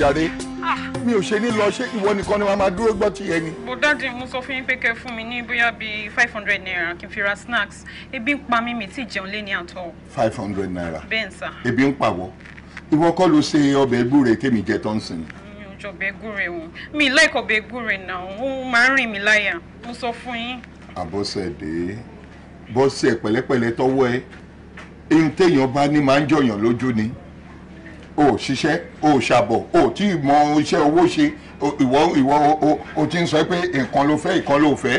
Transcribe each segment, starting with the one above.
jàre ah. mi ò ṣe ní lọ ṣé ìwọ nìkan ni màá máa dúró gbọ́ ti yẹ ni. bó dáàdì mo sọ fún yín pé kẹ́ fún mi ní bóyá bíi five hundred naira kí n fi ra snacks ebi ń pa mí mi tí jẹun lé ní àtọ. five hundred naira bẹ́ẹ̀ sà. ebi ń pàwọ́ ìwọ kọ́ ló ṣe ọbẹ̀ gbúre tèmi jẹ tó ń sìn. mi ò jọ gbúre o mi ì láìkọ̀ ọbẹ̀ gbúre náà ó máa ń rìn mí láyà mo sọ fún yín. àbọ̀sẹ̀dé bọ́sẹ̀ pẹ̀lẹ́pẹ̀lẹ́ tọ́wọ́ ẹ o ṣiṣẹ́ o ṣàbọ̀ o tí mọ iṣẹ́ owó ṣe ìwọ ìwọ o ti ń sọ pé nǹkan ló fẹ́ nǹkan ló fẹ́.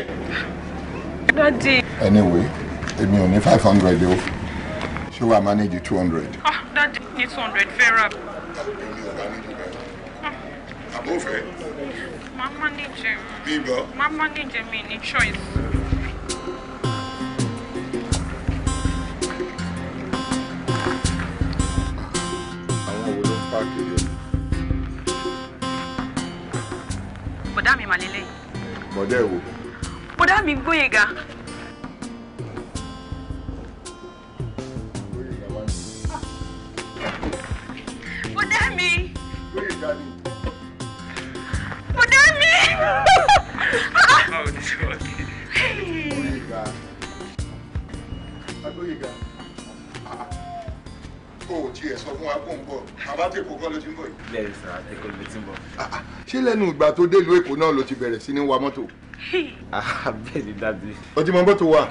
dadi. anyway èmi ò ní five hundred o ṣé wàá manage two hundred. ah dadi ní two hundred fẹ́ràn. èmi ò bá níjù bẹ́ẹ̀ ah. àbófẹ́. máa manage. bíbọ. máa manage mi ní choice. park area. bọ̀dá mi mà lélẹ́yìn. bọ̀dá ẹ̀ wò. bọ̀dá mi Gbóyèga. bọ̀dá mi. Gbóyèga ni o tiẹ̀ sọ fún wa kó ń bọ̀ àbá tèkó kọ́ ló ti ń bọ̀ yìí. bẹ́ẹ̀ sà tèkó ló ti ń bọ̀. Ah, ah, ṣé lẹ́nu ìgbà tó dé ìlú èkó náà ló ti bẹ̀rẹ̀ sí ní wa mọ́tò. Ah, bẹ́ẹ̀ ni dájú. ọtí mọ mọ́tò wa.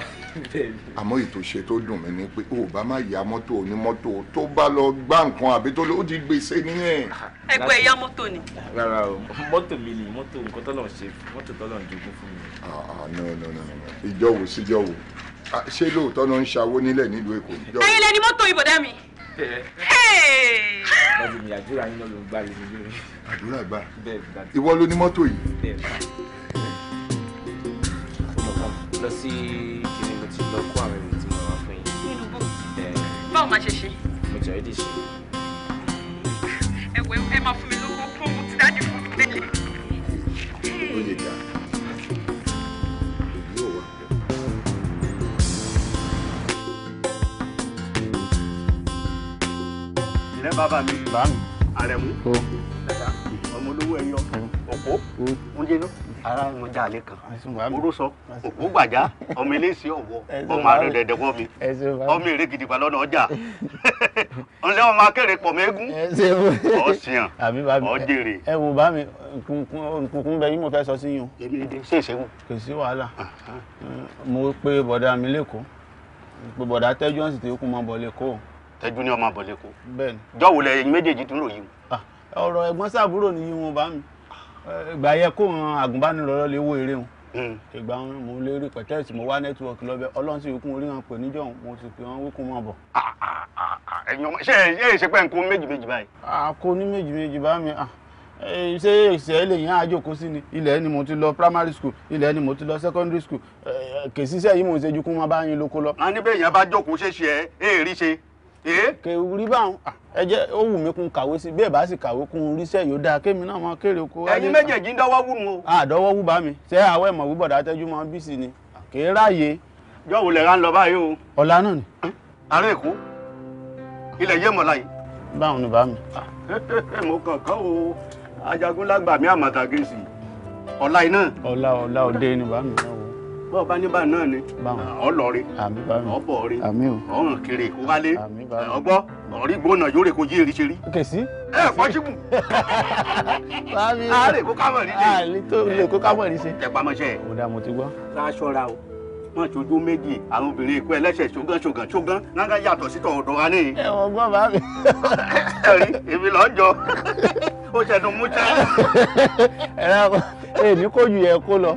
àmọ́ ètò ìṣe tó dùn mí ni pé o bá má ya mọ́tò onímọ́tò tó bá lọ gbá nǹkan àbí tó lọ ó ti gbèsè nìyẹn. ẹgbẹ́ ẹ̀yà mọ́tò ni. rárá o mọ́tò mi ni mọ́tò nǹkan tọ́lọ̀ ṣe mọ́tò tọ́lọ̀ ń jogún fún mi. no no no ìjọ wo síjọ wo ṣé lóòótọ́ náà ń ṣàwó nílẹ̀ nílùú èkó. ẹ̀yin lẹni mọ́tò ibodà bẹ́ẹ̀. ìwọ ló ní mọ́tò yìí. lọ sí kiri mo ti lọ kó àwọn èrò tí mo wá fún yín. báwo máa ṣe ṣe. mo jọ èdè ṣe. ẹ̀wẹ̀ ẹ máa fún mi lówó kó mo ti dájú fún mi bàbá mi. bàbá mi. àrẹ̀mú. ẹ̀dá ọmọ olówó ẹyọ òpó oúnjẹ́nu ara wọn jà lé kan orúsọ òpó gbàjá ọmọ eléyìí ọwọ ọmọ àrẹ dẹdẹ wọ mi ọmọ èrè gidigba lọnà ọjà ńlẹ ọmọ akéré pọ mẹgún ọsìyàn ọjèrè. ẹ wo bá mi nkùnkùn bẹ yín mo fẹ́ sọ sí yín o. èmi ni ṣé ìṣẹ́gun. kò sí wàhálà ah, ah. mo pe bọ̀dá mi lẹ́kọ̀ọ́ pe bọ̀dá tẹ́jú ọ̀sìn tí ó kún mọ́ bọ̀ lẹ́kọ̀ọ́ tẹ́jú ní ọmọ àbọ̀lẹ́kọ. bẹ́ẹ̀ni. jọ̀wọ́ lẹ ẹ̀yin méjèèjì tún ròyìn. Ah, ọ̀rọ̀ ẹ̀gbọ́n sàbúrò ni yín wọn bá mi ìgbà yẹ kó wọn àgùnbánirọ̀ lè wo eré wọn hmm. ìgbà wọn mo lè rí pẹ̀tẹ́ẹ̀sì mo wá nẹ́tíwọ̀kì lọ́bẹ̀ ọlọ́run sì kún orí wọn pè níjọ́ mo sì pè wọ́n wíkún wọn bọ̀. Ah, ah, ṣé ẹ ṣe pé n kó báyìí. a kó ní méjì bá mi eh, ṣé ìṣẹ́ lè yàn àjòkó sí ni ilẹ̀ ni mo ti lọ primary school ilẹ̀ ni mo ti lọ secondary school eh, kèsì sẹ́yìn mo ń ṣe ju kún wọn bá yín lóko lọ. a ní bẹ́ẹ̀ yẹn bá jókòó ṣe ṣe ẹ́ èèrí ṣe Eh? kè rí báwọn ah, ẹ jẹ́ ó wù mí kún kàwé sí bí ẹ bá sì kàwé kún ríṣẹ́ yóò dáa kémi náà máa kéré oko. ẹ̀yin méjèèjì ń dọ́wọ́ wù nù o. àdọ́wọ́ ah, wù bá mi ṣé àwọ̀ ẹ̀mọ̀ wí bọ̀dá tẹ́jú máa ń bí sí ni kè é ráàyè. jọ́wọ́ lẹ̀ ra ń lọ báyìí o. ọ̀la náà ni. ààrẹ èkó ilẹ̀ yé mọ̀lá yìí. báwọn ni bá mi. Ah, mo kàn kán o ajagunlágbà mi àmàtà gẹ̀ẹ́sì ọ̀la iná. ọ̀la ọ̀la òde ni bá mi náà w bọ́ọ̀ bá níbà náà ni ọlọ́ọ̀rẹ́ ọ̀bọ̀ọ̀rẹ́ ọ̀hún kiri kó wálé ọgbọ́ ọ̀rí gbóná yóò rè kó yé eri ṣe rí. kèsì. ẹ fọ́ṣíbù. a lè kó kámọ̀ rí ṣe. a lè kó kámọ̀ rí ṣe. ẹ pamọ́ ṣe. mo mo ti gbọ́. ká ṣọ́ra o má ṣojú méjì àwọn obìnrin ìkú ẹlẹ́sẹ̀ ṣogán ṣogán ṣogán náà yàtọ̀ sí tọ̀ọ̀dọ̀ wa ní. ẹ wọ gbọ́ bá mi. ẹ̀rí èmi lọ jọ ó ṣẹ̀dùn mú ṣá. ẹ rà kó ẹ ní kó ju yẹ kó lọ.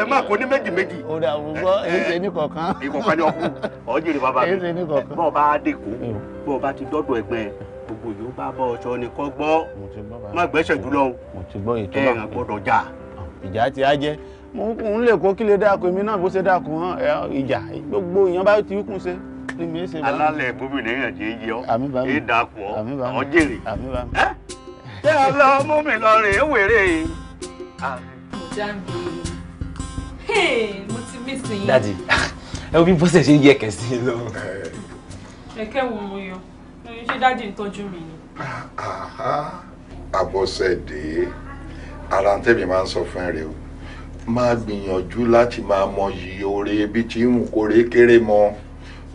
ẹ má kó ní méjì méjì. o dà wọ́n gbọ́ èyí ṣe ní kọ̀ọ̀kan. ìkọ̀kan ni ọkùn ọ̀jìnrì bàbá mi. èyí ṣe ní kọ̀ọ̀kan. bọ́ọ̀ bá dé bọ́ọ̀ bá ti dọ́dọ̀ ẹgbẹ́ gbogbo yóò bá bọ́ ọṣọ ni kọ́ gbọ́ má gbẹ́sẹ̀ jùlọ. mo ti gbọ́ ètò náà. ẹ òun lè kó kí lè dáko èmi náà bó ṣe dáko wọn ìjà gbogbo èèyàn bá ti kún ṣe ni mi ṣe bá. alálẹ̀ gómìnà èèyàn jẹ́ yí ọ èyí dáko ọ ọ jèrè ṣé ọlọ mú mi lọ rìn ín wèrè yìí. mo ti mí sí i. dadi ẹ wo bí bọ́sẹ̀ ṣe ń yẹ kẹ̀sí lọ. ẹ̀kẹ́ wo mo yọ ṣé dadi ń tọ́jú mi ni. àbọ̀sẹ̀ dé ara tèmi máa ń sọ fún ẹ rẹ o máa gbìyànjú láti máa mọyì oore ibi tí ń kórè kéré mọ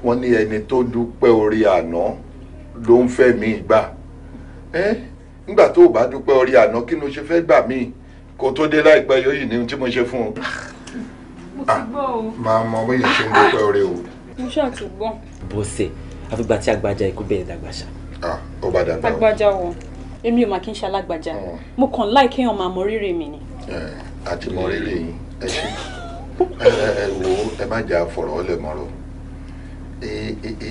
wọn ní ẹni tó dúpẹ́ orí àná ló ń fẹ́ mi gbà nígbà tó o bá dúpẹ́ orí àná kí ló ṣe fẹ́ gbà mí kó tó dé láìpẹ́ yóò yìí ní ohun tí mo ṣe fún ọ. mo ti ah, gbọ́ o. máa mọ bóyá ṣe ń dúpẹ́ orí o. mo ṣáà ti gbọ́. bó ṣe àfìgbà tí agbájá ikú bẹ̀rẹ̀ dàgbà ṣá. Ah, ó bá dàgbà o. agbájá wo èmi ò mà kí ń ṣe alágbájá mo kàn láì kéèyàn máa mọ rírì mi ni àti mọ̀rẹ́lẹ̀ yìí ẹ ṣe ẹ wo ẹ má jà fọ̀rọ̀ ọlẹ̀ mọ́rọ̀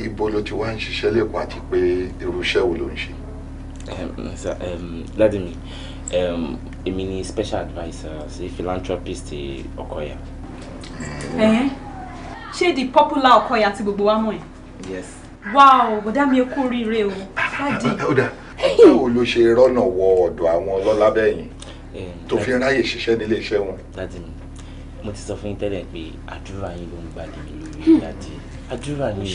ibo ló ti wá ń ṣiṣẹ́ lẹ́kọ̀ọ́ àti pé irú wo ló ń ṣe. láti èmi ni special adviser sí philanthropist Ọ̀kọ̀yà. ṣé di popular Ọ̀kọ̀yà tí gbogbo wa mọ̀ ẹ́. yes. wow bọ̀dá mi kú oríire o. Ah, ah, ah, ó dáa báwo ló ṣe rọ́nà wọ ọ̀dọ̀ àwọn ọlọ́lá bẹ́yìn. Eh, tó fi ráyè ṣiṣẹ́ nílé iṣẹ́ wọn. dádì mi mo ti sọ fún yín tẹ́lẹ̀ pé àdúrà yín ló ń gbàdé mi lórí dádì àdúrà ni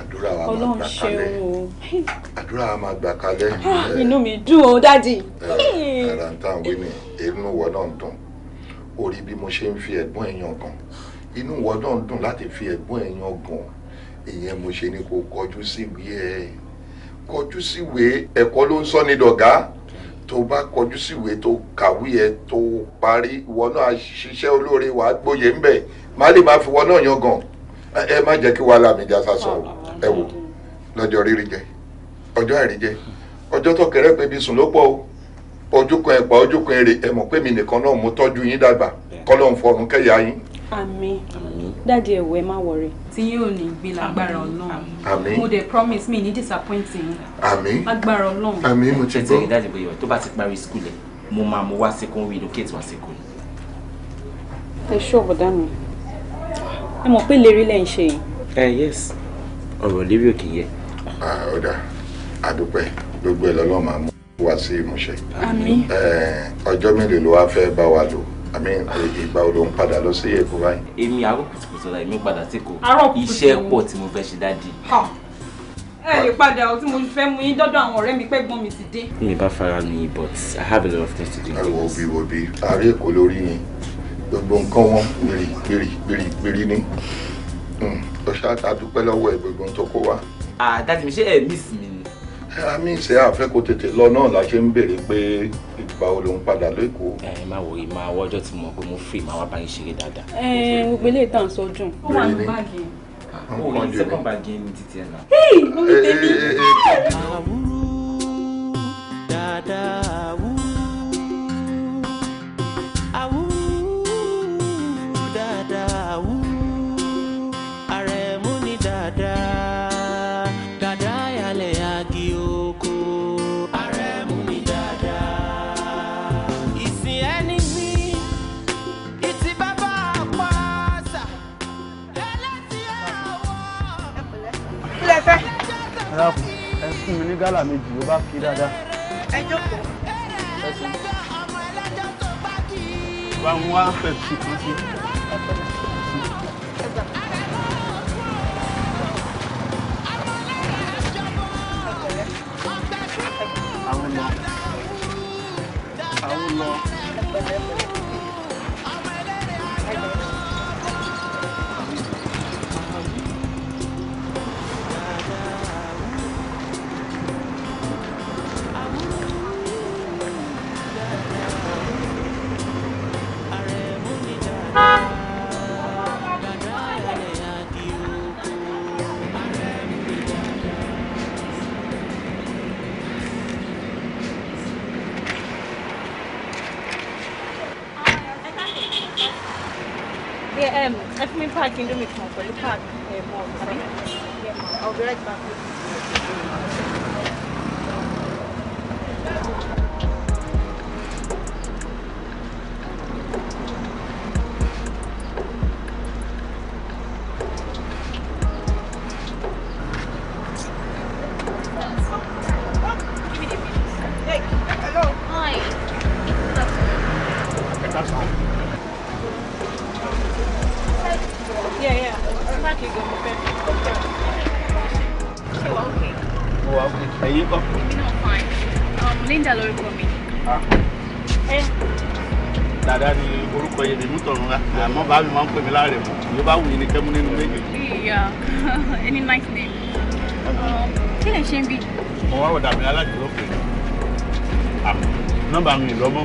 àdúrà wa máa gbà kalẹ̀ àdúrà wa máa gbà kalẹ̀. Ah, eh, inú mi dùn o dádì. Eh, ara ń tàn wí ni inú wọ náà ń dùn orí bí mo ṣe ń fi ẹ̀gbọ́n èèyàn gan inú wọ náà ń dùn láti fi ẹ̀gbọ́n èèyàn gan ìyẹn mo ṣe ni kò kọjú síwèé ẹ kọjú síwèé ẹ̀kọ́ ló ń sọ ní dọ̀gá tó bá kọjú síwèé tó kàwé yẹn tó parí ìwọ náà ṣiṣẹ́ olóore wàá gbóyè ńbẹ̀ má lè má fi wọ náà yangàn ẹ má jẹ́ kí wàhálà mi jásá sọ ẹ wò lọ́jọ́ rírí jẹ ọjọ́ àìrí jẹ ọjọ́ tó kẹrẹ́ pé ibi sùn ló pọ̀ o ojú kan ẹ̀pà ojú kan èrè ẹ mọ̀ pé mi nìkan náà mo tọ́jú yín dàgbà kọ́lọ́hún fọ̀run kẹ́yà yín. àmín dáàdi ẹ̀wọ̀ ẹ worry. See you yóò ní gbé lágbára ọlọ́run àmín mo dẹ̀ promise me? ní disappointing àmín lágbára ọlọ́run àmín mo ti gbọ́. ètò ìdájọ́ ìgbéyàwó tó bá ti parí skul ẹ̀ mo máa mú wá sekun relocate wá sekun. ẹ ṣú ọ̀bọ̀dá mi ẹ mọ̀ pé lérí lẹ́ ń ṣe yìí. ẹ eh, yes ọ̀rọ̀ lérí òkè yẹ. ọ̀dà ah, àdúpẹ́ gbogbo ẹ̀ lọ́lọ́ máa mú wá sí ìmúṣẹ. àmín. Eh, ọjọ́ Eh, ló wá fẹ́ bá wa lò. I àmì ìgbà odò ń padà lọ sí èkó báyìí. èmi àárọ̀ kùtùkùtù ọ̀la èmi padà sí kò iṣẹ́ pọ̀ tí mo fẹ́ ṣe dáàdi. ẹ lè padà ọ tí mo fẹ́ mú yín dọ́dọ̀ àwọn ọ̀rẹ́ mi pé gbọ́n mi ti dé. mi bá fara mi but i have a lot of things to do. àwọn òbí òbí àárẹ̀ èkó lórí yín gbogbo nǹkan wọn gbèrè gbèrè gbèrè gbèrè ni hmm. ọ̀ṣà àdúpẹ́ lọ́wọ́ ẹ̀ gbogbo tó kó wá. àdájú ah, mi ṣe ẹ̀ miss mi ni. àmì ìṣe àfẹ́kọ̀ tètè lọ náà la ṣe ń béèrè pé báwo ló ń padà lẹ́kọ̀ọ́. ẹ má wòye máa wọ́jọ́ tí mo pé mo free máa wá bá yín ṣeré dáadáa. ẹ ẹ gbogbo ilé ìtàn sọdún. ó wà ní báàgì. Ah, ó wà ní second bag ní títí ẹ náà. hey orí eh, eh, tèmi. Eh, àwúrú dáadáa àwúrú. dákun ẹ fún mi ní gálà méjì ó bá kí dáadáa. ẹ jókòó. ẹ sùn. bá ń wá pẹ̀sì kan sí. àwọn lọ àwọn lọ. Kingdom is eh, more I'll be right back. pè mí láàrẹ̀ mọ̀ yóò bá wù yín ní kẹ́mú nínú méjèèjì. yeah any nice name. Um, kí lè ṣe ń bí. mo wá wọ̀dà mi alájùlọ pè é ah, nọ́mbà mi ìlọ́mọ́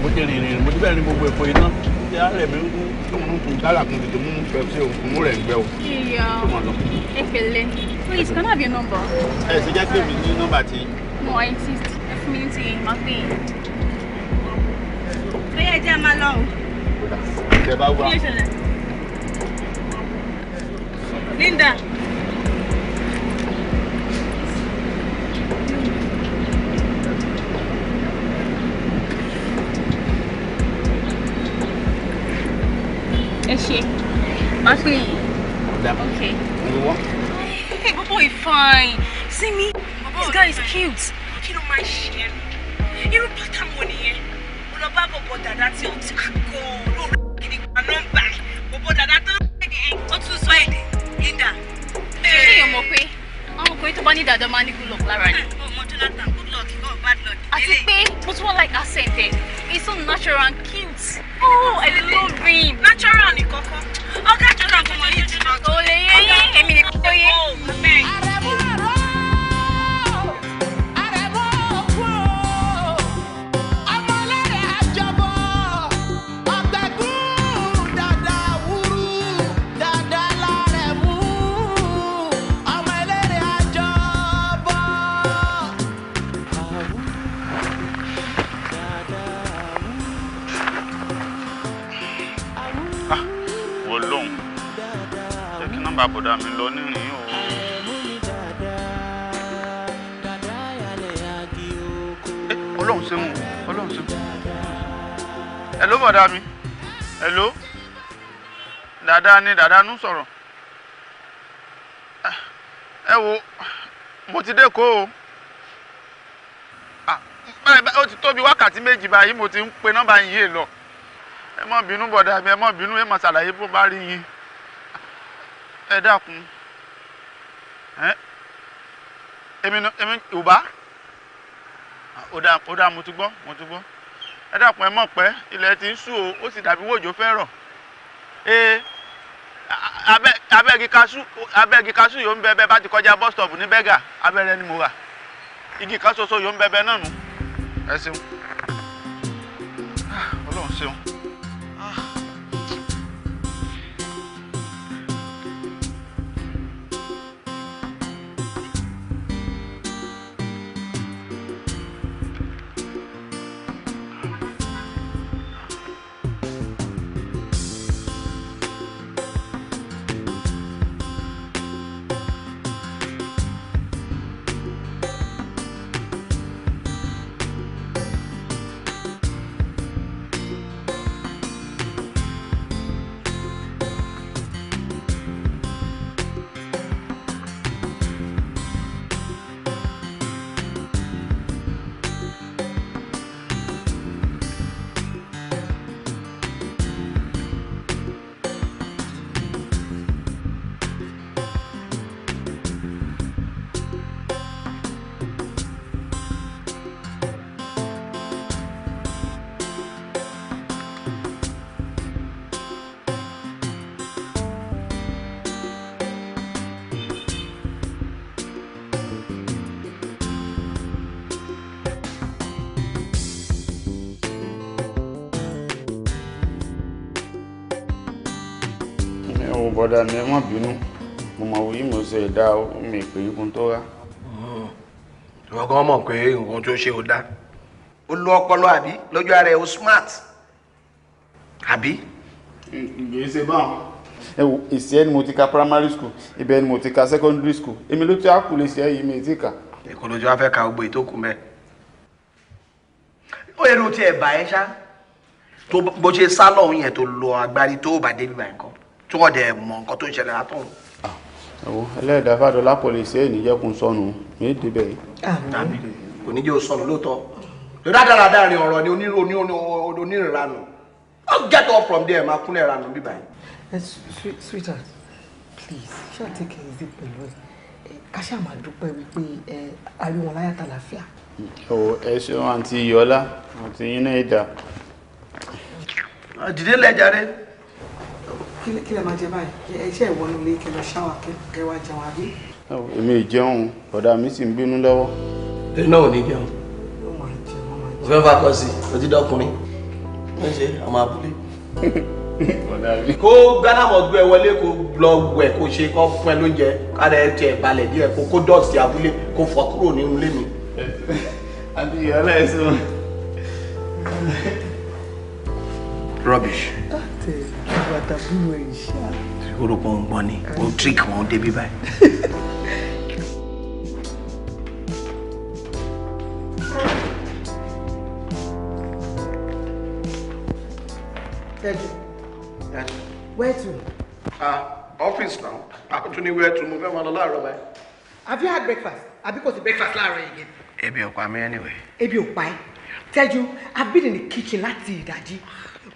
mo ti rìn ìrìn mo ti bẹ̀rẹ̀ ní gbogbo èkó iná ti àárẹ̀ mi ń kú òun kù dára kù tètè mú pẹ̀sì òun rẹ̀ ń gbẹ o. please can I have your number. ẹ ṣe jẹ́ pé mi ní nọ́mbà ti. mo I insist ẹ fún mi ní ti máa pè é. bẹ́ẹ̀ jẹ́ máa lọ Linda. Is she? máa pè yín. hey bobo is fine see me this guy is cute. You know my shit. ṣe ẹnu irú pátá wo nìyẹn mo lọ bá bọ̀bọ̀ dàda dah ada money gulung lah Rani. àánú sọ̀rọ̀ ẹ wo mo ti dé kó o ó ti tó wákàtí méjì báyìí mo pe nọ́mbà lọ ẹ má bínú bọ̀dà mi ẹ má bínú ẹ má ṣàlàyé bó bá rí yín ẹ dákun èmi èmi ò bá ó dá mo ti gbọ́ mo ti gbọ́ ẹ o ó sì ee. abẹ́gi kaṣú abẹ́gi kaṣú yóò ń bá ti kọjá bus stop ní ni mo wà igi kan ṣoṣo yóò náà nù ah, dáadáa ni ẹ má bínú mo mọ̀ wí mo ṣe ìdá omi ìpè ikun tó rá. Hmm. ìwọ gan mọ̀ pé nǹkan tó ṣe ò dá ó lo ọpọlọ àbí lójú ara ẹ ó smart àbí. ǹjẹ́ ṣe báwọn. ẹ wo èsì ẹ ni mo ti ka primary school ibẹ̀ ni mo ti ka secondary school èmi ló ti á kù lè ṣe ẹyìn mi ti kà. èkó lójú wa fẹ́ ka gbogbo ètò kù mẹ́. ó yẹ kó tiẹ̀ bá ẹ ṣá bó ṣe sálọ̀ yẹn tó lọ agbárí tó bá débi báyìí kan tí wọ́n dẹ̀ mọ̀ nǹkan tó ń ṣẹlẹ̀ látọ̀run. Ah, ẹ̀wọ̀n ẹlẹ́dàá fàdọ́lá pọ̀lìsì ẹ̀ níjẹ́kùn sọnù ní ìdíbẹ̀ yìí. kò ní jẹ́ o sọnù lóòótọ́ rádaràdà rìn ọ̀rọ̀ ni onírìnranù just get off from there máa kúnlẹ̀ ranù bíbá yìí. Eh, sweetheart please ṣáà take it easy pẹ̀lú ẹ̀ eh, ká ṣáà máa dúpẹ́ wípé ẹ eh, arí wọn láyà tàlàfíà. ẹ ṣeun àǹtí yọlá àǹtí yín náà ẹ dà. dìde lẹ́jà rẹ̀ kí lè máa jẹ báyìí ẹṣẹ́ ìwọ́nú ilé kẹ lọ ṣáwà kẹwàá jẹun àbí. èmi ì jẹun bọ̀dá mi sì ń bínú lọ́wọ́. èyí náà ò ní jẹun mo fẹ́ fà kọ́ sí ojú dọ́kùnrin ó ń ṣe ọmọ abúlé. kó ghana mọ̀ gbé ẹ wọlé kó lọ wẹ̀ kó ṣe kó fún ẹ lóúnjẹ kára ẹ tiẹ̀ balẹ̀ díẹ̀ kó kó dọ̀tí abúlé kó fọ kúrò nínú ilé mi. àbí ìyọ́lá ẹ̀ rubbish bàtà búrò ẹ̀ orúkọ ń gbọ́n ni o trick wọn débi báyìí. Daddy. Where to? Ah, office now. Àkótún ni where to? Mo fẹ́ máa lọ láàárọ̀ báyìí. Have you had breakfast? Àbí kò sí breakfast láàárọ̀ yìí. Ebi ò pa mí anyway. Ebi ò pa ẹ́. Tẹ́jú, I've been in the kitchen láti ìdájí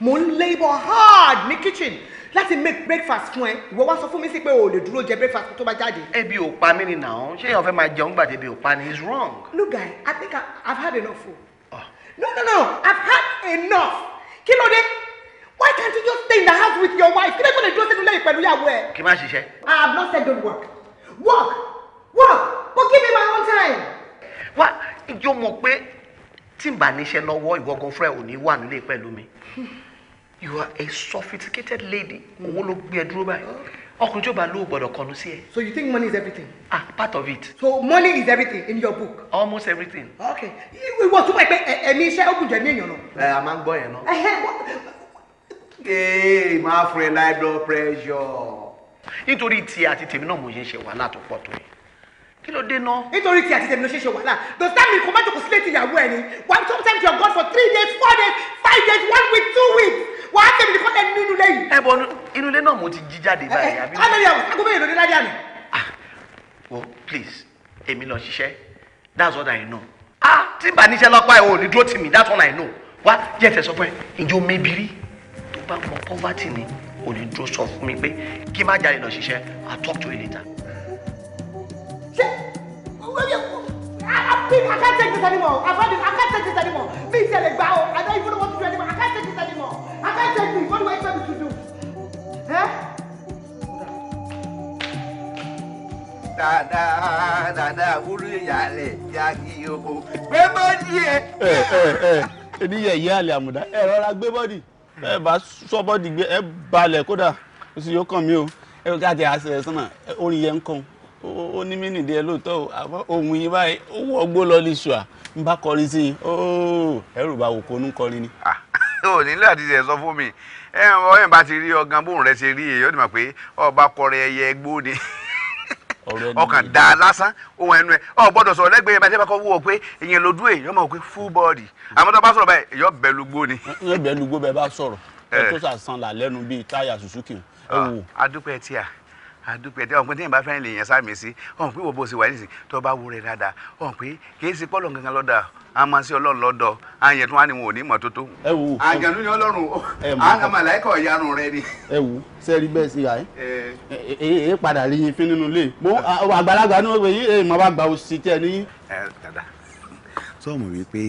mo ń labour hard ní kitchen láti make breakfast fún ẹ ìwọ wá sọ fún mi sí pé o lè dúró jẹ breakfast tó bá jáde. ebi ò pa mí ni nà án ṣé èèyàn fẹ́ máa jẹun gbà tẹ̀bi ò pa ni is wrong. look guy i think I, i've had enough ah. o. Oh. no no no i've had enough kí ló dé why can't you just stay in the house with your wife kí ló dé dúró sínú lẹ́yìn pẹ̀lú ìyàwó ẹ. kí n má ṣiṣẹ́. i have not said don't work work work but give me my own time. wá ìjọ mọ̀ pé tí n bá níṣẹ́ lọ́wọ́ ìwọ gan fúnra ẹ̀ ò ní wà nílé pẹ̀lú mi you are a sophisticated lady owó ló gbé ẹ dúró báyìí ọkùnrin tí ó bá ló gbọ́dọ̀ kọnu sí ẹ. so you think money is everything. ah part of it. so money is everything in your book. almost everything. okay ìwọ túmọ̀ ẹ pé ẹ̀mí iṣẹ́ ogun jẹ̀ ní èèyàn náà. ẹ a máa ń gbọ́ yẹn náà. ee máa fún ẹ high blood pressure. nítorí tí àti tèmi náà mo ṣe ń ṣe wàhálà tó pọ̀ tó yìí kí ló dé náà. nítorí tí àti tèmi ṣe ṣe wàhálà does that mean kò má jòkó sílé ti your ẹ ni wà sometimes you are gone for three days four days five days one week two weeks wà á tẹ̀lé nìkan lẹ́nu nínú ilé yìí. ẹ bọ inú ilé náà mo ti jí jáde báyìí. ẹ ẹ ọmọ ìyàwó agogo yẹn ló dé lájẹ àná. ah well please èmi lọ ṣiṣẹ́ that's what I know. ah tí bá níṣẹ́ lọ́pàá o, ò ní dúró tì mí that's what I know. wá jẹ́ ìfẹ́ sọ fún ẹ ìjọ mebiri tó bá mọ poverty ni ò ní dúró sọ fún mi pé kí má jáde lọ ṣiṣẹ́ I'll talk to you later. I can't take this anymore. I can't take this anymore. Please tell me, I don't even know to do anymore. I can't take this anymore. I can't take this. What do I expect to do? Huh? Dada, dada, wúlò ìyàlẹ̀ ya kí oko. Gbé bọ́dì ẹ. Ẹ ẹ ẹ ẹni yẹ ìyá àlè àmùdá. Ẹ rọra gbé bọ́dì. Ẹ bá sọ bọ́dì gbé ẹ balẹ̀ kódà. Oṣù yóò kàn mí o. Ẹ ká ti àṣẹ sọ́nà orin yẹn ń kàn. ó ní ẹ lóòótọ́ ohun yìí báyìí ó wọ́ gbó lọ ní ṣùà ń bá kọrin sí i óò ẹrù bá wò kó ah, sọ fún mi ẹ bá ti rí ọgán bóun rẹ ṣe rí èyí ó dì pé ọba kọrin ẹyẹ ẹgbó ni ọkàn dá lásán ohun ẹnu ẹ ọ gbọdọ sọ lẹ́gbẹ̀ẹ́ bá tẹ bá kọ wúwo pé ìyẹn lójú èyí ọmọ òkú full body àmọ́ tó bá sọrọ báyìí lugbó ni. àdúpẹ́ tẹ ọ̀hún pé téèyàn bá fẹ́ràn lè yàn sáàmì sí ọ̀hún pé wòbó sì wà nísìn tó bá wúrẹ́ dáadáa ọ̀hún pé kì í ṣe pọ́lọ̀ kankan lọ́dà a máa ṣe ọlọ́run lọ́dọ̀ àyẹ̀ tó wà ní wọn ò ní mọ̀ tó tó. ẹ wo àjànú ni ọlọ́run àwọn màláìkà ọ̀yarun rẹ ni. ẹ wo sẹ́ẹ̀rí bẹ́ẹ̀ sí àyè èyí padà rí yín fín nínú ilé mo àgbàlagbà ní wọ́n yìí mọ̀ bá gba òsì tẹ̀ ní. dada sọ́ọ̀mù wípé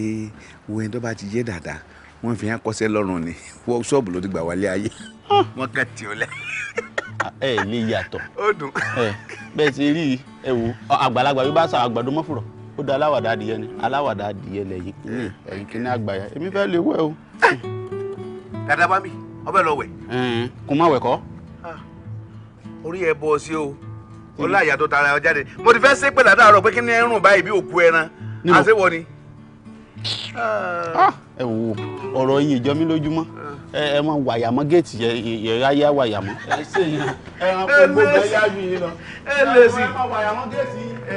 wo ẹni tó bá ti yé dada wọ́n fi hàn kọ́sẹ́ lọ́rùn ni wọ́ọ̀ṣọ́ọ̀bù ló ti gbà wálé ayé wọn kàn tí ó lẹ. ẹ ẹ lè yàtọ̀ bẹ́ẹ̀ ti rí ẹ wo àgbàlagbà bí bá sọ àgbàdo mọ́fùrọ̀ ó da aláwàdà adìyẹ ni aláwàdà adìyẹ lẹ́yìn kínní ẹ̀yìn kínní àgbàyà èmi fẹ́ lè wẹ̀ o. dada bá mi ọbẹ̀ lọ wẹ̀. kò má wẹ̀ kọ́. Ah, orí ẹ bọ́ sí o ó láyà tó tara ọ jáde mo ti fẹ́ ṣépè dada rọ pé kí ni ẹ ń rùn báyìí bí òkú ẹran àṣewọ ni. Ah, ẹ wo ọ̀rọ̀ yìí jọ mí lójúmọ́ ẹ mọ wàyà mọ géètì yẹ ráyà wàyà mọ. ẹ ṣe yẹn ẹranko gbogbo ẹyà bí i lọ. ẹ lè sí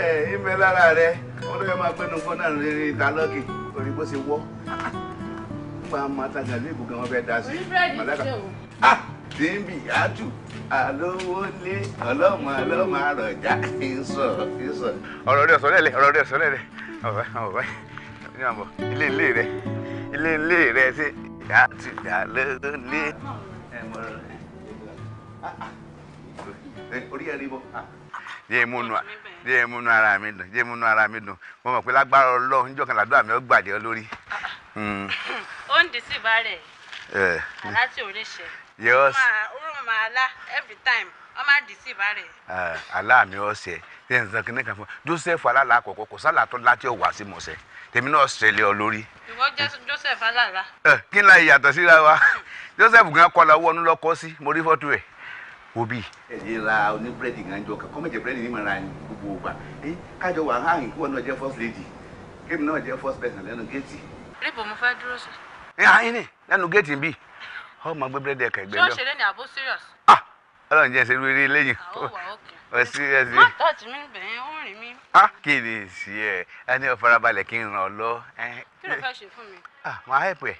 ẹ ìmẹ̀ lára rẹ ọdọ yẹn máa gbẹnu fún náà lórí ìtàlọ́kì orí bó ṣe wọ́ nípa màtàgà ní ìbùkún wọn fẹ́ dá sí. màtàgà ah tí ń bì á tù àlówólé ọlọ́mọ ọlọ́mọ àròjà ìsọ̀ ìsọ̀ ọ̀rọ̀ rẹ̀ sọ̀rọ̀ lẹ̀ ọ̀rọ̀ rẹ̀ sọ̀rọ̀ lẹ̀ ọ̀bẹ ọ̀bẹ ní àbọ̀ ilé ilé rẹ ilé ilé rẹ ṣe ìyá ti dà lé ẹ mọ orí ẹ rí bọ jẹ́ ìmúnu jẹ́ ìmúnu ara mi dùn jẹ́ ìmúnu ara mi dùn mo mọ̀ pé lágbára ọlọ́run níjọ́ kan làdúrà mi ó gbàdé ọ lórí. Hmm. ó ń dìísí bá rẹ̀ aláti oríṣẹ́ yọ́s orun máa lá every time wọ́n máa dìísí bá rẹ̀. aláàmì ọ̀sẹ̀ ṣé n sọ kí ní kan fún Joseph alálà àkọ́kọ́ kò sálà tó láti ọ̀wá sí mọ̀ọ́sẹ̀ tèmi náà ṣẹlẹ̀ ọ lórí. ìwọ jẹ́ Joseph alala. ẹ kí n la ìyàtọ̀ síra wa Joseph gan kọlà owó ọdún lọkọ sí mo rí fọ́tò ẹ̀ obi. ẹ lè ra oníbúrẹ́dì gan jọ kọ́ mẹ́jẹ búrẹ́dì ní mọ̀ ra gbogbo ògbà kájọ wà hàn kí wọn náà jẹ́ first lady kémi náà jẹ́ first person lẹ́nu géètì. níbo mo fẹ́ dúró sí. ẹ ayé ni lẹ́nu géètì bíi ọ máa gbé búrẹ́dì ẹ̀ka ẹgbẹ́ lọ. ṣé ó ṣeré ni àbó serious. ah ọlọ́run jẹ́ ṣerú eré lẹ́yìn. àwọn wà ókè o serious touch mi bẹ́ẹ̀ ó rìn mí. a kì í sí ẹ ẹni ò farabalẹ̀ kí n ràn ọ́ lọ. kí ló fẹ́ ṣe fún mi. Ah, mo á help ẹ.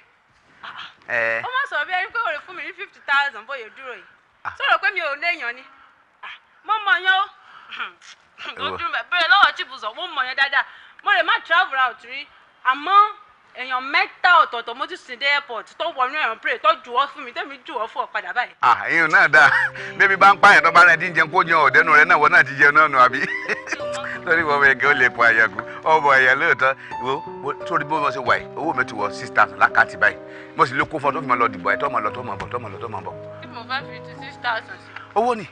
Ah, ah. ó má sọ̀rọ̀ bí ẹni pé òòrè fún mi ní fifty thousand bóyá dúró yìí sọ̀rọ̀ pé mi ò léèyàn ni mo mọ̀ yán o ojú mi bẹ̀rẹ̀ lọ́wọ́ chibuzọ̀ mo mọ̀ yán dáadáa mo lè má travel out rí àmọ́ èèyàn mẹ́ta ọ̀tọ̀ọ̀tọ̀ mo ti sìn dé airport tó wọnú ẹ̀rọ pray tó jù ọ́ fún mi tẹ́mi jù ọ́ fún ọ padà báyìí. à ah, èèyàn náà dáa bébí bá ń pààyàn tó bá rẹ díjẹ kó jẹun ọ̀dẹ́nu rẹ náà wọ́n náà ti jẹun náà nù àbí lórí ìwọ ẹ̀gẹ́ ó lè pọ̀ àyàkú ọmọ ẹ̀yà lóòótọ́ wo sórí bí wọ́n ṣe wà yìí owó mi ti wọ six thousand lákàtì báyìí mo sì lé kó fún ọ tó fi máa lọ dìbò ẹ̀ tó máa lọ tó máa bọ̀ tó máa lọ tó máa bọ̀. bí mo bá fi ti six thousand owó ni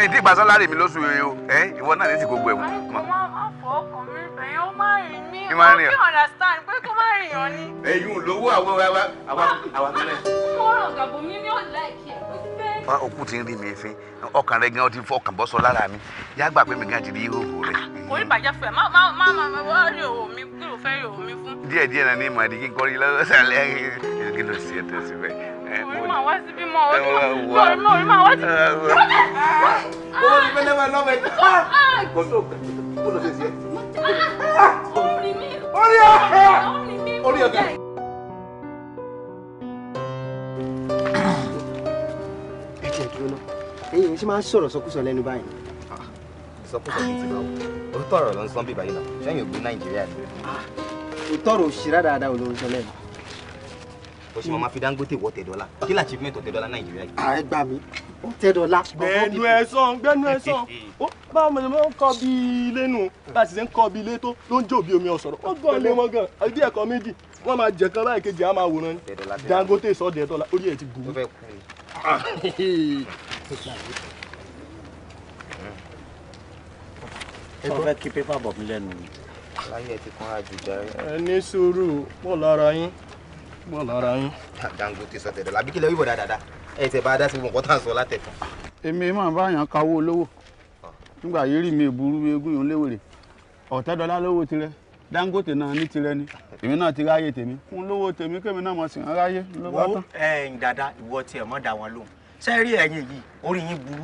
èyí tí ìgbà sálárì mi lóṣù yìí o ẹ ìwọ náà ní ti gbogbo ẹwù. àìkú máa má fọ ọkùnrin èyí ó má rìn mí ó kí understand pé kó má rìn yàn ni. èyí ò lówó àwọn àwọn àwọn abẹ́rẹ́. mo rọ̀ gàbó mi ní ọ̀la ìkí ẹ̀ fa òkú ti ń rí mi efin ọkàn rẹ gan ti fọkàn bọ́ sọ lára mi yá gbà pé mi gan ti rí ìhòòhò rẹ. orí bàjẹ́ fún ẹ má má má má wá rí òhò mi kí ló fẹ́ rí òhò mi fún. díẹ̀ díẹ̀ náà ní ìmọ̀ àdìgí kọ́rí lọ́sàn-án lẹ́yìn kí ló ṣe é tó sí bẹ́ẹ̀ orí máa wá síbí mọ́ orí máa wá síbí. owó ti fẹ́ lẹ́wọ̀n lọ́wọ́ ẹ̀ kó ló kó ló ṣe sí ẹ. Ah! Ah! orí mi orí ọ̀hẹ́ orí ọ̀gá. ẹ jẹ́ dúró náà ẹ̀yin ṣe máa ń sọ̀rọ̀ sọkúsọ lẹ́nu báyìí ìsọkúsọ ah, ní ti bá wò òótọ́ ọ̀rọ̀ ló ń sọ bíbá yìí náà ṣẹ́yìn ògbé nàìjíríà ni. òótọ́ ọ̀rọ̀ òṣìṣẹ́ dáadáa olórin sọ lẹ́nu o ṣe máa fi dangote wọ tẹ̀dọ́là kí la achievement tẹ̀dọ́là nàìjíríà yìí. ààrẹ gbà mí tẹ̀dọ́là. gbẹnu ẹ sàn gbẹnu ẹ sàn ó báwo ni wọn kọ bí ilé nù bá a sì ṣe ń kọ bí ilé tó ló ń jó bí omi ọ̀sọ̀rọ̀ ó gbọ́n lé wọn gan àbí ẹ̀kọ́ méjì wọ́n máa jẹ kan báyìí kejì á máa wòran ni dangote sọ tẹ̀dọ́là orí ẹ̀ ti bù ú. ẹ fẹ́ kí pépà bọ̀ mí lẹ́nu. láyé ẹ ti kún mọ̀ lára yín. Dangote sọ tẹ̀dọ̀ làbí kílẹ̀ wíwọ̀ dáadáa ẹ̀ tẹ̀ bá dá sí gbogbo nǹkan tá à ń sọ látẹ̀kọ̀. èmi máa bá yàn kawó olówó nígbà yìí rí mi burú eégún yòó léwèrè ọ̀tẹ́dọ́lá lówó tirẹ̀ Dangote náà ní tirẹ̀ ni èmi náà ti ráyè tèmi fún lówó tèmi kémi náà mọ̀ sí ń ráyè lówó tán. ẹ̀yin dada ìwọ tiẹ̀ mọ́ da wọn lóhùn sẹ́ẹ̀rí ẹ̀yin yìí orí yín burú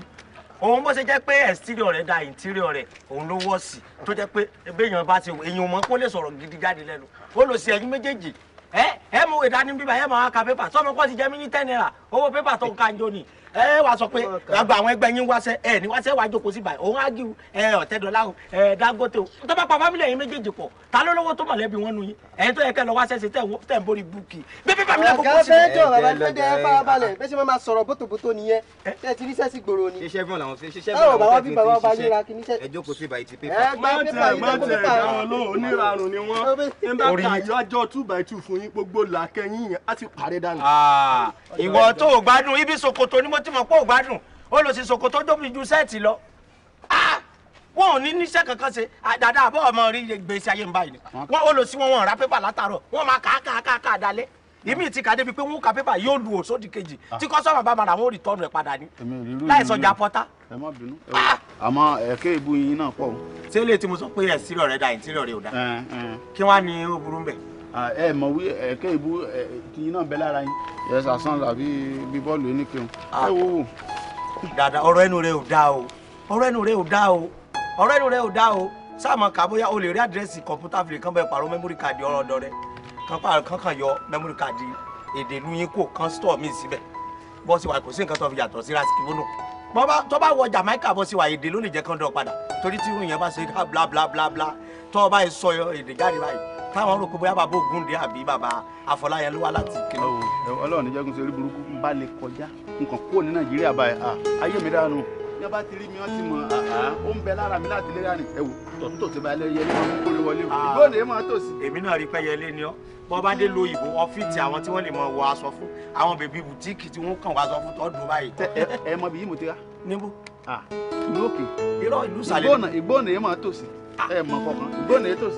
òun bó ṣe jẹ́ pé exterior rẹ̀ da interior rẹ̀ òun ló wọ̀ sí tó jẹ́ pé béèyàn bá ti èèyàn mọ́ kó lè sọ̀rọ̀ gidi jáde lẹ́nu ó lọ sí ẹ̀yin méjèèjì ẹ ẹ mú ìdánimọ̀ bíbá ẹ máa ka pépà sọmọ kọ́ ti jẹ́ mí ní ten owó pépà tó ń ka njó ni ẹ wá sọ pé àgbà àwọn ẹgbẹ́ yín wáṣẹ́ ẹ ní wáṣẹ́ wàá jókòó sí báyìí òun á gíw ẹ ọ̀tẹ́dọ̀lá o ẹ Dangote o tó bá pa fámílì ẹ̀yin méjèèjì pọ̀ ta ló lówó tó mọ̀lẹ́bí wọn nu yín ẹ̀yin tó yẹ kẹ́ lọ wáṣẹ́ sí tẹ̀ ń borí búùkì bí pépà mi lẹ́kọ̀ọ́ kó sí. ọ̀gá ẹjọ́ bàbá ẹgbẹ́ ẹ fara balẹ̀ bẹ́ẹ̀ ṣe máa sọ̀rọ̀ bótòbótò nìyẹn ṣe ti ríṣẹ́ sí gbòòrò ni. iṣẹ́ fún làwọn fi ṣiṣẹ́ fún làwọn fi fi ṣiṣẹ́ ẹ jókòó sí ìbàyí ti pépà. mọ̀tẹ̀ ni wọ́n ń bá kàyọ́ ọjọ́ two yín gbogbo làkẹ́yìn tó o gbádùn ibi ṣòkòtò ni mo ti mọ̀ pé o gbádùn ó lọ sí ṣòkòtò dóbi ju sẹ́ẹ̀tì lọ wọn ò ní níṣẹ́ kankan ṣe àdàdà àbọ̀ ọmọ rí gbèsè ayé ń báyìí ni wọn ó lọ sí wọn wọn ra pépà látàárọ̀ wọn máa kà á kà á kà á kà á dalẹ̀ èmi ti kà débi pé wọn kà pépà yóò lu òsódì kejì ah. tí kọ́sọ́mà bá mara wọn ò rí tọ́nu ẹ̀ padà ní láì sọjà pọ́tà. ẹ má bínú ah! àmọ́ ẹ̀kẹ́ ìbú yín náà pọ̀. ṣé tí mo sọ pé ẹ̀ sírọ̀ rẹ̀ dà ìntírọ̀ rẹ̀ ò dà kí wàá ní ó burú mbẹ̀ ẹ mọ̀ wí ẹ̀kẹ́ ìbú tìyín náà bẹ lára yín. yẹ sàsán àbí bí bọ́ọ̀lù yín nìkan. Ah. ẹ wo wò. dada ọ̀rọ̀ ẹnu rẹ ò dáa o ọ̀rọ̀ ẹnu rẹ ò dáa o ọ̀rọ̀ ẹnu rẹ ò dáa o sáàmù kà bóyá o lè rí àdírẹ́sì kọ̀ǹpútà fìlè kan bẹ́ẹ̀ pààrọ̀ mẹ́mórì káàdì ọ̀rọ̀ ọ̀dọ̀ rẹ kan pààrọ̀ kan kàn yọ mẹ́mórì káàdì èdè lu yín kò kan stọ̀ mí síbẹ̀ bọ́sì wa kò sí nǹkan tó fi yàtọ̀ sí rasikibónú tó bá wọ Jamaica bọ́sì wa èdè ló lè jẹ́ kán dán padà torí tí irun yẹn bá ṣe bla bla bla bla tó o bá sọ èdè jáde báyìí táwọn rò pé bóyá bàbá Ògúndé àbí bàbá Afọláyàn ló wá láti kíni. Ọlọ́run ní jẹ́gun sórí burúkú ń bá lè kọjá nǹkan kúrò ní Nàìjíríà báyìí ayé mi dànù ní a bá ti rí mi wọ́n ti mọ̀ ó ń bẹ lára mi láti léra ni ẹ wò tọ̀túntọ̀tù bá lẹ́yẹ ní wọn kó lè wọlé o ìgbóòlè máa tò èmi náà rí pẹ́yẹ lé ní ọ́ bọ́ bá dé lo ìbò ọ́fíìsì àwọn tí wọ́n lè mọ wọ aṣọ fún àwọn bèbí bùtíìkì tí wọ́n kàn wá aṣọ fún tó báyìí. ẹ ẹ mọ bí yìí mo ti ra. níbo. ìlú òkè. irọ́ ìlú sàlẹ̀. ìgbóònà ìgbóònà yẹn máa tò ẹ mọ̀ kọ̀ọ̀kan ìgbóònà yẹn tò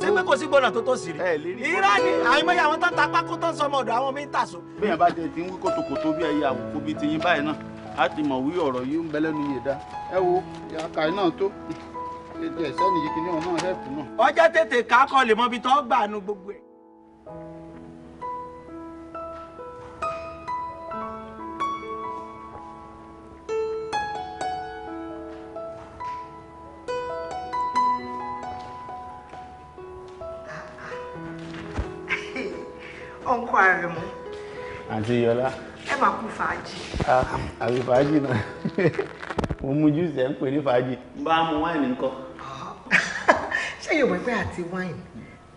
ṣé pé kò sí gbọ́dọ̀ tó tó sì rí irá ni àìmọye àwọn tó ń ta pákó tó ń sọmọ ọ̀dọ̀ àwọn mi ń tàṣó. bí yẹn bá jẹ ti ń wí kòtòkòtò bí ẹyẹ àwòkó bíi ti yín báyìí náà á ti mọ̀ wí ọ̀rọ̀ yìí ń bẹ lẹ́nu yìí dá ẹ wo àkàì náà tó ètò ẹ̀sẹ́ nìyí kìnìún náà hẹ́ẹ̀pù náà. ọjọ́ tètè ká kọ́ lè mọ ibi tó gbà nu gbogbo ẹ̀. ọ̀nkọ́ ààrẹ mọ́. àǹtí yọlá. ẹ máa kú fàájì. Ah, àbí fàájì náà mo mú júùsì ẹ̀ ń pè ní fàájì. bá a mu wáìnì ńkọ́. ṣé yóò mọ̀ pé àti wáìnì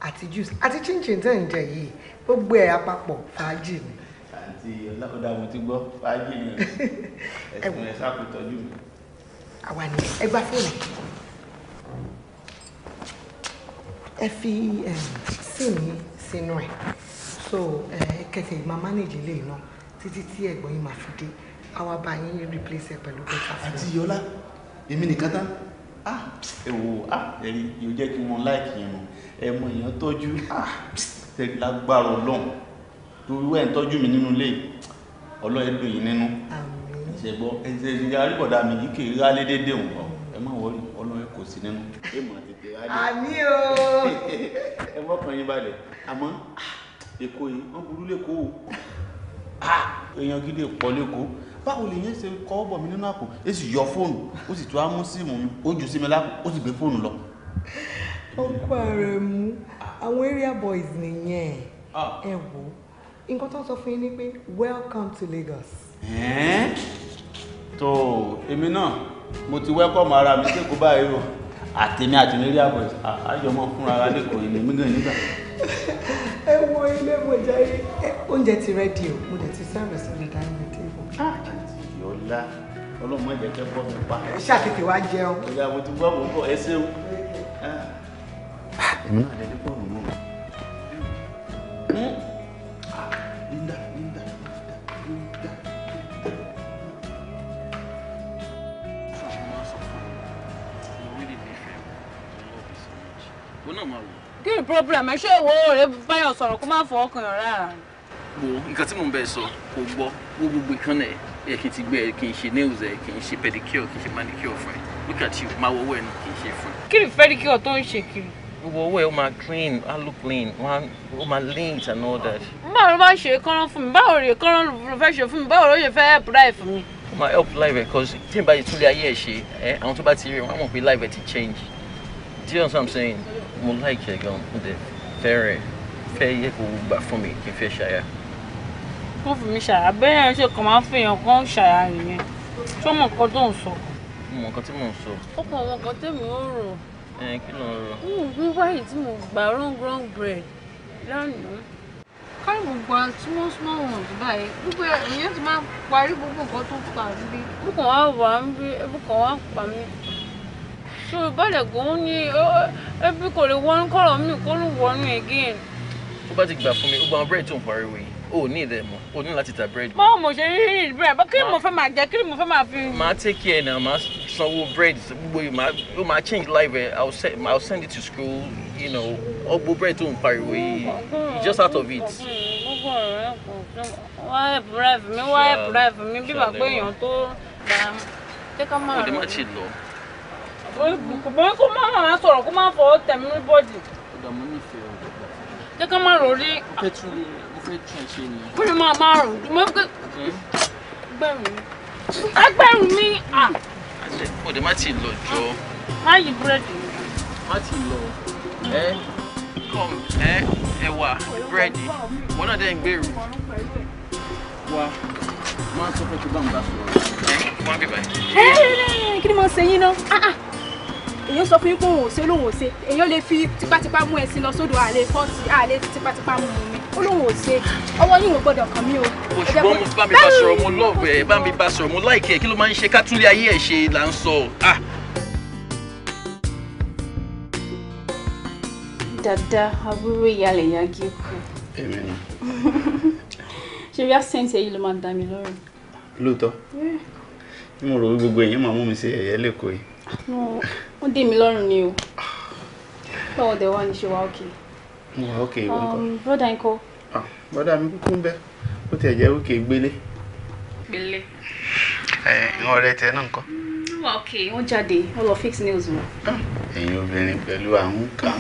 àti júùsì àti chinchin tẹ̀ ń jẹ yìí gbogbo ẹ̀ àpapọ̀ fàájì ni. àǹtí yọlá ọ̀dà mo ti gbọ́ fàájì ni ẹ̀sùn ẹ̀ sàkótọ́jú mi. àwa ni ẹ gbá fóònù ẹ fi sim yín sínú ẹ so eh, kẹsẹ̀ ìmọ̀ manage lè ná títí tí ẹ̀gbọ́n yìí máa fi dé àwa bá yín replace ẹ̀ pẹ̀lú bẹ́tà fún mi. àti yọlá èmi nìkan tán ah ẹ wo ah ẹ̀rí yóò jẹ́ kí wọ́n láìkì yẹn mọ̀ ẹ mọ èèyàn tọ́jú ah ẹ̀rí lágbára ọlọ́run torí wẹ́ẹ̀ ń tọ́jú mi nínú ilé ọlọ́run lò yín nínú ìṣẹ̀gbọ́ ẹ̀ṣẹ̀ ìṣẹ̀yà àríkọ̀dá mi yìí kì í rálé déédéé òun ẹ má wọrí ọlọ́run kò sí nínú ẹ mọ̀ tètè rálé. àmì o. ẹ mọ́kàn yín balẹ̀ àmọ́ ah èkó yìí wọ́n burú lẹ́kọ̀ọ́ ah èèyàn gidi pọ̀ lẹ́kọ̀ọ́ báwo lè yẹn ṣe kọ́ bọ̀ mí nínú àpò ẹ sì yọ fóònù ó sì tún á mú síìmù mi ó jù sí mi lápò ó sì gbé fóònù lọ. ọkọ rẹ mú ah. àwọn area boys nìyẹn ah. ẹ wò nǹkan tó ń sọ fún yín ni pé welcome to Lagos. tó èmi náà mo ti welcome ara mi sí Èkó báyìí o àtèmi àtèmi area boys àjọmọ fúnra ara lẹkọọ èmi gan nígbà. ẹ wọ ilé ìwòjà yìí oúnjẹ ti rẹ́dí o mo dẹ̀ ti sẹ́rẹ̀ sí ọ̀dà ní table. yọ̀ọ́lá ah, ọlọ́mọ ẹ̀jẹ̀ fẹ́ bọ́ mi pa. ẹ ṣàtètè wá jẹun. ọ̀gá mo ti gbọ́ mo bọ̀ ẹ ṣeun. Ah, èmi náà lè ní pọ̀ mọ́. Hmm? Ah, Linda, Linda, Linda, Linda. Fún mi, wọ́n sọ fún mi, mo rí ní ìfẹ́ wọn, I love you so much. Wọ́n náà máa wọ̀ kí ni problem ẹ ṣé ìwọ rẹ báyọ̀ sọ̀rọ̀ kó má fọ ọkàn rárá. wo nǹkan tí mò ń bẹ sọ kò gbọ́ wo gbogbo ìkan náà ẹ kì í ti gbé ẹ kì í ṣe nails ẹ kì í ṣe pedicure kì í ṣe manicure fún ẹ look at you máa wọwọ ẹ náà kì í ṣe fún ẹ. kí ni pedicure tó ń ṣe kiri. gbogbo owó ẹ ó máa clean á look clean ó máa lint and all that. báwo ló bá ṣe kọ́rán fún mi báwo lè kọ́rán ló fẹ́ ṣe fún mi báwo ló ṣe fẹ́ help life mi. ó máa help life ẹ cause tí n bá yẹ tún lé ayé ẹ ṣe ẹ àwọn tó bá ti rí wọn á mọ̀ pé life ẹ ti change do you know what i'm saying mo láìkí ẹ e gan mo dẹ̀ fẹ́rẹ̀ fẹ́ yẹ kó gbà fún mi kí n fẹ́ ṣàyà. wọ́n fi mi ṣàyà bẹ́ẹ̀ ṣe kàn máa ń fi èèyàn kan ṣàyà nìyẹn ṣé mọ̀ nǹkan tó ń sọ. mo mọ̀ nǹkan tí mò ń sọ. ó kàn mọ̀ nǹkan tèmi ó rò. ẹ kí ló ń rò. mo ń gbé wáyé tí mo gbà wrong wrong bread lánàá kárí gbogbo àwọn small small ones báyìí gbogbo èèyàn ti máa parí gbogbo nǹkan tó pa níbí. bùkàn wá wà níbí bùkàn wá pa mí so bale go ni ebi ko le won koro mi ko lu wonu again tó bá ti gbà fún mi ó gba bread tó ń parí wèyí o ní ìdẹ mọ o ní láti ta bread. mọ mo ṣe rí rí bread But can you fẹ́ máa jẹ kí mo fẹ́ máa fi. màá take care na màá sanwó bread gbogbo yìí màá ó change life I'll send I'll send it to school you know ọgbó bread tó far away. yìí just out of it. Why bread? kò wá ẹ̀bùrẹ́ fún mi wá ẹ̀bùrẹ́ fún mi bí wàá pé èèyàn tó ra. ó lè má ti lọ ṣùgbọ́n kó má máa sọ̀rọ̀ kó má fọwọ́ tẹ̀ mí bọ́dì. ọ̀dọ̀ mo nífẹ̀ẹ́ ọ̀dọ̀ gbà. jẹ́ ká má rò rí. mo fẹ́ tún mo fẹ́ tún ẹ ṣe ni. kó o de má ti lọ jọ. má yí búrẹ́dì mi. má ti lọ. ẹ kọ́m ẹ ẹ̀wà búrẹ́dì wọn náà dẹ́ èyàn sọ fún yín pé òun ò ṣe lóun ò ṣe èyàn lè fi tipátipá mú ẹṣin lọ sódò àlè fọ́ọ̀sì àlè tipátipá mú mi ó lóun ò ṣe ọwọ́ yín wò gbọ́dọ̀ kàn mí o. òṣùwọ́n mo bá mi bá sọ̀rọ̀ mo lọ́ọ̀bù ẹ̀ bá mi bá sọ̀rọ̀ mo láìkẹ́ kí ló máa ń ṣe ká túnlé ayé ẹ̀ ṣe là ń sọ ah. dada àbúrò ìyá lè yá gé kú. ṣé bí a sẹ́ǹtì èyí ló máa dá mi lọ́rùn. lóòótọ́ mo rò wí gbogbo èèyàn máa mú mi sí ẹ̀yẹ́ lẹ́kọ̀ọ́ yìí wọ́n dè mí lọ́rùn ni o báwo dẹ̀ wá ṣe wá òkè. òkè ìwọ nǹkan. broda broda mi kúkú ń bẹ ó tiẹ̀ jẹ́ òkè gbélé. gbélé. ìwọ rẹ tẹ náà wọ́n òkè wọ́n jáde wọ́n lọ fix nails wọn. Ah, ẹ̀yin obìnrin pẹ̀lú à ń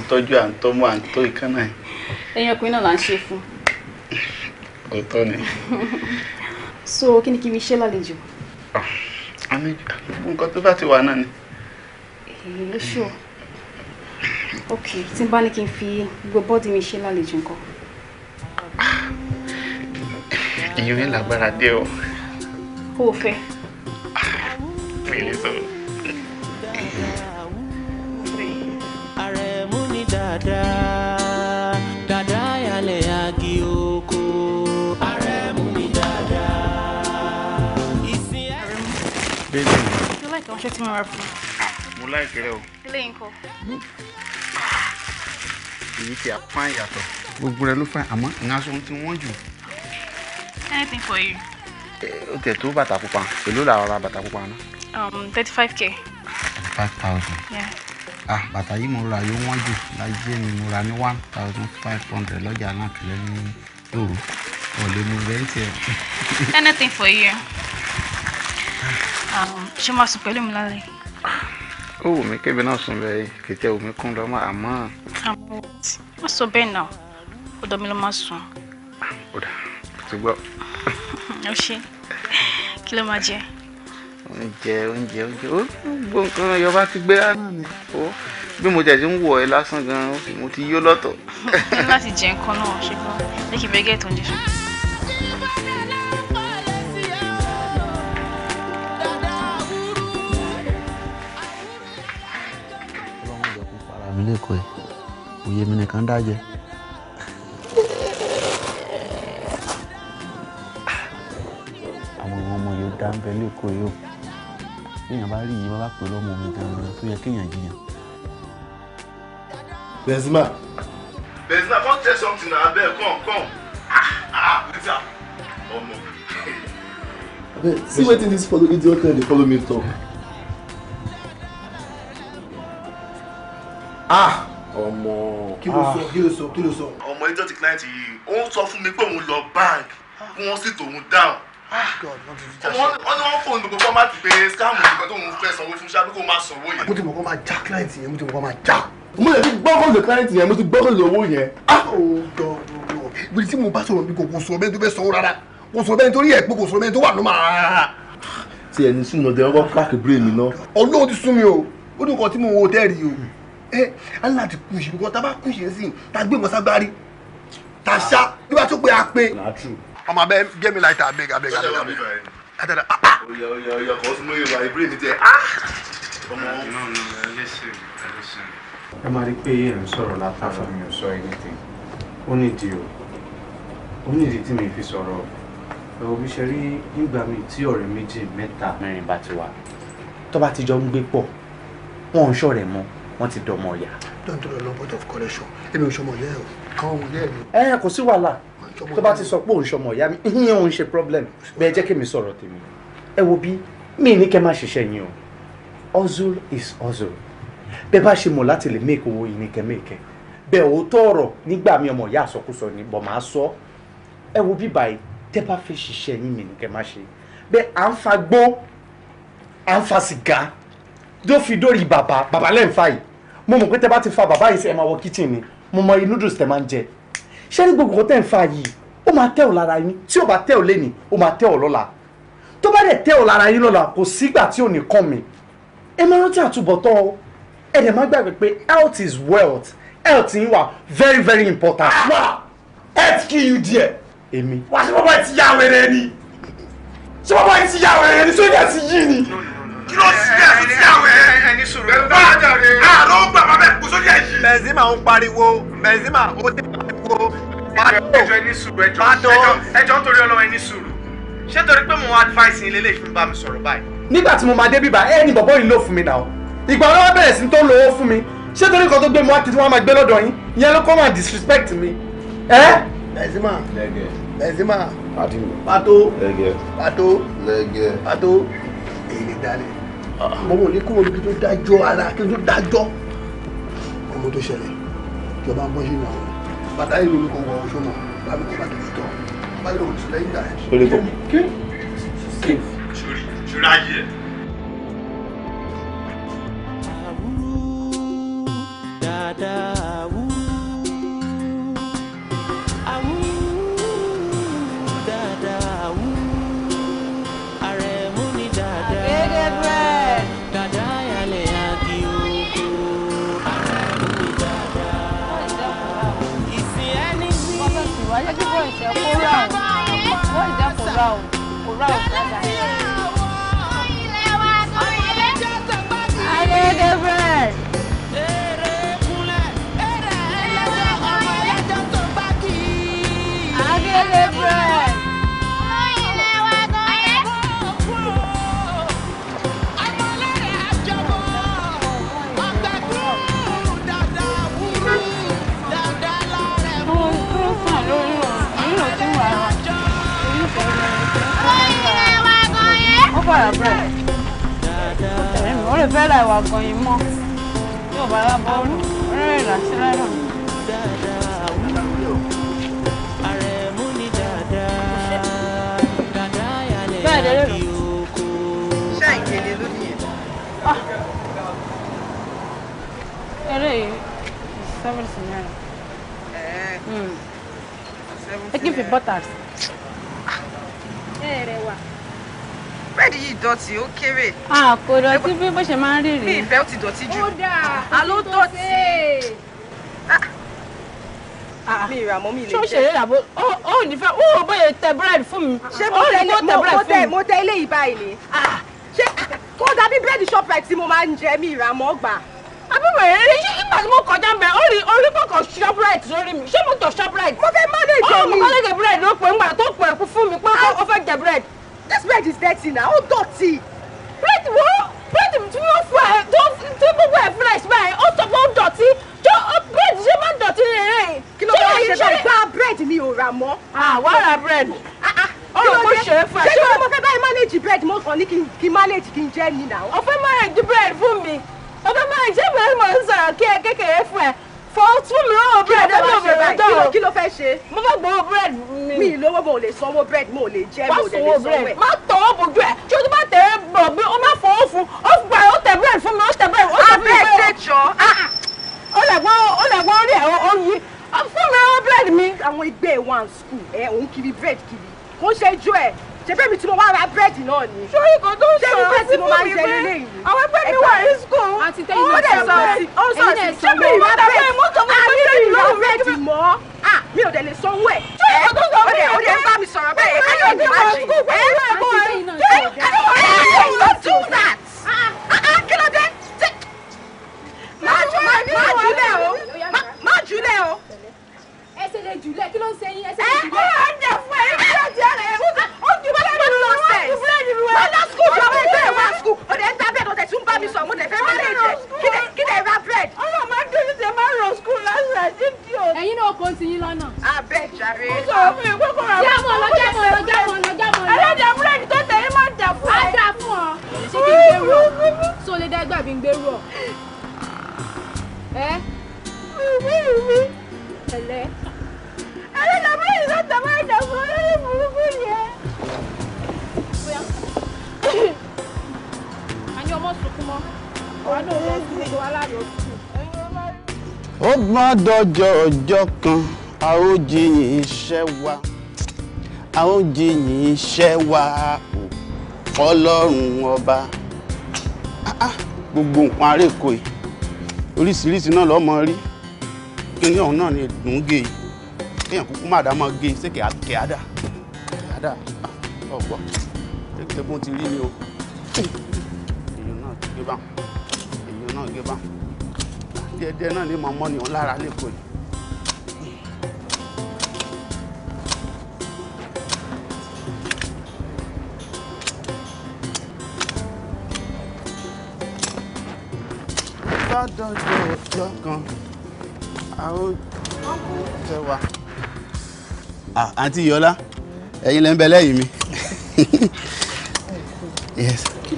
tọ́jú à ń tọ́mú à ń tó ẹ̀yin ọkùnrin náà là ń ṣe so kí ni kí mi ṣe lálejò. Ah, àmì nǹkan tó ìyẹn ṣù ok tí n bá ní kí n fi gbogbo bọ́ọ̀dì mi ṣe lálejò nǹkan. ìyẹn ní lágbára dé o. kó o fẹ́. mi ò lè sọ. àrẹ̀mú ni dáadáa dáadáa yálẹ̀ agi oko. àrẹ̀mú mo láìpẹ́ rẹ o. ilé yín kọ. èyí ti apá ìyàtọ̀ gbogbo rẹ ló fà àmọ́ want you. anything for you. o tẹ̀ tó bàtà pupa èló làwọn ra bàtà pupa náà. um thirty five k. thirty five thousand. yeah ah bàtà yìí mo ra yóò wọ́n jù láyé mi mo ra ní one thousand five hundred lọ́jà náà kìlẹ̀ ní yòó ọ̀lẹ́ mo rẹ̀ ń tiẹ̀. anything for you ṣé máa sùn pẹ̀lú mi lálẹ́ ó wù mí kébi náà sùn bẹ́ẹ̀ kìtẹ́ wù mí kún lọ́mọ àmọ́. àmọ́ wọ́n sọ bẹ́ẹ̀ náà ọ̀dọ̀ mi ló máa sùn. ó dà tó gbọ́. ó ṣe kí ló máa jẹ. oúnjẹ oúnjẹ oúnjẹ ó gbọ́ nǹkan yọba ti gbé rárá ni ó bí mo tẹ̀sí ń wọ̀ ẹ́ lásán gan-an mo ti yó lọ́tọ̀. láti jẹ nǹkan náà ṣùgbọ́n ní kí bẹ́ẹ̀ gẹ̀ẹ́tì oúnjẹ ṣùgbọ́n. mi lẹ́kọ̀ọ́ ẹ̀ òye mi nìkan dájẹ́. àwọn ọmọ yóò dá ń bẹ lẹ́kọ̀ọ́ yóò èèyàn bá rí iye bá bá pè lọ́mọ mi gan-an tó yẹ kéèyàn jiyàn. Benzema. Benzema come tell something na abeg come come. Ah, ah, ọmọ. See wetin dis follow idiot tell dey follow me talk. ah ọmọ. kí ló sọ ah. kí ló sọ kí ló sọ. ọmọ ẹjọ́ ti client yìí ó ń sọ fún mi pé òun lọ bank kí wọ́n sì tòun down. Ah, wọ́n ní wọ́n fóun gbogbo fọ́ọ̀mù àti pé scam nìkan tó ń fẹ́ sanwó fún ṣáà kó máa sanwó yẹn. mo ti mọ̀ kó máa já client yẹn mo ti mọ̀ kó máa já. mo lè fi gbọ́kàn lè client yẹn mo ti gbọ́kàn lè owó yẹn. ibi ah, oh, oh, tí mo bá sọ̀rọ̀ bí kò kò sọ̀rọ̀ bẹ́ẹ̀ tó fẹ́ sanwó rárá kò sọ̀rọ̀ bẹ́ẹ̀ torí ẹ̀ pé kò sọ̀rọ̀ bẹ́ẹ̀ tó wà lọ́mọ rárá. ti ẹni sùn lọ dẹ ọkọ crack brain mi náà. ọlọ́run ti sún mi o ó dùn kan tí mo wo ẹ aláàdì kù ìṣèlú kan tá a bá kù ìṣèlú sí i tá a gbé wọn ságbárí tá a ṣá bí wàá tó pé a pé. ọmọ abẹ gé mi láìta abeg abeg abeg abeg adada ah ah, ah ah. oya oya oya kò sún lóye wa ìbúrẹ́ mi tẹ ah. ọmọ ẹ máa rí pé ẹ ń sọ̀rọ̀ látàrọ mi ò sọ anything ó nídìí o ó nídìí tí mi fi sọ̀rọ̀ ẹ̀rọ bí ṣe rí nígbà mi tí ọ̀rẹ́ méjì mẹ́ta mẹ́rin bá ti wà tó ti jọ ń gbé pọ̀ wọn ò ń ṣọ̀rẹ́ mọ́ wọ́n ti dọmọ ọ̀yà. dọ́ńtò lọ lọ́pọ̀ tó kọ́lé of èmi ò ṣọmọ ọ̀yà ẹ̀ káwọn ọmọ ọ̀yà ẹ̀ mi. ẹ kò sí wàhálà tó bá ti sọ pé òun ṣọmọ ọ̀yà mi ìyẹn òun ṣe problem bẹ́ẹ̀ jẹ́ kí mi sọ̀rọ̀ tèmi ẹ wo bí mi ní kẹ́ máa ṣiṣẹ́ yín o hustle is hustle bẹ́ẹ̀ bá ṣe mọ̀ láti lè make owó yìí ní kẹ́ make ẹ̀ bẹ́ẹ̀ òótọ́ ọ̀rọ̀ nígbà mi ọmọ ìyá àsọkúsọ ni bọ̀ máa sọ ẹ wo bí báyìí tẹ́ bá fẹ́ ṣiṣẹ́ yín mi ní kẹ́ máa ṣe bẹ́ẹ̀ à ń fa gbó à ń fa sìgá tó dórí bàbá bàbá lẹ́ǹfà yìí mo mọ̀ pé tẹ́ bá ti fa bàbá yìí sí ẹ máa wọ kitchen ni mo mọ inú dùn sí tẹ́ máa ń jẹ ṣé ní gbogbo tẹ́ ń fa yìí ó máa tẹ́ ò lára yín tí ò bá tẹ́ ò lénìí ó máa tẹ́ ò lọ́la tó bá dẹ̀ tẹ́ ò lára yín lọ́la kò sígbà tí ò ní kàn mí ẹ máa rántí àtúbọ̀tán o ẹ dẹ̀ máa gbàgbé pé health is wealth health yín wà very very important. Ah! àwa health kí you there. èmi. wàá ṣe bàbá ti yá wẹrẹ ni ṣe bàbá ti yá wẹrẹ ni ṣé ó yẹ ti yí ni kí nígbà tí mo máa dé bíbá ẹ ní yìí lò fún mi náà ìgbà wọn bẹ̀rẹ̀ sí tó lò fún mi ṣé torí nǹkan tó gbé mi wá kí wọ́n máa gbé lọ́dọ̀ yín ìyẹn ló kọ́ máa disrespect mi. ẹ Benzema pàtó pàtó èyí ni dalẹ̀ mo wò ní kúrò kí tó dájọ́ ara kí tó dájọ́ ọmọ tó ṣẹlẹ̀ ìjọba ń bọ́ sínú àwọn bàtà yìí lómi kan wọ oṣù mọ́ bàbá bàtà yìí tọ́ bàbá yóò lẹ́yìn dà ẹ́. sórí kò kí sórí sórí ayé ẹ. àbúrò dáadáa wú. jẹ́ kó rà ó wọ́n jẹ́ kó rà ó kó rà ó. ra bẹ́ẹ̀ ó lè fẹ́ ra ìwà gan butters. dọ̀tí ó kéré. a kò dọ̀tí bí bó ṣe máa ń rí rèé. mi ìfẹ́ ó ti dọ̀tí jù. ó dáa àló dọ̀tí. Ah, ah. mi ìrà mọ́ mi lè tẹ́. ṣó ṣeré làbó ó ní fẹ́ ó bóyá tẹ búrẹ́dì fún mi. ṣé mo tẹ mo tẹ ilé yìí báyìí ni. Ah. ṣé kó dàbí búrẹ́dì Shoprite tí mo máa ń jẹ mi ìrà mọ́ gbà àbúrò rẹ rí ṣé ìgbà tí mo kọjá ń bẹ orí orí kọkàn shoprite sórí mi ṣé mo tọ shoprite. mo fẹ́ mánéjì mi. ó mọ̀ kọ́lẹ́gẹ̀ búrẹ́dì ló pè ń gbà tó pè fún mi pé ó fẹ́ jẹ búrẹ́dì. This bed is dirty now, All oh, dirty. Bread, what? Bread, do you fún ẹ Don't, tó gbogbo ẹ̀ fúnra all ẹ̀ ó dirty. ó bread, you bírèdì dirty? máa ń dọ̀tí rẹ̀? Kí bread wá ṣe Ramo? Ah, bírèdì mi bread? rà mọ́? Àwa ra bírèdì. Ọ̀rọ̀ mo ṣe é man Ṣé manage bread most only can, can manage can journey now. ni now? Ọ̀fẹ́ bread for me, Ọ̀fẹ́ manage ṣé mo ń sọ̀rọ̀ kí ẹ kékeré fún ẹ? fọwọ́ tún mi lọ́wọ́ búrẹ́dì ẹ̀mí ò bẹ̀rẹ̀ dán o kí ló fẹ́ ṣe. mo fẹ́ gbowó búrẹ́dì mi. mi lówó mo lè sanwó búrẹ́dì mo lè jẹ́ mi ò lè sanwó ẹ̀. má tọwọ́ bójú ẹ̀ tí o ti bá tẹ̀ ẹ́ bọ̀ bí o má fọwọ́ fún o fi gbà ó tẹ̀ búrẹ́dì fún mi ó tẹ̀ búrẹ́dì ó tẹ̀ búrẹ́dì. abẹ́ẹ̀ tẹ̀jọ́ ó lẹ̀gbọ́n orí ẹ̀ ó yí fún mi lọ́wọ́ búrẹ́dì mi. àwọn ẹgbẹ́ one school ẹ̀ òun kiri búrẹ́dì kiri kó ṣe ju ẹ̀ ṣe fẹ́ mi tí mo wá ra búrẹ́dì náà ni. sórí kan tó ń sọ sí fún mi pé àwọn ẹgbẹ́ mi wà ní school. àti tẹ ilé ẹ̀sọ́ ẹ̀yìn ẹ̀sọ́ mi wá bẹ́ẹ̀ mọ́tò mi pé búrẹ́dì náà búrẹ́dì mọ́ ah, mi ò dẹ̀ lè sanwó ẹ̀. sórí kan tó sọ fún mi pé bá mi sọ̀rọ̀ bẹ́ẹ̀ ká yóò dé wá sí. ẹ ẹ bọ̀ ẹ don't do that. Ah, ah, kí ló dé? má jùlẹ̀ o má jùlẹ̀ o ẹsẹ̀ jùlẹ̀ kí ló ń ṣe yín ẹsẹ̀ jùlẹ̀. ẹ ẹ ọjà fún ẹ ẹ ọjà rẹ ó ju bọ́lá mi lọ sẹ̀ wọ́n lọ skul jọ wọ́n gbé wá skul ó lè ta bẹ́ẹ̀ tó tẹ̀ tún bá mi sọ mo lè fẹ́ máa lè jẹ kí lè ra bread. ọlọ́ máa ń dójú tẹ máa ń rọ skul lásán àti tí o. ẹyin náà kò sí yín lọ́nà. abẹ́ jàre. ó sọ̀rọ̀ fún mi kókó rà. jámọ̀ ẹ alálàmọ́ yìí ló tẹ̀ máa dàgbò lórí burúkú yẹn. àní ọmọ sunkún mọ́ àánú ọmọ sunkún ìjọba aláàbò. ó bá dọjọ́ ọjọ́ kan a ó jiyàn wa a ó jiyàn iṣẹ́ wa ọlọ́run ọba ah, ah, gbogbo nǹkan arékòó yìí oríṣiríṣi náà lọ́mọ rí kíní ọ̀hún náà ni èdùngè yìí kéèyàn kúkú má dá máa gé ṣé kẹ̀ádà kẹ̀ádà ah, ọ̀pọ̀ ẹgbẹ́gun ti rí ni o èèyàn náà gé bá èèyàn náà gé bá díẹ̀díẹ̀ náà ní mọ̀mọ́ ni òun lára lẹ́kọ̀ọ́ yìí. lọ́dọ̀ọ́dọ̀ ọjọ́ kan a ó tẹ̀wá ah àǹtí yọlá you lẹ́ ń bẹ lẹ́yìn mi. kí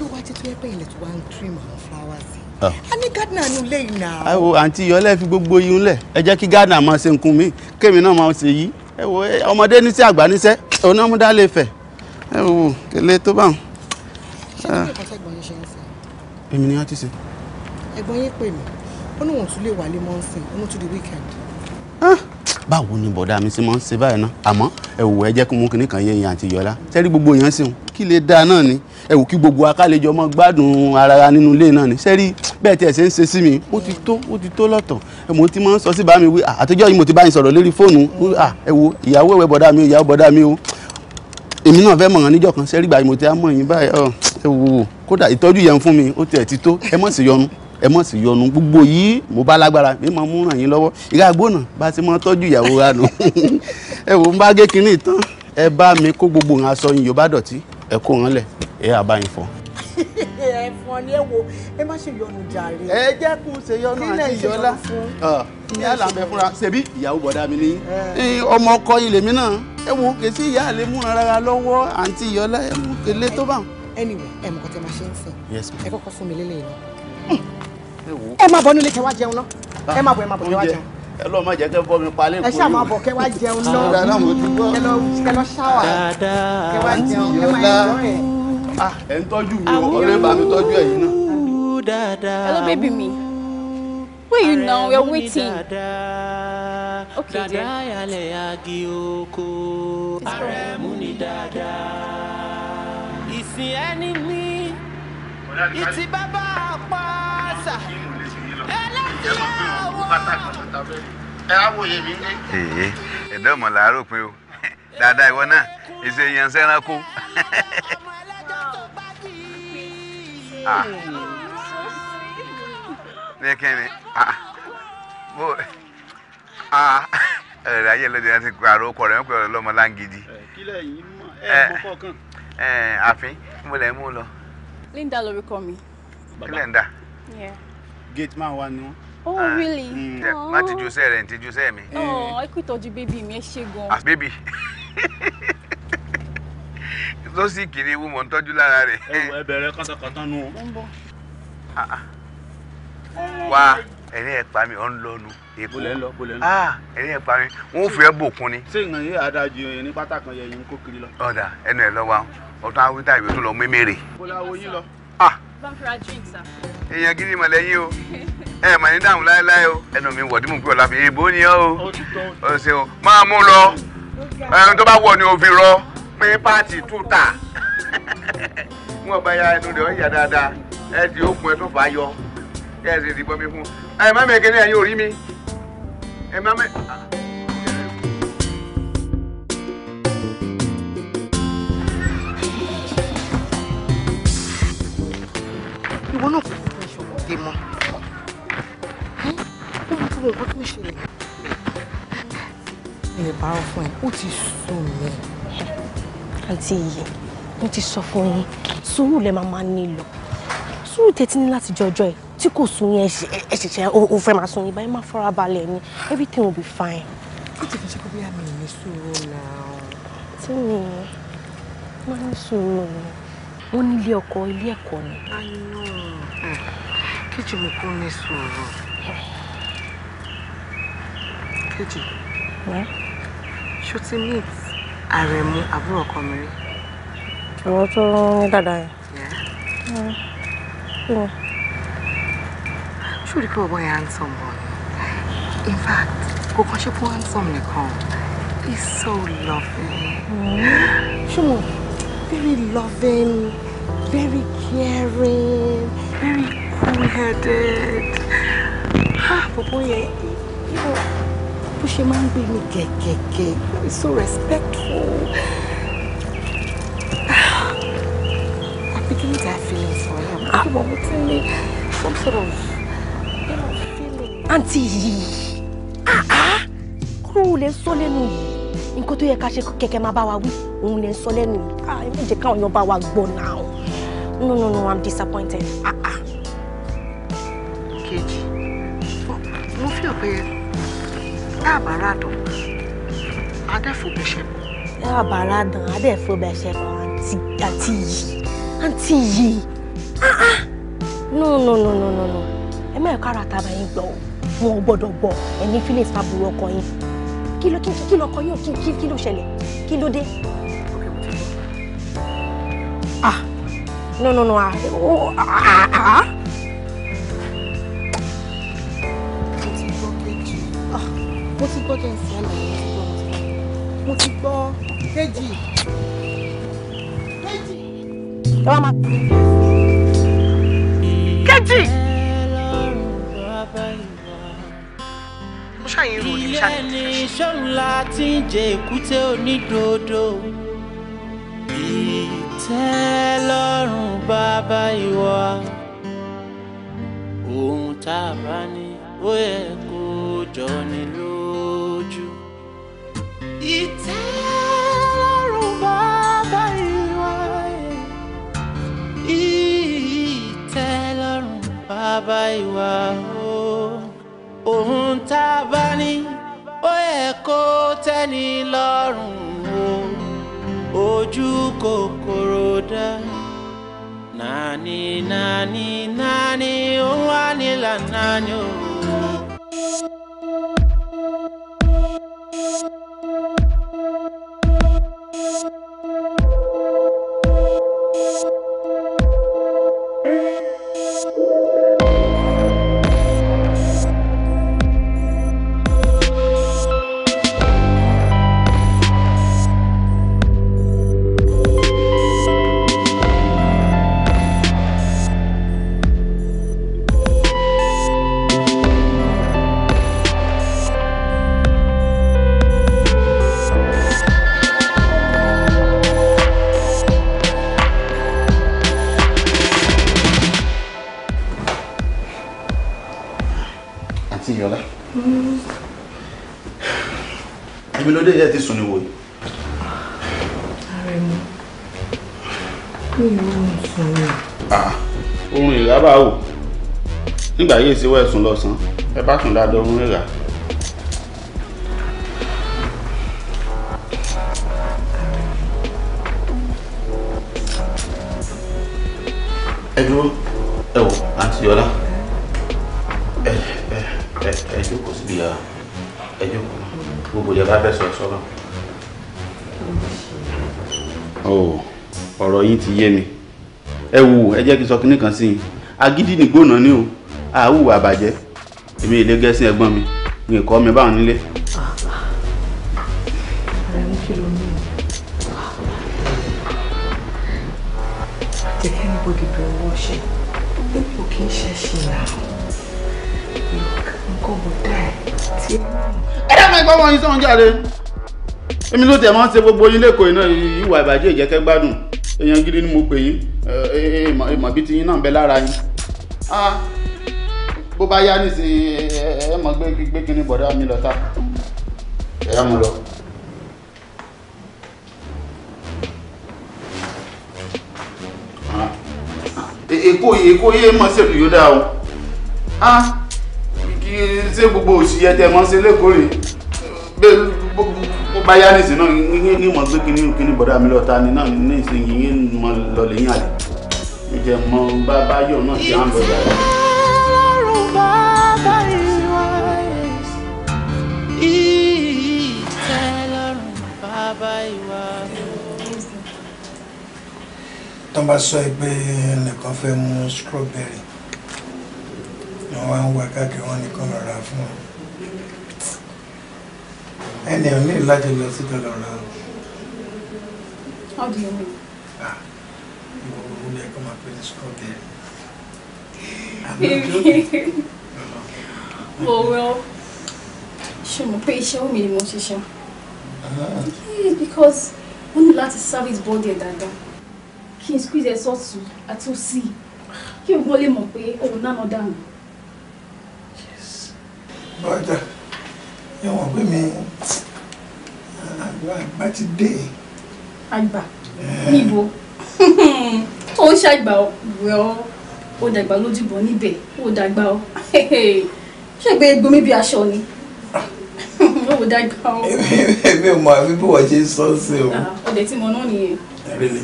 ló wá títí ẹgbẹ́ ilẹ̀ tí wàá ń trim àwọn flowers yìí. Oh. a ní gardener nu lẹ́yìn náà. ẹ wo àǹtí yọlá fi gbogbo yín lẹ̀ ẹ jẹ́ kí gardener máa ṣe nǹkan mi kémi náà máa ṣe yìí ẹ wo ọmọdé níṣẹ́ àgbà níṣẹ́ onámúdá lè fẹ̀ ẹ wo kele tó bá wọn. ṣé kí ah. ẹ̀kọ́ sẹ́gbọ̀n yín ṣe ń sìn. èmi ni wọ́n ti ṣe. ẹ̀gbọ́n yín pè mí ó ní wọn tún lè wálé mọ́ńsìn ó ní tún di weekend. Ah! báwo ni bọ̀dá mi ṣe máa ń ṣe báyìí náà àmọ́ ẹ̀wù ẹ jẹ́ kí mú kinní kan yé yín àti yọlá sẹ́rí gbogbo yẹn sìn kí lè dáa náà ni ẹ̀wù kí gbogbo akálejò ọmọ gbádùn ara nínú ilé náà ni sẹ́rí bẹ́ẹ̀ tí ẹ̀ ṣe ń ṣe sí mi ó ti tó ó ti tó lọ́tọ̀ ẹ̀ mo ti máa ń sọ sí bá mi wí àtijọ́ yìí mo ti bá yín sọ̀rọ̀ lórí fóònù ẹ̀wù ìyàwó ẹ̀wẹ̀ bọ̀dá mi ìyàwó bọ̀dá mi o èmi náà fẹ́ mọ̀ ọ́n níjọ́ kan sẹ́rí gbà mo ti á mọ̀ yín báyìí ẹ̀wù kódà ìtọ́jú yẹn fún mi ó tiẹ̀ ti tó ẹ mọ̀ sí yọnu ẹ mọ̀ sí yọnu gbogbo yìí mo bá lágbára mi máa mú ràn yín lọ́wọ́ ìyá gbóná bá ti mọ tọ́jú ìyàwó wa nù ẹ wò ń bá gé kinní tán ẹ bá mi kó gbogbo nǹkan aṣọ yín yorùbá dọ̀tí ẹ kó wọn lẹ̀ ẹ àbá yín fọ. ẹ fún ọ ní ẹ wo ẹ má ṣe yọnu jàre. ẹ jẹ́ kó ṣe yọnu àti ìyọlá ní àlàfẹ́ fúnra ṣebí ìyàwó bọ̀dá mi ní ọmọ ọkọ ilé mi náà ẹ wo kè sí ìyá àlè múra rárá lọ́wọ́ àǹtí ìyọlá ẹ mú kele tó bá. anyway ẹ mọ̀ kọ́ tẹ́ máa ṣe ń sìn ẹ kọ́kọ́ fún mi lélẹ́yìn hmm ẹ máa bọ̀ nílé kẹwàá jẹun náà ah. ẹ máa bọ̀ ẹ máa bọ̀ kẹwàá jẹun. ẹ lọ má jẹ kẹ bọ mi palẹ nkúrú. ẹ ṣáà máa bọ̀ kẹwàá jẹun náà ah, kẹ lọ ṣáwà ah, kẹwàá jẹun ẹ máa yẹ jọ ẹ. ẹ ń tọ́jú mi ọ̀rẹ́ bá mi tọ́jú ẹ̀yin náà. hello baby mi where you now we are waiting. okay dear. ìsìn ẹni mi ìtì bàbá ọ̀pọ̀ àṣà ẹlẹ́sìn àwọ̀. ẹ á wòye mi ní. ẹ̀dọ́ ọmọ làárọ̀ pé o dáadáa ìwọ náà ìṣe ìyànṣẹ́ ẹranko. ní kíni bó ayé lóde láti pààrọ̀ ọkọ rẹ̀ ń pè ọ́ lọ́mọ láǹgìdì. kílẹ̀ yìí àfin mo lè mú un lọ. Linda lorúkọ mi. Linda. Yeah. Gate man wa ni wọn. Oh uh, really? Mm, oh. Má ti ju sẹ́ rẹ̀ ti ju sẹ́ mi. Oh, ẹ kú ìtọ́jú bébí mi, ẹ ṣe gan. Bébí tó sì kiri ewu mọ̀ ń tọ́jú lára rẹ̀. Ẹ bẹ̀rẹ̀ kọ́tọ̀kọ́tọ̀ nù. Ah, ah. Wá ẹ̀rín ẹ̀ pa mi ọ̀ ń lọ nu. Bolẹ̀ ń lọ bolẹ̀ ń lọ. Ẹ̀rín ẹ̀ pa mi, wọ́n fẹ́ bòkun ni. Ṣé ìgbọ̀nyé adájú yẹn ní pátákan yẹn yẹn ń kó kiri lọ? Ọ̀dà ẹnu ẹ̀ lọ wa ọ̀tún awúta ìwé tó lọ mú mèrè. èèyàn gidi mọ̀ lẹ́yìn o ẹ mà ní dáhùn láéláé o ẹnu mi wọ̀ tí mò ń pè ọ́ láfi èèbó ni ọ́ o ó ṣe o máa mú lọ ẹni tó bá wọ̀ ni òfin rọ pé pààtì túta wọn bá ya ẹnu rẹ̀ ọ́ yà dáadáa ẹ ti ó kun ẹ tó fà á yọ ẹ sì dìbọn mi fún ẹ má mẹ́kẹ́ ní ẹ̀yìn orí mi ẹ má mẹ́kẹ́. wọn náà kò fi fún ìṣòro dé mọ́ ó mú gbogbo nǹkan tó ń ṣẹlẹ̀ mi ò bá rọ fún ẹ ó ti sùn mí. àǹtí iye mo ti sọ fún yín sùúrù lẹ máa máa nílò sùúrù tẹ́tí ní láti jọjọ́ ẹ̀ tí kò sùn yín ẹ ṣẹ̀ṣẹ̀ o fẹ́ máa sùn yín báyìí máa fara balẹ̀ ni everything will be fine. ó ti fi ṣe kó bí àmì ìní sùúrù náà. tí mi máa ń sùúrù ni wọ́n nílé ọkọ ilé ẹ̀kọ́ ni. àyàn kejì mo kún ní sòrò kejì ṣó ti meet àrẹ̀mú àbúrò ọkọ mi rí. àwọn tó ní dáadáa yẹn. Mm. ṣó rí pé ọgbọ́n yẹn handsome bọ̀ ni in fact kò kàn ṣe fún handsome nìkan he's so loving. Mm. ṣùgbọ́n very loving very caring very cool-headed. Ah, Bobo, yeah, you know, bó ṣe máa ń gbé mi gẹ̀gẹ̀gẹ̀, he's so respectful. Ah, I'm beginning to have feelings for him. Ah, Bobo, tell me some sort of, you know, feeling. Auntie ah ah, kúrò lè sọ lẹ́nu yìí. Nǹkan tó yẹ ká ṣe kẹ̀kẹ́ máa bá wa wí, òun lè sọ lẹ́nu yìí. Ah, ẹ méje káwọn èèyàn bá wa gbọ́ náà. No, no, no, I'm disappointed. Ah, ah. Kejì, mo fi hàn pé tá a bá rádùn, adẹ́fọ̀bẹ̀ ṣẹ̀kọ̀. Tá a bá rádùn, adẹ́fọ̀bẹ̀ ṣẹ̀kọ̀ àǹtí yìí. Àǹtí yìí. Ah, ah. No, no, no, no, no, no. Ẹ má ẹ̀ka ara tàbá yín gbọ́ o. Wọn ò gbọ́dọ̀ gbọ́ ẹ̀mí Phillips fàbùrù ọkọ yín. Kí kilo kí ló ọkọ yín kí ló ṣẹlẹ̀? Kí No, no, no. I, ah. oh, ah, ah, ah. mo ti gbọ́ jẹ́ ìsìn àlàyé mo ti gbọ́ kejì kejì. ẹ wá máa. kejì. mo ṣàyẹ̀wò ní ṣáà. ilé ní sọ́la ti ń jẹ èkúté onídòdó tẹ́ lọ́rùn bàbá ìwà ohun tá a bá ní ó yẹ kó jọ ní lójú. ìtẹ́ lọ́rùn bàbá ìwà ìtẹ́ lọ́rùn bàbá ìwà ohun tá a bá ní ó yẹ kó tẹ́ ní lọ́rùn ojú kòkòrò. da nani nani nani o oh, anila nani o oh. ilé yẹn ti sùn ní wòye. ààrẹ mi mi ò ń sùn ní. Ah, oorun ìlà bá wò nígbà yìí ṣe wẹ́ẹ̀ sùn lọ́sàn ẹ bá sùn dáadáa oorun ìlà. ti yé mi ẹ wò ẹ jẹ́ kí n sọ kinní kan sí yín agídí nìgbóná ni o àáwù àbàjẹ́ èmi ìlé gẹ́sìn ẹ̀gbọ́n mi mi ì kọ́ mi báwọn nílé. Ẹ dá máa gbọ́ wọn yín sọ̀rọ̀ jáde. Èmi ló tẹ̀ máa ń ṣe gbogbo yín lẹ́kọ̀ọ́ iná ìwà ìbàjẹ́ ìjẹ́kẹ́ èèyàn gidi ni mo pè yín èèmọ̀ bíi ti yín náà ń bẹ lára yín bó bá yá nísìnyí ẹ mọ̀ gbé kíní bọ̀dá mi lọ ta ẹ̀yà mo lọ. èkó èkó yé mọ̀ sèlú yóò dáa o kí ṣé gbogbo òṣìyẹ tẹ mọ́ sí lẹ́kọ̀ọ́ rè ó bá yá nìsín náà ní mọ̀ gbé kíní kíní bọ̀dá mi lọ́ta ni náà ní ìsìn yìí ń mọ lọ́lẹ̀ yín àlè ìjẹ́ mọ bá bá yọ̀ náà ṣe à ń lọ yàrá. tó bá sọ pé ẹnìkan fẹ́ mú strawberry ni wọ́n ń wá káàkiri wọn nìkan lọ́ra fún wọn ẹni ò ní ìlàjọ lọ síta lọ ra o. how do you ah ìwọ owó lẹ kó máa oh well ṣe mo pé iṣẹ́ omi ni mo ṣiṣẹ́. Uh-huh. yes because wọ́n ní service body ẹ̀ dáadáa kí squeeze ẹ sọ́ọ̀tún àti òsì kí n wọlé mọ̀ pé òun náà lọ dáhùn ẹwọn pé mi àgbà ti dé. àgbà níbo ó ń ṣàgbà rẹ ọ ó dàgbà lójúbọ níbẹ̀ ó dàgbà ọ ṣègbè gbomi bí aṣọ ni ó dàgbà ọ. èmi ò mọ àfi bí wọ́n ṣe sọ sí o. Ah, ọ̀dẹ̀ tí mo ná nìyẹn. really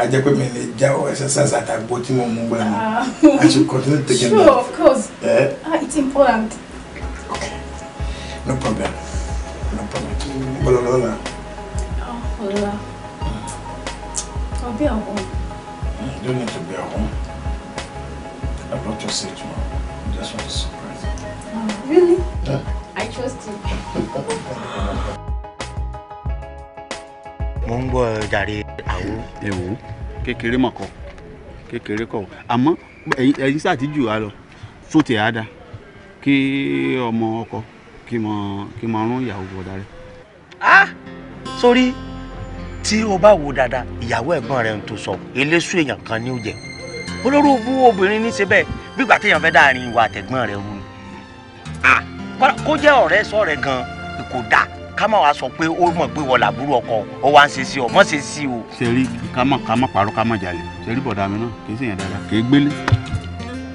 a jẹ́ pé mi lè jáwọ́ exercise àtàgbo tí mo mú gbà mí ah. i should continue taking that. sure of course eh? ah, it's important. No problem. No problem. Bọ́lá Oh, Ọ̀la. Hmm. I'll be at home. Hmm, you don't need to be at home. I brought your seat tomorrow. I just want to surprise you. Oh, really? Yeah. I trust you. Mo ń gbọ́ jàre àwo. Ẹ̀wò kékeré mọ̀kọ́ kékeré kọ̀ àmọ́ ẹ̀yin ṣáà ti jù wá lọ sóòtì àádá kí ọmọ ọkọ kí n mọ kí n mọ rún ìyàwó bọ̀dá rẹ. sórí tí o bá wo dáadáa ìyàwó ẹ̀gbọ́n rẹ̀ ń tó sọ eléṣu èèyàn kan ní oúnjẹ olórí òbú obìnrin ní í ṣe bẹ́ẹ̀ bígbà téèyàn fẹ́ dáàrin ìwà àtẹ̀gbọ́n rẹ̀ rú ni. kó jẹ́ ọ̀rẹ́ sọ rẹ̀ gan-an kò dáa ká má wàá sọ pé ó mọ̀ pé wọ́n làbúrò ọkọ ó wá ń ṣe sí ọ mọ̀ ṣe sí o. ṣe rí ká mọ̀ ká mọ̀ parọ́ ká mọ̀ jalè ṣe rí bọ̀dà mi náà kì í ṣèyàn dáadáa kì í gbélé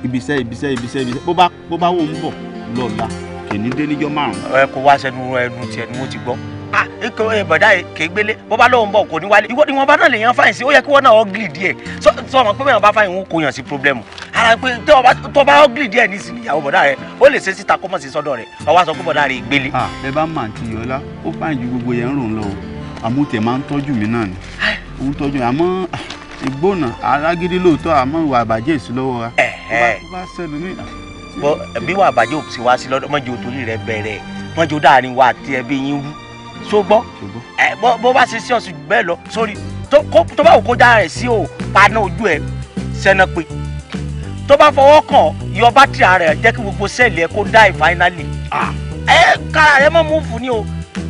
ibiṣẹ́ ibiṣẹ́ ibiṣẹ́ ibiṣẹ́ bó bá wò ń bọ̀ lọ́la kì ní dé níjọ́ márùn ẹ kò wá sẹnu ẹnu tiẹ̀ ni wọ́n ti gbọ́ ah ikọ ẹ bọ̀dá kì í gbélé bó bá lóun bọ̀ kò ní wálé ìwọ ìwọ̀nba náà lèèyàn fáyìn sí ó yẹ kí wọ́n náà ọ́gìlì díẹ̀ sọ ọmọ pé bẹ́ẹ̀ bá fáyìn ń kó yàn sí pírọ́blẹ́mù ara pé tó bá ọ́gìlì díẹ̀ ní ìsìn ìyàwó bọ̀dá rẹ ó lè ṣe síta kó mọ̀ sí sọ́dọ̀ rẹ ọwọ́ sọ pé bọ̀dá rẹ gbélé. ah ẹ bá mà ti yọ ọlá ó fáyìn ju gbogbo yẹn ń rò lọ o bí wàá bàjẹ́ òsì wá sí lọ́dọ̀ mọ́jọ́ torí rẹ bẹ̀rẹ̀ mọ́jọ́ dáàrin wa àti ẹbí yín wú sógbọ́ bó bá ṣe sí ọ̀sùn bẹ́ẹ̀ lọ sórí tó bá wù kó já rẹ̀ sí o paná ojú ẹ sẹ́nà pé tó bá fọwọ́ kàn yọ bátìrì rẹ̀ jẹ́ kí gbogbo sẹ́ẹ̀lì ẹ kó dáì fáínálì ah. ẹ kára rẹ mọ́ mú ni o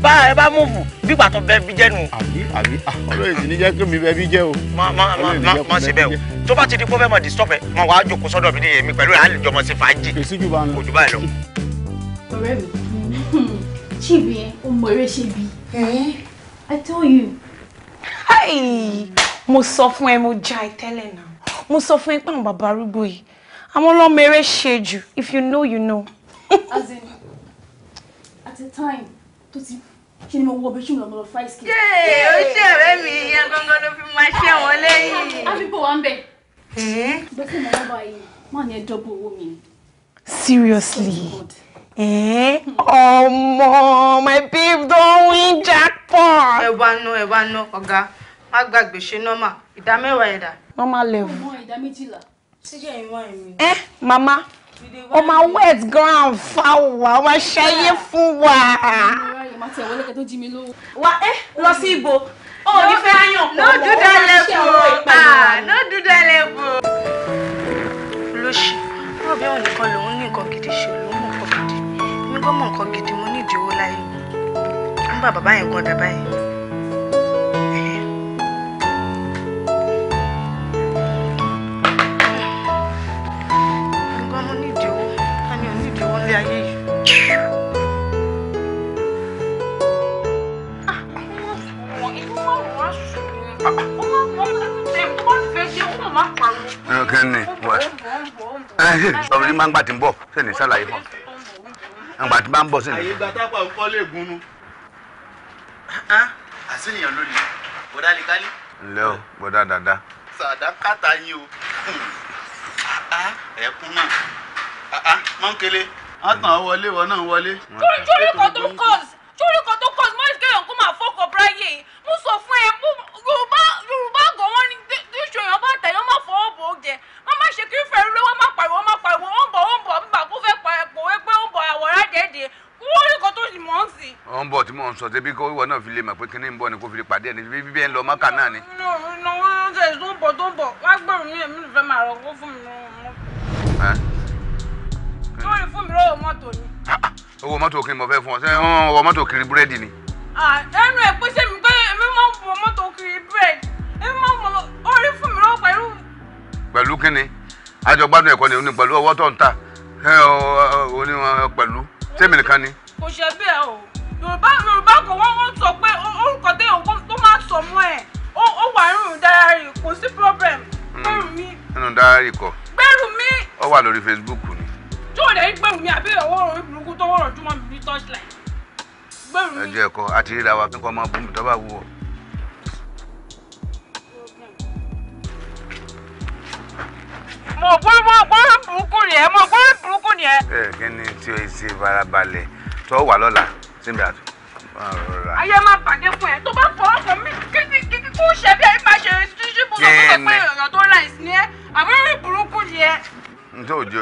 bá ẹ bá múùfù bí pàtó bẹ bí jẹ́ nù. àbí àbí ọlọ́run sì ní jẹ́ kí mi bẹ bí jẹ́ o. má má má má ṣe bẹ́ẹ̀ o tó bá ti di pọ́fẹ́ mọ̀ disturb ẹ̀ mọ̀ wá jókòó sọ́dọ̀ mi ní èmi pẹ̀lú àlè jọmọ sí fàájì. èsì jù bá ń lọ. òjò báyìí lọ. ọ̀rẹ́ mi chibi yẹn o mọ eré ṣe bí. I told you. mo sọ fún ẹ mo já ẹ tẹ́lẹ̀ náà mo sọ fún ẹ pé àwọn bàbá arúgbó yìí àwọn ọlọ́mọ eré ṣe jù if you know you know. as in at a time tó ti ṣe ni mo wọ bẹ́ṣin lọ́nà lọ fáìsì kì í. ṣé o ṣe ọ̀rẹ́ mi ìyẹn gangan ló fi máa ṣe wọn lẹ́yìn. àbíbò wa ń bẹ̀. bẹ́sẹ̀ mi wọ́n báyìí máa ní ẹ dọ́bù owó mi. seriously oh hmm. ọmọ my babe don win jackpot. ẹ wá ná ẹ wá ná ọ̀gá má gbàgbé ṣe nọ́mà ìdá mẹ́wàá ẹ̀dá. normal level. ọmọ ìdá méjìlá. síjẹ́ ìwà ẹ̀mí. ẹ màmá ọmọ wet ground fáwọn ọmọ ṣẹyẹ fún wa máa tẹ̀ wọlé kẹ́tọ́ jí mi lówó. wà ẹ lọ sí ibo ó ní fẹ́ yàn pọ̀ mọ́ ó máa ṣe ọ̀rọ̀ ìpàdé. Ah, no do that level. lóṣì náà bí òun nìkan lòun ní nǹkan gidi ṣe lòun mọ̀ nǹkan gidi mi gbọ́ mọ̀ nǹkan gidi mo ní ìdíwó láyé ń bá bàbá yẹn gan dà báyìí. nǹkan ni ọ̀rọ̀ ní máa ń gbà tí ń bọ̀ sẹ́ni ṣàlàyé fún un àgbà tí bá ń bọ̀ sẹ́ni. àyè gba tápà ń kọ́ lè gun nu. àṣeyàn ló ní bọ́dá lè kálí. ǹlẹ́ o bọ́dá dáadáa. sàdákàtà yín o ẹkún náà mọ́ńkele wọ́n tàn án wọlé wọ́n náà wọlé. torí torí kan tó ń kọ́ọ̀sì sórí kan tó cause mọ́ ìkéyàn kó máa fọ́kọ̀ bráyé mo sọ fún ẹ yorùbá yorùbá gan wọn ni tíṣọ èèyàn bá tẹ̀ yọ́n má fọwọ́ bò ó jẹ wọ́n má ṣe kiri fẹ́ẹ́ lọ́wọ́ má pariwo má pariwo ó ń bọ̀ ó ń bọ̀ bíbà kó fẹ́ pa ẹ̀pọ̀ ẹgbẹ́ ó ń bọ̀ àwọ̀rá dẹ́ẹ̀dẹ́ wọ́n kan tó ṣì mọ̀ ọ́n sí. ó ń bọ̀ tí mò ń sọ débi kó ìwọ náà fi lè mọ̀ pé kíní ń bọ̀ ni kó fi lè pàdé ẹni bíbí bẹ́ẹ̀ ń lọ mọ́kà náà ni. no no no ṣe tó ń bọ̀ tó ń bọ̀ wá gbèrú mi èmi fẹ́ máa rọ̀ kó fún mi lọ́wọ́ mọ́tò. lórí fún mi lọ́wọ́ mọ́tò ni. Ah, ah owó mọ́tò kiri mo fẹ́ fún ọ ṣé wọ́n wọ mọ́tò kiri búrẹ́dì ni. ẹnu ẹ̀ pé sẹ́mi pé èmi máa ń wọ mọ́tò kiri búrẹ́dì èmi máa ń wọ orí fún mi lọ́wọ́ pẹ̀lú. pẹ̀lú kí ni àjọgbádùn ẹ̀kọ́ ni òní pẹ̀lú ọwọ́ tó ń ta òní pẹ̀lú sẹ́mi nìkan ni. kò ṣe bẹ́ẹ̀ o yorùbá yorùbá kò wọ́n wọ́n sọ pé orúkọ téèyàn tó máa sọ mọ́ ẹ̀ ó wà nínú diary kò sí problem hmm. gbẹ̀rù mi. nínú diary kọ. gbẹ̀rù mi. ó wà lórí Facebook ni tí ò lè gbẹ̀rù mi àbí ọwọ́ orí burúkú ẹjọ ẹkọ àti ríra wa kíkọ máa bùnmi tó bá mo gbọ́ mo gbọ́ burúkú ni ẹ mo gbọ́ burúkú ni ẹ. ẹ kí ni tí o ṣe farabalẹ̀ tó wà lọ́la síbi àtúntò ayé máa bàjẹ́ fún ẹ tó bá fọwọ́ fọ mí kíkí kú ṣe bí ẹ máa ṣe ṣíṣíbù lọ fún ọpẹ ọ̀rọ̀ tó láìsí ni ẹ àbúrò burúkú ni ẹ. n tó jẹ.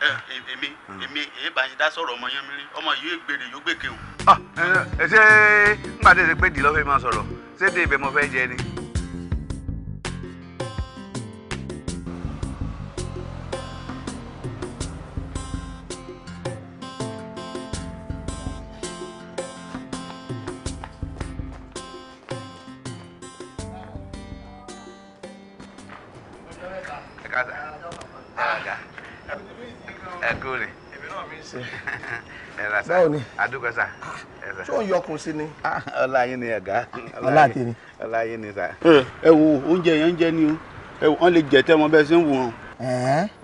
èmi èmi èyí bá ṣe dá sọ̀rọ̀ ọmọ yẹn mi rí ọmọ yìí gbèrè yóò gbèké o. Ah, ṣé ń gbàdé ṣe pé dìlọ́fẹ́ máa sọ̀rọ̀ ṣé dé ibẹ̀ mo fẹ́ jẹ ni. báwo ni. àdúgbò sà. Ah, ṣé òun yọkùn sí ni. Ah, ọlá yín ni ẹ̀gá. ọlá àti ni. ọlá yín ni sà. ẹ wo oúnjẹ yẹn ń jẹ ni o wọn lè jẹ tẹmọ bẹ́ẹ̀ ṣe ń wò wọn.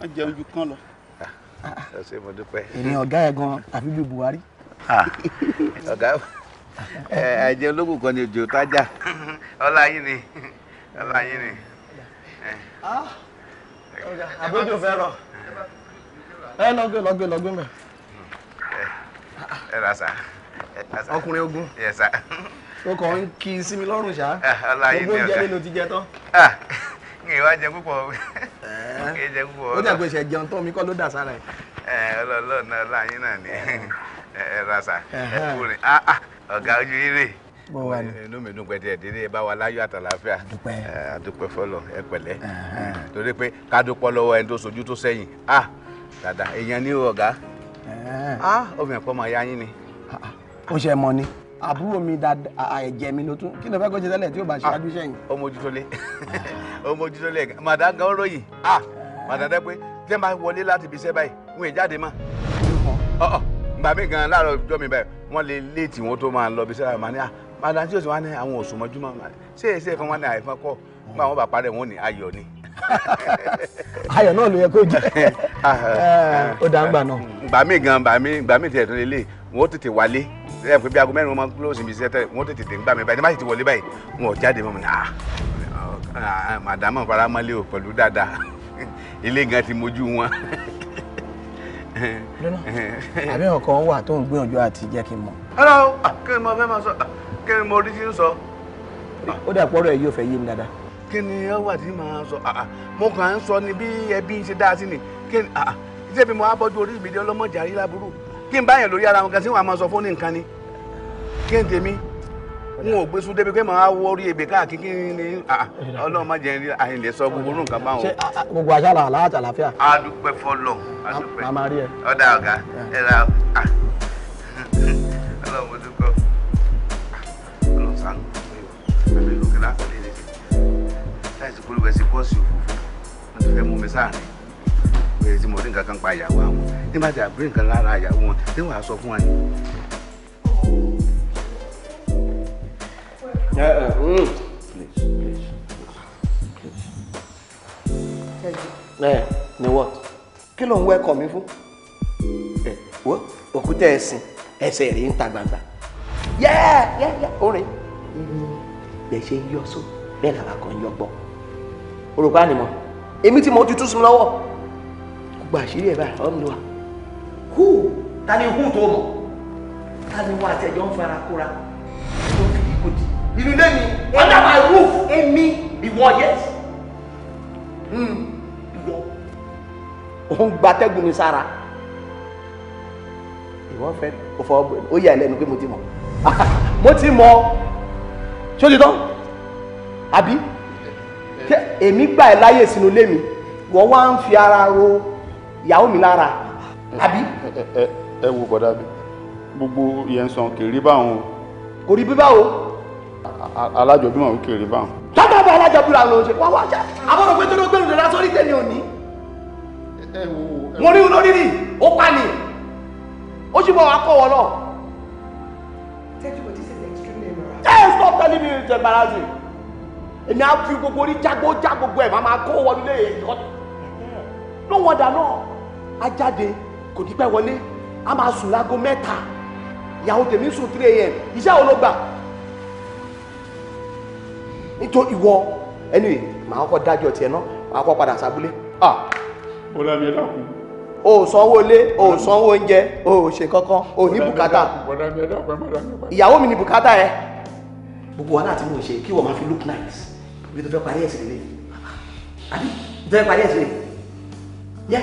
wọn jẹ ojú kan lọ. Ah, ẹ ṣé mo dúpẹ́. èmi ọ̀gá ẹ̀ gan àfi bíi Buhari. ọ̀gá ẹ̀jẹ̀ ológun kan ni òjò tájà. ọlá yín ni ọlá yín ni. àbójú fẹ́ràn ẹ lọ́gbẹ́ lọ́gbẹ́ lọ́gbẹ́ mẹ́. ọkùnrin ogun o kàn ń kí mi lọ́rùn ṣá gbogbo oúnjẹ ti jẹ tán. mi ò wá jẹ púpọ̀ ó dàgbé ṣe jẹun tán mi kọ́ ló dà sára ẹ̀. ọlọ́ọ̀lọ́ọ̀ náà láyín náà ni ẹ rasa ẹ kúrin ah, ah, ọ̀gá ojú inú mi dùn pẹ̀tẹ́ ẹ̀dínlẹ̀ bá wa láyọ̀ àtàlàáfíà fọlọ ẹ pẹ̀lẹ́ torí pé ká dúpọ́ lọ́wọ́ ẹni tó sojú tó sẹ́yìn ah, èèyàn ní ọ̀gá. obìnrin pọ́ ah, máa yá yín ni. Ah, ah, ó ṣe mọ ni àbúrò mi dáadáa ẹ̀jẹ̀ mi ló tún kí ló fẹ́ kó ṣe tẹ́lẹ̀ tí ó bá ṣáájú sẹ́yìn. ó mójútó lé ó mójútó lé màdá gan ròyìn màdá dẹ́ pé tẹ́ máa wọlé láti ibi iṣẹ́ báyìí wọ́n ẹ̀ jáde mọ́. gbà mí gan láàárọ̀ ọjọ́ mi báyìí wọ́n lè léètì wọn tó máa lọ ibi iṣẹ́ màá ní à màdá tí ó sì wá ní àwọn òṣùmọ̀júmọ́ ṣé èsì ẹ̀kan wá ní wọn bá parẹ́ wọn ní ayọ̀ náà ló yẹ kó jẹ́ ó dá ń gbà náà. gbà mí gan gbà mí gbà mí tiẹ̀ tó lélẹ̀ wọ́n tètè wálé ẹ pé bí aago mẹ́rin wọn máa ń close ibi iṣẹ́ tẹ̀ wọ́n tètè dé ń gbà mí báyìí ní báyìí ti wọlé báyìí wọn ò jáde mọ́ mi náà ah, ah, màdàmọ́ faramọ́lé o pẹ̀lú dáadáa ilé gan ti mojú wọn. lọ́nà àbí ọkàn wà tó ń gbìyànjú àti jẹ́ kí n mọ̀. hello kí ni mo fẹ́ máa sọ kí ni mo rí sí ń sọ. ó dà pọ́ọ́rọ̀ ẹ̀ yóò fẹ́ yé mi dáadáa kí ni ó wà tí màá sọ mo kàn ń sọ ni bí ẹbí ṣe dáa sí ni kí ni ṣé bí mo á bọ́jú orí ìgbèdé ọlọ́mọdé àrí láburú kí n báyẹn lórí ara wọn kan sí wọn àmọ́ sọ fún ní nǹkan ni kí n tèmi n ò gbé sún débi pé màá wọ orí ebè káàkiri kí ni ọlọ́run má jẹ́ àyìnlé sọ gbogbo nǹkan báwọn. ṣé gbogbo àṣà aláàtà láfíà. a dúpẹ́ fọlọ́ ọ̀dà ọ̀gá ẹ láìsí polówó ẹsẹ bọ́ọ̀sì òfófó wọn ti fẹ́ mú mi sáàrin bẹ́ẹ̀ tí mo rí nǹkan kan pa ìyàwó àwọn nígbà tí àbúrò nǹkan lára ìyàwó wọn tí wàá sọ fún wa mm. ni. Please, wọ́n. kí ló ń wẹ́kọ̀ mi fún. ẹ òkúta ẹ̀sìn ẹsẹ̀ rí ń ta gbangba. yẹ́ẹ̀ yẹ́ẹ̀ orin. bẹ́ẹ̀ ṣe yọ só bẹ́ẹ̀ làwọn kan yọ gbọ́ orúkọ ànìmọ́ èmi tí mo ti tú sí mi lọ́wọ́ gbogbo àṣírí ẹ̀ báyìí ọ̀rọ̀ mi wà. hù ta ni hù tó mọ̀ ta ni wọn àti ẹ̀jọ̀ ń fara kóra tó fi kó di. inú ilé mi under my roof èmi ìwọ yes hmm, ìwọ òun gbatẹ́gùn mi sára ìwọ fẹ́ o fọ ó yà lẹ́nu pé mo ti mọ̀ mo ti mọ̀ ṣó ti tán àbí èmi gbà ẹ láyè sínú ilé mi wọ́n wá ń fi ara ro ìyàwó mi lára àbí. ẹ wo bọ̀dá mi gbogbo yẹn sàn kì í rí báwọn o. kò rí bí báwo. alájọbímọ ò kì í rí báwọn. tọ́tà bá alájọbímọ àwọn ọ̀ṣẹ́ wá wá ṣá àwọn ọ̀gbẹ́ tó ló gbẹ́rù lọ́la sórí tèmi ò ní. mo rí un lórí rí ó pa ni ó sì bọ̀ wá kọ́ wọ́n náà. tẹ́tù kò extreme name. ẹ stop telling me it's embarrassing èmi á fi gbogbo orí jágbó já gbogbo ẹ̀ máa máa kó wọlé èèyàn ló wọ́n dà náà á jáde kò ní pẹ́ wọlé á máa sùn láago mẹ́ta ìyàwó tèmi sùn three a.m. iṣẹ́ wo ló gbà nítorí ìwọ ẹni anyway, màá kọ́ dájọ́ tiẹ̀ náà màá kọ́ padà sábúlé. bọ́lá mi dákun. o ò sanwó ilé o ò sanwó oúnjẹ o ò ṣe kankan o ní bùkátà ìyàwó mi ní bùkátà ẹ gbogbo wàhálà tí mo ṣe kí wọ́n máa fi look nice ibi tó fẹ́ parí ẹ̀sìn lélẹ̀ àbí tó fẹ́ parí Ya,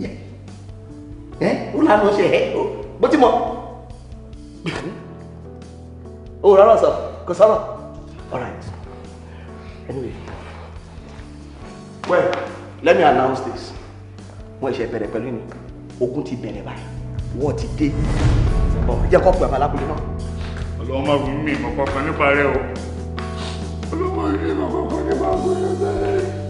ya. Eh, yẹ ẹ ó lànà ó ṣe ẹ bó ti alright anyway well let me announce this wọn ìṣe bẹ̀rẹ̀ pẹ̀lú ni ogun ti bẹ̀rẹ̀ báyìí wọ́n ti dé ọ jẹ́ kó pè àwọn alábòlé náà. ọlọ́mọ mi mọ̀ kọ́kọ́ nípa rẹ o olówó ilé bàbá kan ní bá gbọ́dọ̀ bẹ́ẹ̀.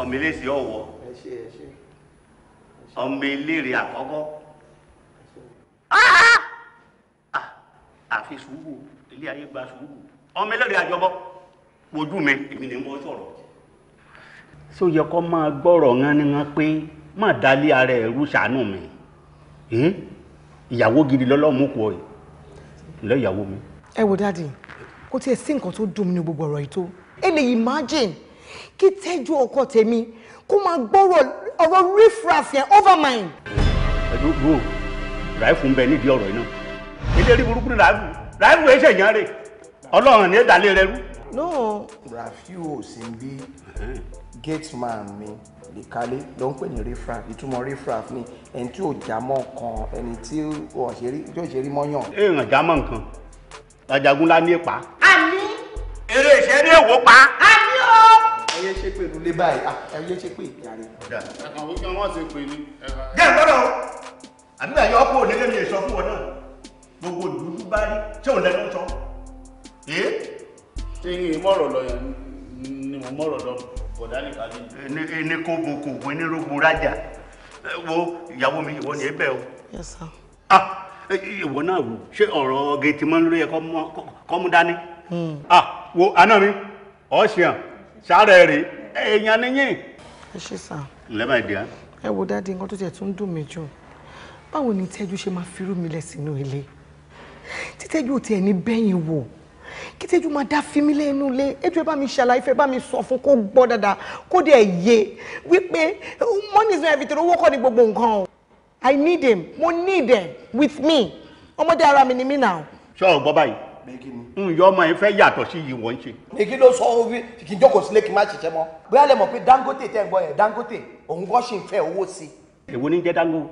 ọmọ eléyìí ọwọ. ẹ ṣe ẹ ṣe ọmọ eléèrè àkọ́kọ́ ah! Ah, àfi sùúrù ilé ayé gba sùúrù ọmọ eléèrè àjọbọ wojú mi èmi ni mo sọ̀rọ̀. ṣé o yẹ kó máa gbọ́rọ̀ ńán ni wọ́n pé má dálé ara ẹ̀rú ṣàánú mi ìyàwó gidi lọ́lọ́mú kù ọ́ lẹ́ ìyàwó mi. ẹ wo dáàdì kò tiẹ̀ sí nǹkan tó dùn mí ní gbogbo ọ̀rọ̀ yìí tó ẹ lè imagine kí tẹ́jú ọkọ tèmi kó máa gbọ́rọ̀ ọ̀rọ̀ riffraff yẹn over mine. ẹ̀dùn wo ràìfù ń bẹ nídìí ọ̀rọ̀ yìí náà ilé rí burúkú ní ràìfù ràìfù ẹ̀ ṣèyàn rè ọlọ́run ní ìdálé rẹ rú. no rafiu osinbi gate man mi ìkálé ló ń pè ní riffraff ìtumọ̀ riffraff ni ẹni tí ò já mọ́ kan ẹni tí ò ṣe rí mọ́yàn. èèyàn já mọ́ nǹkan ajagunlá ní ipa. a ní eré ìṣeré èwo pa yé ṣe pé ìlú lé báyìí ẹ yé ṣe pé ìyàrí. ẹ̀kan wo kí wọ́n ti pè ní. jẹ́ ìgbọ́dọ̀ o àbí bẹ́ẹ̀ yọ ọkọ̀ òdege mi èso fún wọn náà gbogbo dúdú bá rí ṣé òun lẹ́nu sọ. ṣé yín mọ̀rọ̀ lọ ni mo mọ̀rọ̀ lọ bọ̀dá nìkan ní. ẹni kó bo kò wọ́n ní rògbò rájà wo ìyàwó mi ìwọ ni ẹ bẹ̀ o. Yes sir. ah ìwọ náà wò ṣé ọ̀rọ̀ gẹ̀ẹ́tì mọ́ ló yẹ kọ́ mú dání. Hmm. ah wo àná mi ọ̀ ṣe ṣàárẹ̀ rè èèyàn níyìn. ẹ ṣe sàn. ǹlẹ́ máa dì á. ẹ wo dáadé nǹkan tó tiẹ̀ tún dùn mí jù báwo ni tẹ́jú ṣe máa firú mi lẹ̀ sínú ilé títẹ́jú ò tiẹ̀ ní bẹ́yìn wò kí tẹ́jú máa dá fi mí lẹ́nu ilé ẹjọ́ ẹ bá mi ṣàlàyé fẹ́ bá mi sọ fún kó gbọ́ dáadáa kó dẹ̀ yé wípé money is not everything owó kọ́ ni gbogbo nǹkan o i need him mo need him with me ọmọdé ara mi ni mí now. ṣọ́ọ̀ gbọ́ báyìí ǹyọ́ ọmọ yẹn fẹ́ yàtọ̀ sí yìí wọ́n ń ṣe. èkí ló sọ orí kì í jókòó sílé kí n má ṣiṣẹ́ mọ́ bóyá lè mọ̀ pé dangote tẹ́ ń gbọ́ yẹn dangote òun kọ́ owó sí. èwo ni jẹ́ dango.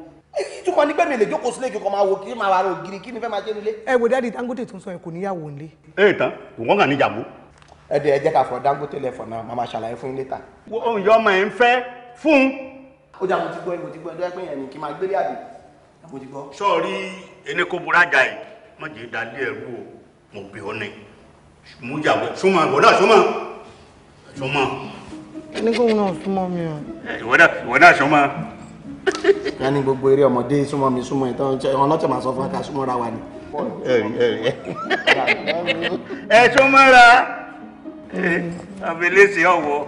ìtumọ̀ ní pé mi lè jókòó sílé kí n kọ́ máa wo kí n máa wà rò gírí kí ni fẹ́ máa ṣe nílé. ẹ wo dáàdi dangote tún sọ yẹn kò níyàwó nílé. ẹ tán wọn kàn níyàwó. ẹ dẹ ẹ jẹ ká fọ dangote lẹfọ náà màmá ṣàlàyé fún yín létà. ǹyọ́ ọmọ yẹn fẹ́ fún. ó jà mo ti gbọ́ ẹ mo ti gbọ́ ẹ dọ́ẹ́ pé yẹn ni kí n máa gbélé àbí. sọ̀rí enékoburaja yìí má mo bẹ̀ ọ́ ni mo yàwó súnmọ́ ìwọ́dà súnmọ́ súnmọ́. ní kò náà súnmọ́ mi o. ìwọ́dà ìwọ́dà súnmọ́. ká ní gbogbo eré ọmọdé súnmọ́ mi súnmọ́ ìtàn ọlọ́tẹ̀ máa sọ fún ká súnmọ́ ra wa ni. ẹ súnmọ́ ra àbẹ̀lẹ́sì ọ̀wọ́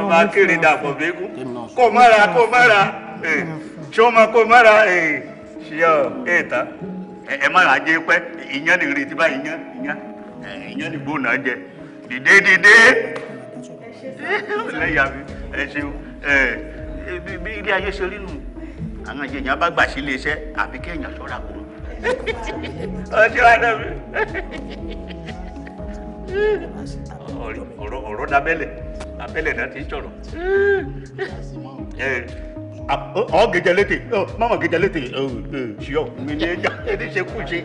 ọba kiri dàpọ̀ bẹ́gùn kò mọ́ra kò mọ́ra ṣé ó máa kò mọ́ra ṣíọ́ ẹ̀ẹ́ta ẹ má rà jẹ pẹ́ ìyẹn ní retí báyìí ìyẹn ìyẹn ìyẹn ní gbóná jẹ dìde dìde lẹ́yà mi ẹ ṣeun bí ilé ayé ṣe rí nù àwọn èèyàn bá gbà sí iléeṣẹ́ àbí kéèyàn ṣọ́ra kù. ọjọ́ adá mi ọ̀rọ̀ ọ̀rọ̀ dábẹ́lẹ̀ abẹ́lẹ̀ náà ti ń sọ̀rọ̀ ọ ah, oh, oh, gẹjẹ létè oh, mama gẹjẹ létè ṣíọ mi ní ẹja ẹni ṣe kú ṣe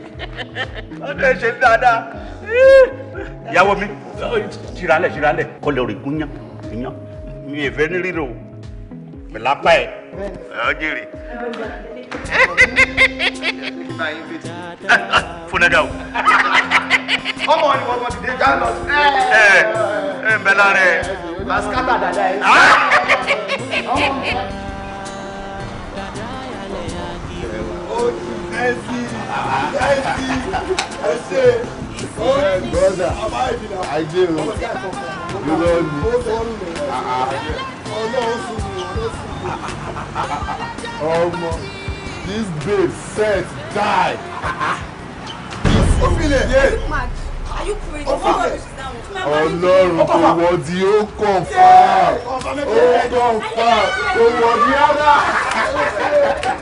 ọdún ẹ ṣe dáadáa ìyàwó mi ṣìrànlẹ ṣìrànlẹ kọlẹ orí gúnyán gúnyán mi ì fẹ́ ní rírò mi lápá ẹ ọjẹrì. fúnadà o. ọmọ ni wọn kọ ti dé já lọ. ẹ ẹ ń bẹ lára ẹ. màsíkátà dada ẹ. Ah! ọmọ mi. brother i dey you know me ọmọ this babe set die. Ọlọ́run kò wọ́dí ó kàn fà á ó kàn fà á kò wọ́dí ara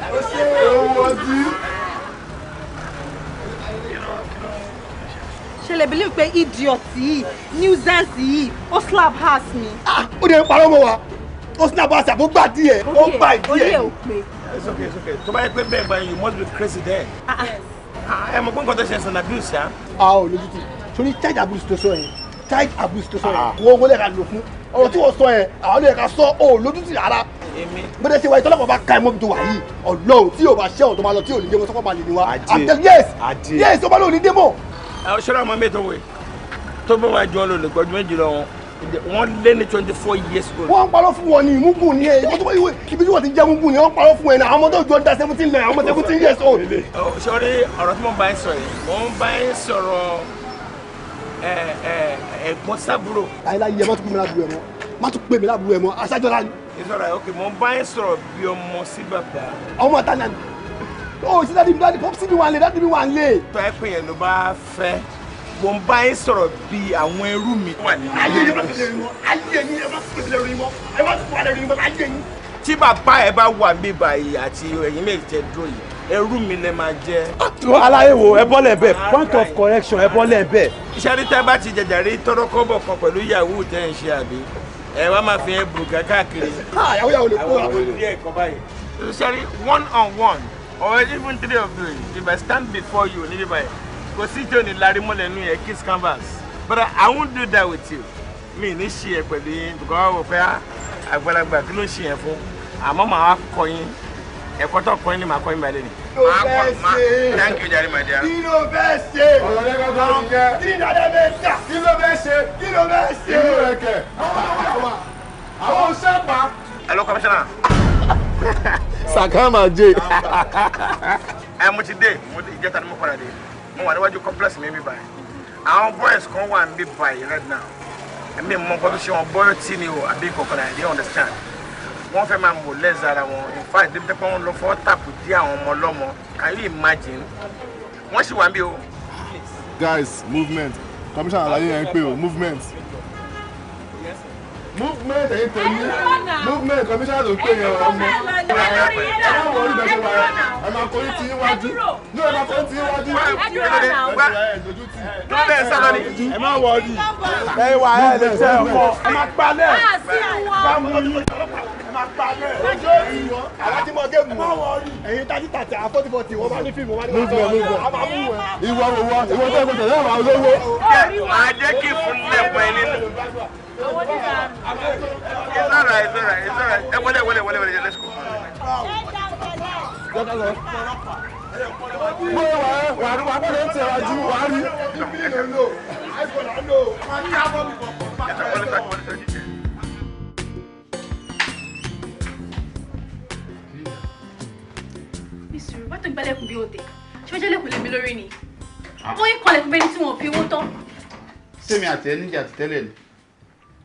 ṣẹlẹ̀ believe pé idiot yìí nuisance yìí ó slap ass mi. Ah, ó dẹ̀ parọ́ mọ́ wa ó snap ass àbó gbà díẹ̀ ó gbà díẹ̀. oye ò pé. it's okay it's okay tó bá yẹ pé bẹ́ẹ̀ báyìí you must be crazy there. Ah, ah. ẹ mọ̀ pé nǹkan tó ṣe sàn abuse ya. a ò lójútì sórí charge abuse tó sọ yẹn charge abuse tó sọ yẹn wo wọlé ka lò fún ọ̀rọ̀ tí wọ́n sọ yẹn àwọn olóyè ka sọ ò lójútì rárá bẹ́ẹ̀ ṣe wa ìtọ́lá bàbá ka ẹ̀mọ́ bìtú wà yìí ọlọ́run tí yóò bá ṣẹ́ ọ̀n máa lọ tí yóò ní dé mọ́ máa lè ní wa àtẹ yes yes ọba lóò ní dé mọ́. ṣọlá ọmọ mẹ́tọ̀ wẹ̀ tó bá wàá jọ lòlẹ̀ pẹ̀lú méjì lọ wọn wọn lé ní twenty four years old. wọ́n ń fún wọn ní mugun ni ẹ ibi tí wọ́n ti jẹ́ mugun ni wọ́n ń fún ẹ ní àwọn ọmọ tó jọ seventeen lẹ̀ àwọn ọmọ seventeen years old. sọ́rí ọ̀rọ̀ tí mo bá ń sọ yìí mo ń bá ń sọ̀rọ̀ ẹ̀gbọ́n sábúrò. ayé la yẹ má tún pè mí lábúrò ẹ mọ́ má tún pè mí lábúrò ẹ mọ́ aṣáájú ọ̀la ni it's alright okay mo ń bá yín sọ̀rọ̀ bí ọmọ sí bàbá. ọmọ ta náà ni o ṣe dáàdi mi dáàdi pọ́pùsì mi wà ń lé dáàdi mi wà ń lé. tọ́ ẹ pé yẹn ló bá fẹ́ mo ń bá yín sọ̀rọ̀ bí àwọn ẹrú mi. ayé yẹn bá fìdílé rin wọn ayé yẹn bá fìdílé rin wọn ẹ bá fìdílé rin wọn ayé yẹn. tí bàbá ẹ bá wà mí báyìí àti ẹ̀yin méjì tẹ dúró yìí ẹrú mi lẹ máa jẹ. aláyé wo ẹ bọ́lẹ̀ bẹ́ẹ̀ point of correction ẹ bọ́lẹ̀ bẹ́ẹ̀. iṣẹ́ rí tẹ́ bá ti jẹjẹrẹ tọ́rọ́kọ́bọ̀ kan pẹ̀lú yahoo tẹ́ ń ṣe àbí ẹ wá máa fi ẹ bùrùkà káàkiri. àwọn yàwó lè kó àwọn olùdíẹ̀ kọ́ báyìí. one on one or even three of you if I stand before you níbi báyìí kò sí tí o ní larí mọ́lẹ̀ nù yẹn kiss canvas but I won't do that with you mi ní ṣe ẹ pẹ̀lú yín because ọ̀pẹ́ ah, àgbàlagbà kí ló ń ṣe yẹn fún àmọ́ màá kọ yín ẹ̀kọ́ tó kọ́ ni màá kọ́ yín balẹ̀ ni. máa kọ́ máa thank you jàre my dear. kí ló bẹ́ ṣe. ọ̀rọ̀ lẹ́gbẹ́ tó ń jẹ́. kí ló bẹ́ ṣe. kí ló bẹ́ ṣe. kí ló bẹ́ ṣe. kí ló bẹ́ kẹ. àwọn sẹ́pà. hello commissioner. sakama jẹ. ẹ mo ti dé mo ti ìjẹta ni mo padà dé mo wà níwájú complex mi mi báyìí àwọn boys kan wà ń bí báyìí right now ẹ̀mí mọ̀ nǹkan tó ṣe wọn bọ́yọ̀ tí ni o àbí kọ̀ọ̀kan I dey understand wọ́n fẹ́ máa mọ̀ lẹ́sẹ̀ ara wọn in fact débi tẹ́pẹ́ wọn lọ fọ́ tàpù dí àwọn ọmọ ọlọ́mọ can you imagine wọ́n sì wà bí o. guys movement commissioner alaye yẹn pé o movement movement ẹ̀yin tẹ̀lé movement commissioner ló pè yẹn ọmọ ẹ máa wọ orí bẹ́ẹ̀ wá ẹ máa kọ́ yín tí yín wájú ní ẹ máa kọ́ tí yín wájú lọ́dẹ̀ ẹ sálọ ni ẹ máa wọ orí ẹ wà ẹ lè jẹ ọkọ ẹ máa palẹ̀ bá mú yín ẹ máa palẹ̀ alájímọ̀ géèmù ẹ̀yin tají tàtẹ̀ àfọ́tìfọ́tì wọ́n bá ní fíìmù wọ́n bá ní wọ́n ìwọ ìwọ ìwọ tẹ́gbẹ̀tẹ̀ yóò máa olówó. àjẹkí fún lẹ́pọ̀ ẹ nínú. It's all right, it's all right, it's all right. Wọlé wọlé wọlé wọlé let's go. Jọ́dá lọ. Mo wà wà wà bọ́lá ń tẹ̀wá ju wà á rí. Bísí, wọ́n tó gbẹ́lẹ̀kùn bí ó tẹ̀. Ṣé wọ́n jẹ́ lẹ́kùn lèmi lórí ni?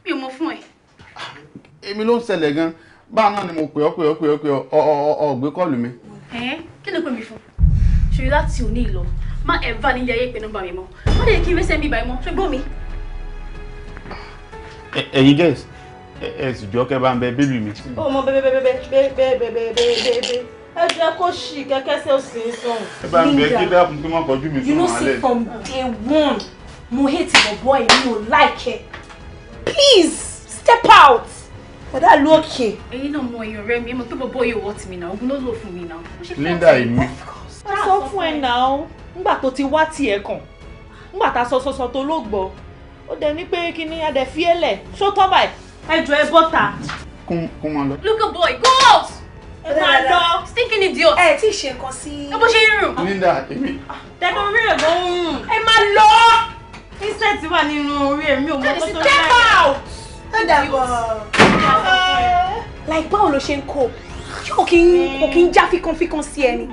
mi ò mọ fún ẹ. èmi ló ń ṣẹlẹ̀ gan báà náà ni mo pè ọ́ pè ọ́ pè ọ́ pè ọ́ ọ̀gbẹ́ kọ́ọ̀lù mi. ẹ kí ló pè mí fún ṣòro láti òní ìlọ má ẹ bá nílé ayé ìpinnu bá mi mọ má lè kí ìrẹsẹ̀ mi bá mi mọ ṣé gbọ́ mi. ẹ̀yin gẹ́sì ẹ sì jọ kẹ́ bá ń bẹ bébì mi. ó mọ bẹ́ẹ̀ bẹ́ẹ̀ bẹ́ẹ̀ bẹ́ẹ̀ bẹ́ẹ̀ ẹ jẹ́ kó ṣì kẹ́kẹ́ sí òsì ń sọ̀rùn. ẹ bá ń bẹ kí dákun tó má kọjú mi sọ̀rùn alẹ́. you know say from day one mo hate your boy mi ò like ẹ please step out ọ̀dà ló òkè. ẹyin no mọ èèyàn rẹ mi ẹ mọ pé bọbọ yóò wọ tì mí náà ogun ló lò fún mi náà. Linda èmi. wọ́n sọ fún ẹ náà nígbà tó ti wá tiẹ̀ kàn nígbà so a sọ sọsọ tó ló gbọ́ ó dẹ ní pé kí ni adẹ fi ẹlẹ̀ ṣó tọ́ báyìí ẹ jọ ẹ bọ́ta. kún kún máa lọ. look a boy go out. ẹ máa lọ stinking idiot. ẹ tí ì ṣe nǹkan sí. ẹ bó ṣe Linda èmi. dẹ́gbẹ́ orí ẹ̀ ló ń rùn. ẹ máa insect wà nínú orí èmi ò mọ kó tó rẹ̀. ó dàbọ̀. like báwo ló ṣe ń kó yóò kí n kò kí n já fíkanfíkan sí ẹni.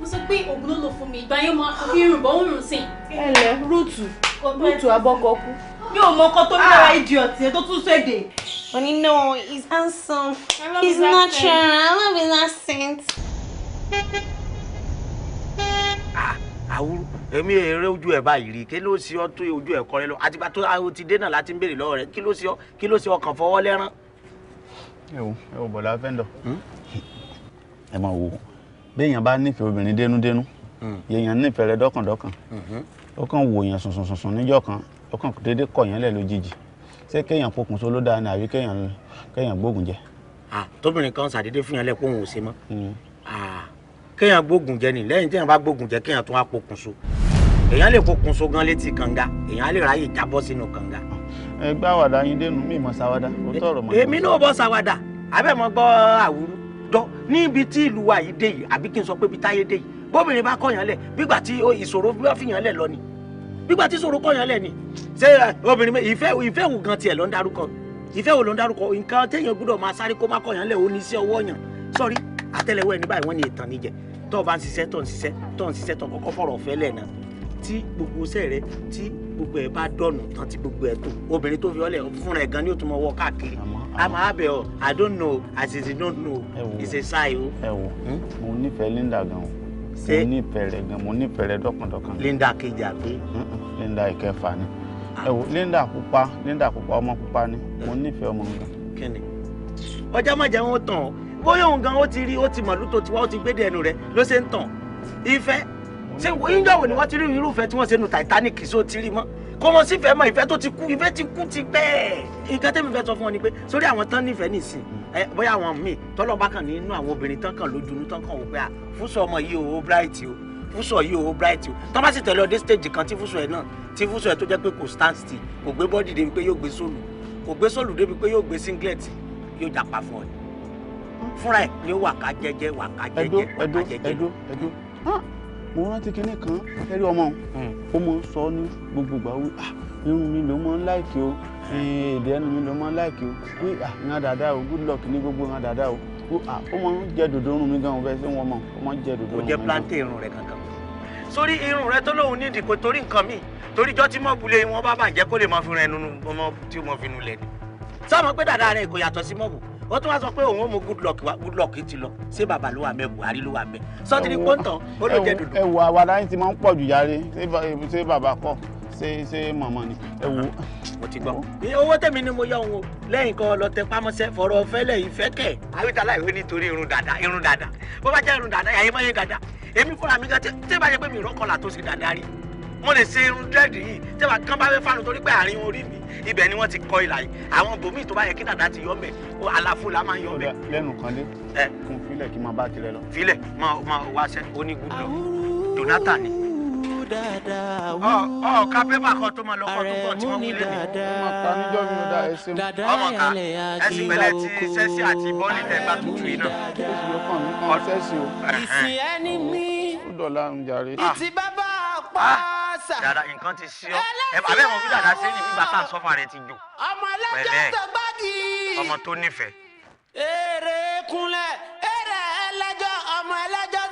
mo sọ pé ògùn ló lò fún mi ìgbà yẹn mo fi rùn bọ́ òórùn sí. ẹ lẹ rúùtù rúùtù abọ́kọ kú. mi ò mọ ọkọ tó ní lára ah. idiot yẹn tó tún ṣèdè. oni no he's handsome he's natural i love his accent. Ah àwùrọ̀ èmi èrè ojú ẹ̀ báyìí rí kí ló ṣe ọ́ tó ojú ẹ̀ kọ́rẹ́ lọ àtìgbà tó o ti dé náà láti ń béèrè lọ́wọ́ rẹ̀ kí ló ṣe ọ́ kí ló ṣe ọkàn fọwọ́ lẹ́rán. ẹ wo ẹ wo bọ̀dá fẹ́ńdọ̀ hmm? ẹ máa wo béèyàn bá nífẹ̀ẹ́ obìnrin dénúdénú hmm. èèyàn nífẹ̀ẹ́ rẹ̀ dọ́kàndọ́kàn hmm. ó kàn wò yàn sùnsùn sùnsùn níjọ́ kan ó kàn déédéé kọ̀ yẹn lẹ̀ lójijì ṣé kéèyàn pokùnso ló dáa ni àbí kéèyàn gbógun jẹ. tóbìnrin kan ṣàdédé fún yàn lẹ kó òun ò ṣe mọ́ kéèyàn gbógun jẹ ni lẹ́yìn téèyàn bá gbógun jẹ kéèyàn tún wá pokùnso èèyàn lè pokùnso gan létí kànga èèyàn lè ráyè jábọ́ sínú kànga. ẹ gbá àwàdà yín dénú mi mọ sáwádà ó tọrọ mọ. èmi náà bọ sáwádà abẹ́mọ gbọ́ àwúrú dọ níbi tí ìlú wa yìí dé yìí àbí kí n sọ pé bí táyé dé yìí bóbìnrin bá kọ̀yàn lẹ̀ bígbà tí ìṣòro bá fìyàn lẹ̀ lọ ni bígbà tí ìṣòro kọ̀yàn lẹ̀ ni ṣé obìnrin ìfẹ́ ìfẹ́ wù gan tiẹ̀ ló ń darúkọ ìfẹ́ wù ló ń darúkọ nǹkan téèyàn gbúdọ̀ máa sáré kó má kọ̀yàn lẹ̀ ó ní iṣẹ́ ọwọ́ yàn sọ́rí àtẹ́lẹwọ́ ẹni báyìí wọ́n ní ìtàn níjẹ tó bá ń ṣiṣẹ́ tó ń ṣiṣẹ́ tó ń ṣiṣẹ́ tó kọ́kọ́ fọ̀rọ̀ fẹ́ lẹ̀ náà tí gbogbo iṣẹ́ rẹ tí gbogbo ẹ̀ bá dọ̀nù tán tí gbogbo ẹ̀ tó obìnrin tó fi ọlẹ̀ fúnra ẹ̀ gan ni ó tún mọ wọ káàkiri a máa bẹ̀ ọ́ i don't know as it is not know it's a sigh o. Oh. ẹ wo hmm? mo nífẹ̀ẹ́ Linda gan o mo nífẹ̀ẹ́ rẹ gan mo nífẹ̀ẹ́ rẹ dọ́kàndọ́kàn. Linda kejì àgbé. Linda ìkẹfà ni ẹ wo ah. Linda pupa Linda pupa ọmọ pupa ni mo nífẹ̀ẹ́ ọmọ gan. kẹ́ni ọjà má jẹ́ wọn tàn ọ́ bóyá òun gan ó ti rí ó ti mọ̀lú tó ti wá ó ti gbéde ẹnu rẹ̀ ló ṣe ń tàn ìfẹ́ ṣé ìjọwò ni wọ́n ti rí irúfẹ́ tí wọ́n ṣe nu Titanic ṣó ti rí mọ́ kó wọn sì fẹ́ mọ ìfẹ́ tó ti kú ìfẹ́ ti kú ti pẹ́ nǹkan tẹ́mi fẹ́ sọ fún ọ ni pé sórí àwọn tán nífẹ̀ẹ́ nìsín bóyá àwọn míì tọ́lọ́ bá kàn nínú àwọn obìnrin tán kàn lójúnú tán kàn wò pé à fúnṣọ ọmọ yìí o bright o fúnṣọ yìí o bright o tán bá sì tẹ̀lé ọdẹ stage kan tí fúnṣọ ẹ̀ náà tí fúnṣọ ẹ̀ tó jẹ́ pé kò stand still kò gbé bọ́ọ̀dì débi pé yóò gbé sólù kò gbé sólù débi pé yóò gbé singlet yóò jàpá fún ọ ni fúnra ẹ̀ ni ó wà ká jẹ́jẹ́ wà ká jẹ́jẹ́ wà ká jẹ́jẹ́. ẹdó ẹdó mo rántí kinní kan ẹrí ọmọ hmm. ó mọ sọ ní gbogbo ìgbà wí ah, irun mi ló mọ ń láìkí o èdè ẹnu mi ló mọ ń láìkí o wí ah, ìran dàda o good luck ní gbogbo ìran dàda o ah, ó mọ ń jẹ dòdò irun mi gan-an bẹ́ẹ̀ sí wọn mọ ó mọ ń jẹ dòdò irun mi gan-an. kò jẹ plantain irun rẹ kankan sórí irun rẹ tó lóun nídìí kò torí nǹkan míì torí jọ́ tí mọ́bùlé wọn bá bàjẹ́ kó lè máa fi rẹ̀ nínú ọmọ tí wọ́n fi nulẹ̀ ni. sọ́mọ pé dàda rẹ̀ kò yàtọ̀ sí mọ́bù ó tún wá sọ pé òun ó mu good luck wá good luck ti lọ ṣé bàbá ló wà mẹ buhari ló wà mẹ sọtiri pọ́ńtàn ó ló jẹ dùdú. ẹ wo àwa láyé ti máa ń pọ̀ jù yáre ṣé Baba, kọ́ ṣe ṣe mọ̀mọ́ ni ẹ wo. mo ti gbọ́ owó tẹ̀mí ni mo yọ òun o lẹ́yìn kan lọ tẹ pámọ́sẹ́ fọ̀rọ̀ fẹ́lẹ̀ ìfẹ́kẹ̀. àwítà láìwé nítorí irun dada irun dada bó bá jẹ́ irun dada àyè mọ́ yẹn dada èmi fúnra mi gan tẹ́ bá yẹ pé mi ìrọ́kọ̀lá tó ṣe dada rí mo lè ṣe irun dírẹ́dì yìí tẹ́wà kán bá fẹ́ fánu torí pé àárín orí mi ibẹ̀ ni wọ́n ti kọ ìlà yìí àwọn bòmíì tó bá yẹ kí dàda ti yọ mẹ́ o àlàfo la máa ń yọ mẹ́. lẹ́nu kan dé kún filẹ̀ kí n máa bá tirẹ̀ lọ. filẹ̀ máa wáṣẹ́ onígun lọ Jonathan ni dáadáa wú. ọ ká pépà kan tó máa lọ kọ tó bọ tí wọn wílé mi. ọmọ ká ẹsìn pẹ̀lẹ́ ti sẹsì àti bọ́ọ̀lì tẹgbà tuntun yìí náà. ìsìn ẹni mi ah. ìtì bàbá pa sà. Ah. dada nǹkan ti sí ọ abẹ́ mọ̀ bí dada ṣe ní bíbá tá à ń sọ́fà rẹ ti jò. ọmọ alájọ tó gbági. ọmọ tó nífẹ̀ẹ́. èrè kunlẹ̀ èrè ẹlẹ́jọ́ ọmọ ẹlẹ́jọ́.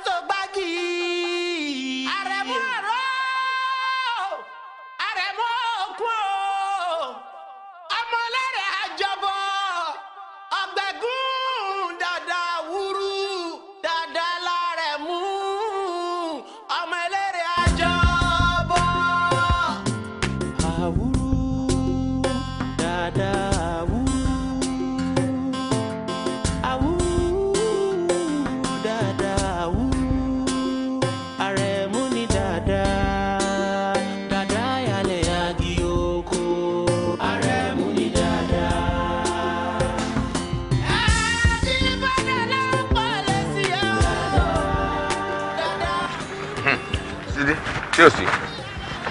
tí ò sí.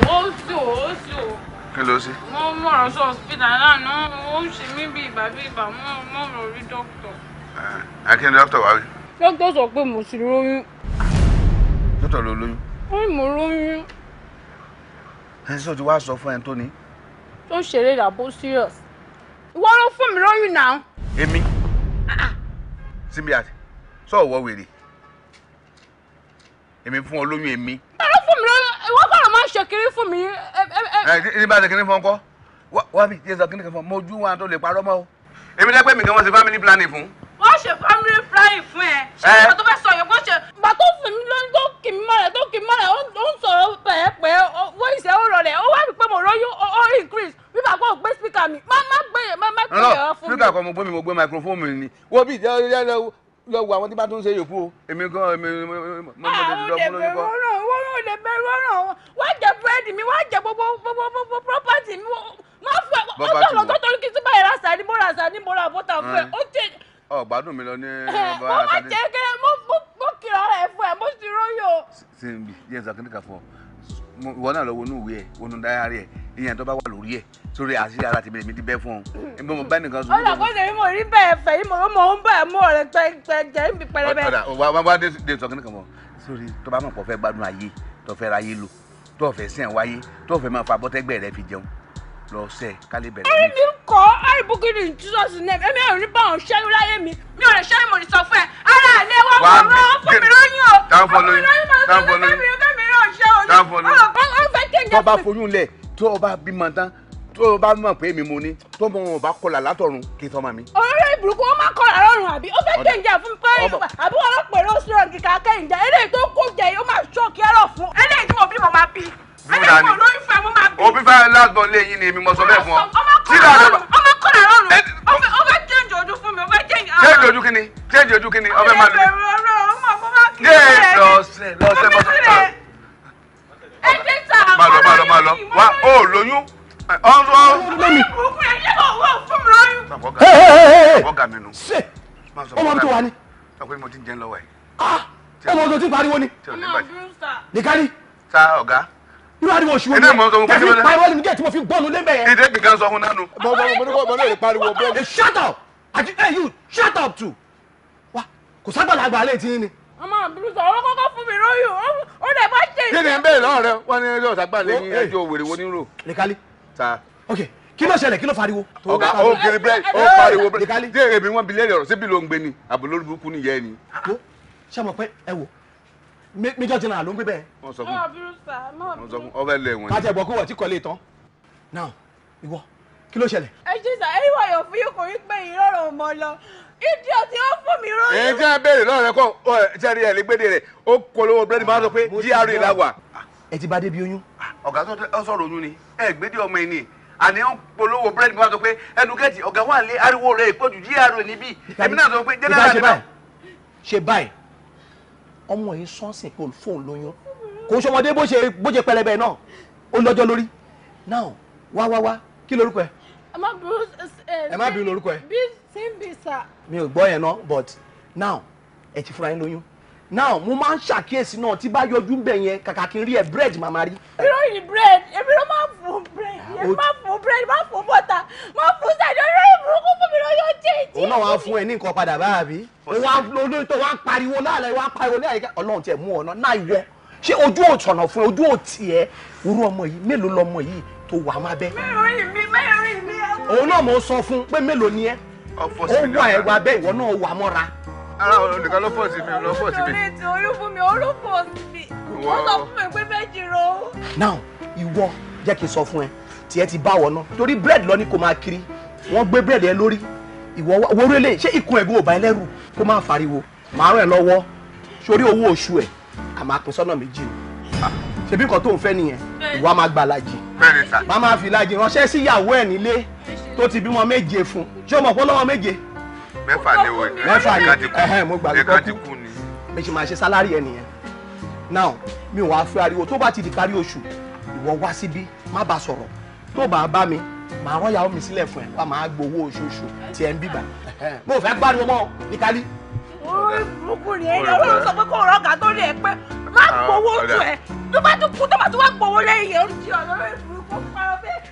ó sì ó sì ó. kí ló sí. wọ́n mú ọ̀rọ̀ sí hospital lánàá no ń ṣe mí bíi ìbá bíi ìbá mọ́ mọ́ ọ̀rọ̀ rí dókítà. Eh, akíní dókítà wá rí. dókítà sọ pé mo sì lóyún. dókítà ló lóyún. ó ní mo lóyún. ẹ sọ ti wá sọ fún ẹ tó ní. tó ń ṣeré ìdàbò serious. ìwọ ló fún mi lóyún náà. èmi síbi àti sọ ọwọ wèrè èmi fún ọ lóyún èmi. ẹ̀rọ fún mi lóyún ìwọ kọ́ ló máa ń ṣe kiri fún mi. ẹ ní bá a ṣe kiri fún ọ kọ́ wá bí jésù kiri fún ọ mo ojú wa tó lè parọ́ mọ́ o. èmi dẹ́pẹ́ mi kan wọ́n ṣe family planning fún. wọ́n ṣe family planning fún ẹ ṣe ìgbà tó fẹ́ sọ yẹn kó ṣe. ìgbà tó fún mi lóyún tó kì í mọ́lẹ̀ tó kì í mọ́lẹ̀ ó ń sọ̀rọ̀ pẹ̀ẹ́pẹ́ owó ìṣẹ́ ó rọlẹ̀ ó wá rí pé mo lóyún ó increase bíbá kó gbé speaker mi má má gbé má má gbé ẹ̀rọ fún mi. speaker kan mo gbé mi mo gbé microphone mi ni wọ́n bí ìjẹ́ lọ wo àwọn tí bá tún ṣe yòókù o. èmi gan èmi mo mo mo lè dúró mú lórí kọ. àwọn ò lè bẹ̀rù ọ̀ràn o wá jẹ búrẹ́dì mi wá jẹ gbogbo gbogbo gbogbo property mi wọ́n fẹ́ ọ sọ̀rọ̀ tó kí tí báyìí ra sàní mo ra sàní mo ra fún ẹ ó tẹ. ọ gbádùn mi lọ ní bọ́lá àtàdé. mo máa jẹ kẹrẹ mo kiri ọ̀rọ̀ fún ẹ mo sì róyò. sèǹbì yẹn sàkíndìkà fún ọ ìwọ náà lọ wọnú sórí àṣírí ara tèmi lèmi ti bẹ́ fún ọ n bọ́ mo bá nìkan sùn. ọ̀là kọ́sẹ̀ yìí mo rí bẹ́ẹ̀ fẹ́ yìí mo mọ̀ ń bẹ̀ mú ọ̀rẹ́ pẹ́ẹ́jẹ́ ń bi pẹrẹbẹ. ọ̀dà wá wá dé sọ kíní kan mọ́ sórí tó bá mọ̀ pọ̀ fẹ́ gbádùn ayé tó fẹ́ ráyé lò tó fẹ́ sìn wáyé tó fẹ́ máa fa bọ́tẹ́gbẹ́ rẹ fi jẹun lọ sẹ kálí bẹ̀rẹ̀ mi. ẹni kọ àìbùkún ní jesus name èmi ò ní bá òun ṣẹ́yún láyé mi mi ò lè ṣẹ́yún mo lè sọ fún ẹ ara àlẹ́ wa mo rán fún mi lóyún o fún mi lóyún máa ń sọ ṣẹ́ o bá foyún lẹ tó o bá bímọ tán tó o bá mọ̀ pé mi mo ní tó mọ̀ bá kọlà látọ̀run kí sọ́mọ mi. ọ̀rẹ́ ìbùrùkù wọn máa kọlà lọ́rùn àbí ó fẹ́ gbẹ̀ǹjà fún pé àbí wọn lọ́pẹ̀ ló sọ̀rọ̀ kíkà kẹ́ǹjà eléyìí tó kó jẹ yìí máa ṣọ́ọ̀kì ẹ̀rọ̀ fún eléyìí tí mo bí mo máa bí eléyìí mo lóyún bí. fẹ́ last born lẹ́yìn ni èmi mo sọ bẹ́ẹ̀ fún ọ. ọmọ kọlà lọ́rùn ó fẹ́ change ọmọ ọ̀rọ̀ ọ̀gá mi nù. ọmọ mi tó wà ní. ọkùnrin mo ti ń jẹun lọ́wọ́ ẹ̀. Ah, ọmọ tó ti pariwo ni. nìkan ni. sa ọ̀gá irú ariwo oṣù omi kẹfì pariwo ni gẹ̀ẹ́tì mo fi gbọ́nu lébẹ̀ yẹn. ìdè kìkan sọ fún nánu. mo mo mo ní kò mo lè pariwo bẹ́ẹ̀. shut up àti ẹ you shut up too. wa kò sábàlá àgbà alẹ́ tí ń ni. ọmọ àbúrúsọ owó kọ́kọ́ fún mi lóyún ó dẹ̀ bá ṣe. kí ni ẹ bẹ́ẹ̀ lọ́rọ̀ rẹ wọ́n ní ẹjọ́ ọ̀sàgbà lẹ́yìn ẹjọ́ òwèrè wo ní rò. lẹ́kálí ta. ok kí ló ṣẹlẹ̀ kí ló fariwo. ọ̀gá ó kiri bẹ́ẹ̀ ó pariwo bẹ́ẹ̀ déèrè mi wọ́n bi léèrè ọ̀rọ̀ síbi ló ń gbé ni àbò lórí burúkú ni yẹ́ ni. ṣé mo pẹ́ ẹ wò méjọ́ ti ràn ló ń gbé bẹ́ẹ̀. wọ́n sọ fún wọ́n sọ fún ọ̀fẹ́ lẹ̀ wọ́n. kájà ìbọn kó wọ̀ tí kọ́lé tán náà ìwọ kí ló ṣẹlẹ̀. ẹ ṣe sà ẹyìn wàyọ̀ fún yín kò rí pé ìrọ̀rùn ọmọ lọ ìdí ọtí ó fún mi rọrùn. èyí tí wọn béèrè lọ́rọ̀ rẹ kọ́ ẹ ṣe rí ẹ lé gbédè rẹ ó polówó búrẹ́dì máa sọ pé gr la wà ẹ ti bá débi oyún. Ah, ọ̀gá sọ̀rọ̀ oyún ni ẹ gbédè ọmọ ẹni àní ń polówó búrẹ́dì mi wá sọ pé ẹnukẹ́tì ọ̀gá wà lé ariwo rẹ̀ ìpọ̀jù gra níbí èmi náà sọ pé jẹ́nẹ́rà níbà. ṣe báyìí ọmọ yìí sọ́ọ̀sì kò fóun lóyún kò sọmọdé bó ṣe bó ṣe pẹlẹbẹ náà ó lọ́jọ́ lórí now wá wá wá kí lorúkọ ẹ. ẹ má bínú ẹ má bínú lorúkọ ẹ. mi ò gbọ́ yẹn náà but now ẹ ti fúnra yín lóyún now mo máa ń ṣàkíyèsí náà tí bá yọjú bẹ̀ yẹn kàkà kí n rí ẹ bread màmá rí. ìròyìn bread èmi ló máa ń fún bread èmi máa ń fún bread máa ń fún bọ́tà máa ń fún sàdé olórí burúkú fún mi lọ́yọ̀ jẹ́ ìdí. òun náà wàá fún ẹ ní nǹkan padà báyà bí. olórí tó wàá pariwo láàlẹ́ wàá pariwo ní àyíká ọlọ́run tiẹ̀ mú ọ̀nà náà yọ ṣé ojú òtọ̀nà fún ojú òtì ẹ òun náà mo sọ fún pé mélòó ni ẹ. ó wà ẹ̀wà bẹ́ẹ̀ ìwọ náà wà mọ́ra ara ah, olùkọ́ ló pọ̀ sí mi ló pọ̀ sí mi. ètò olúfún mi ó ló pọ̀ sí mi wọ́n sọ fún mi pé méjì ro. now ìwọ jẹ́ kí n sọ fún ẹ tiẹ̀ ti bá wọ náà torí bírèdì lọ ni kò máa kiri wọ́n gbé bírèdì ẹ lórí ìwọ wọ́rọ́ lè ṣé ikùn ẹ̀gbọ́n ò bá ẹlẹ́rù kó máa fariwo màá ràn lọ́wọ́ sórí owó oṣù ẹ̀ à máa pín sọ́nà méjì o ṣebí nǹkan tó ń fẹ́ nìyẹn ìwà máa gbà lájì máa máa fi lájì ránṣẹ́ síyàwó ẹ̀ nílé tó ti bímọ méje fún ṣé o mọ̀ pé méje mẹ́fà ni o mẹ́fà ni ẹ̀hẹ́n mo gbà lóko kú mi ṣe máa ṣe sálárì ẹ nìyẹn now mi ò wá fẹ́ ariwo tó bá ti di parí oṣù ìwọ wá síbí má bá sọ̀rọ̀ tó bá bá mi màá rán ìyàwó mi sílẹ̀ fún ẹ wá máa gbowó oṣooṣù tí ẹ ń bíbà mo fẹ́ pariwo mọ́ Nikali. orí burúkú ni ẹni Ọlọ́run sọ pé kó rọ́ọ̀gá tó lè pẹ́ má ah, gbowó oṣù ẹ tó bá tún kú tó bá tún wá gbowó lẹ́yìn ẹ̀ orí ti ọ̀rọ̀ rẹ̀ burúkú parọ́ bẹ́ẹ̀.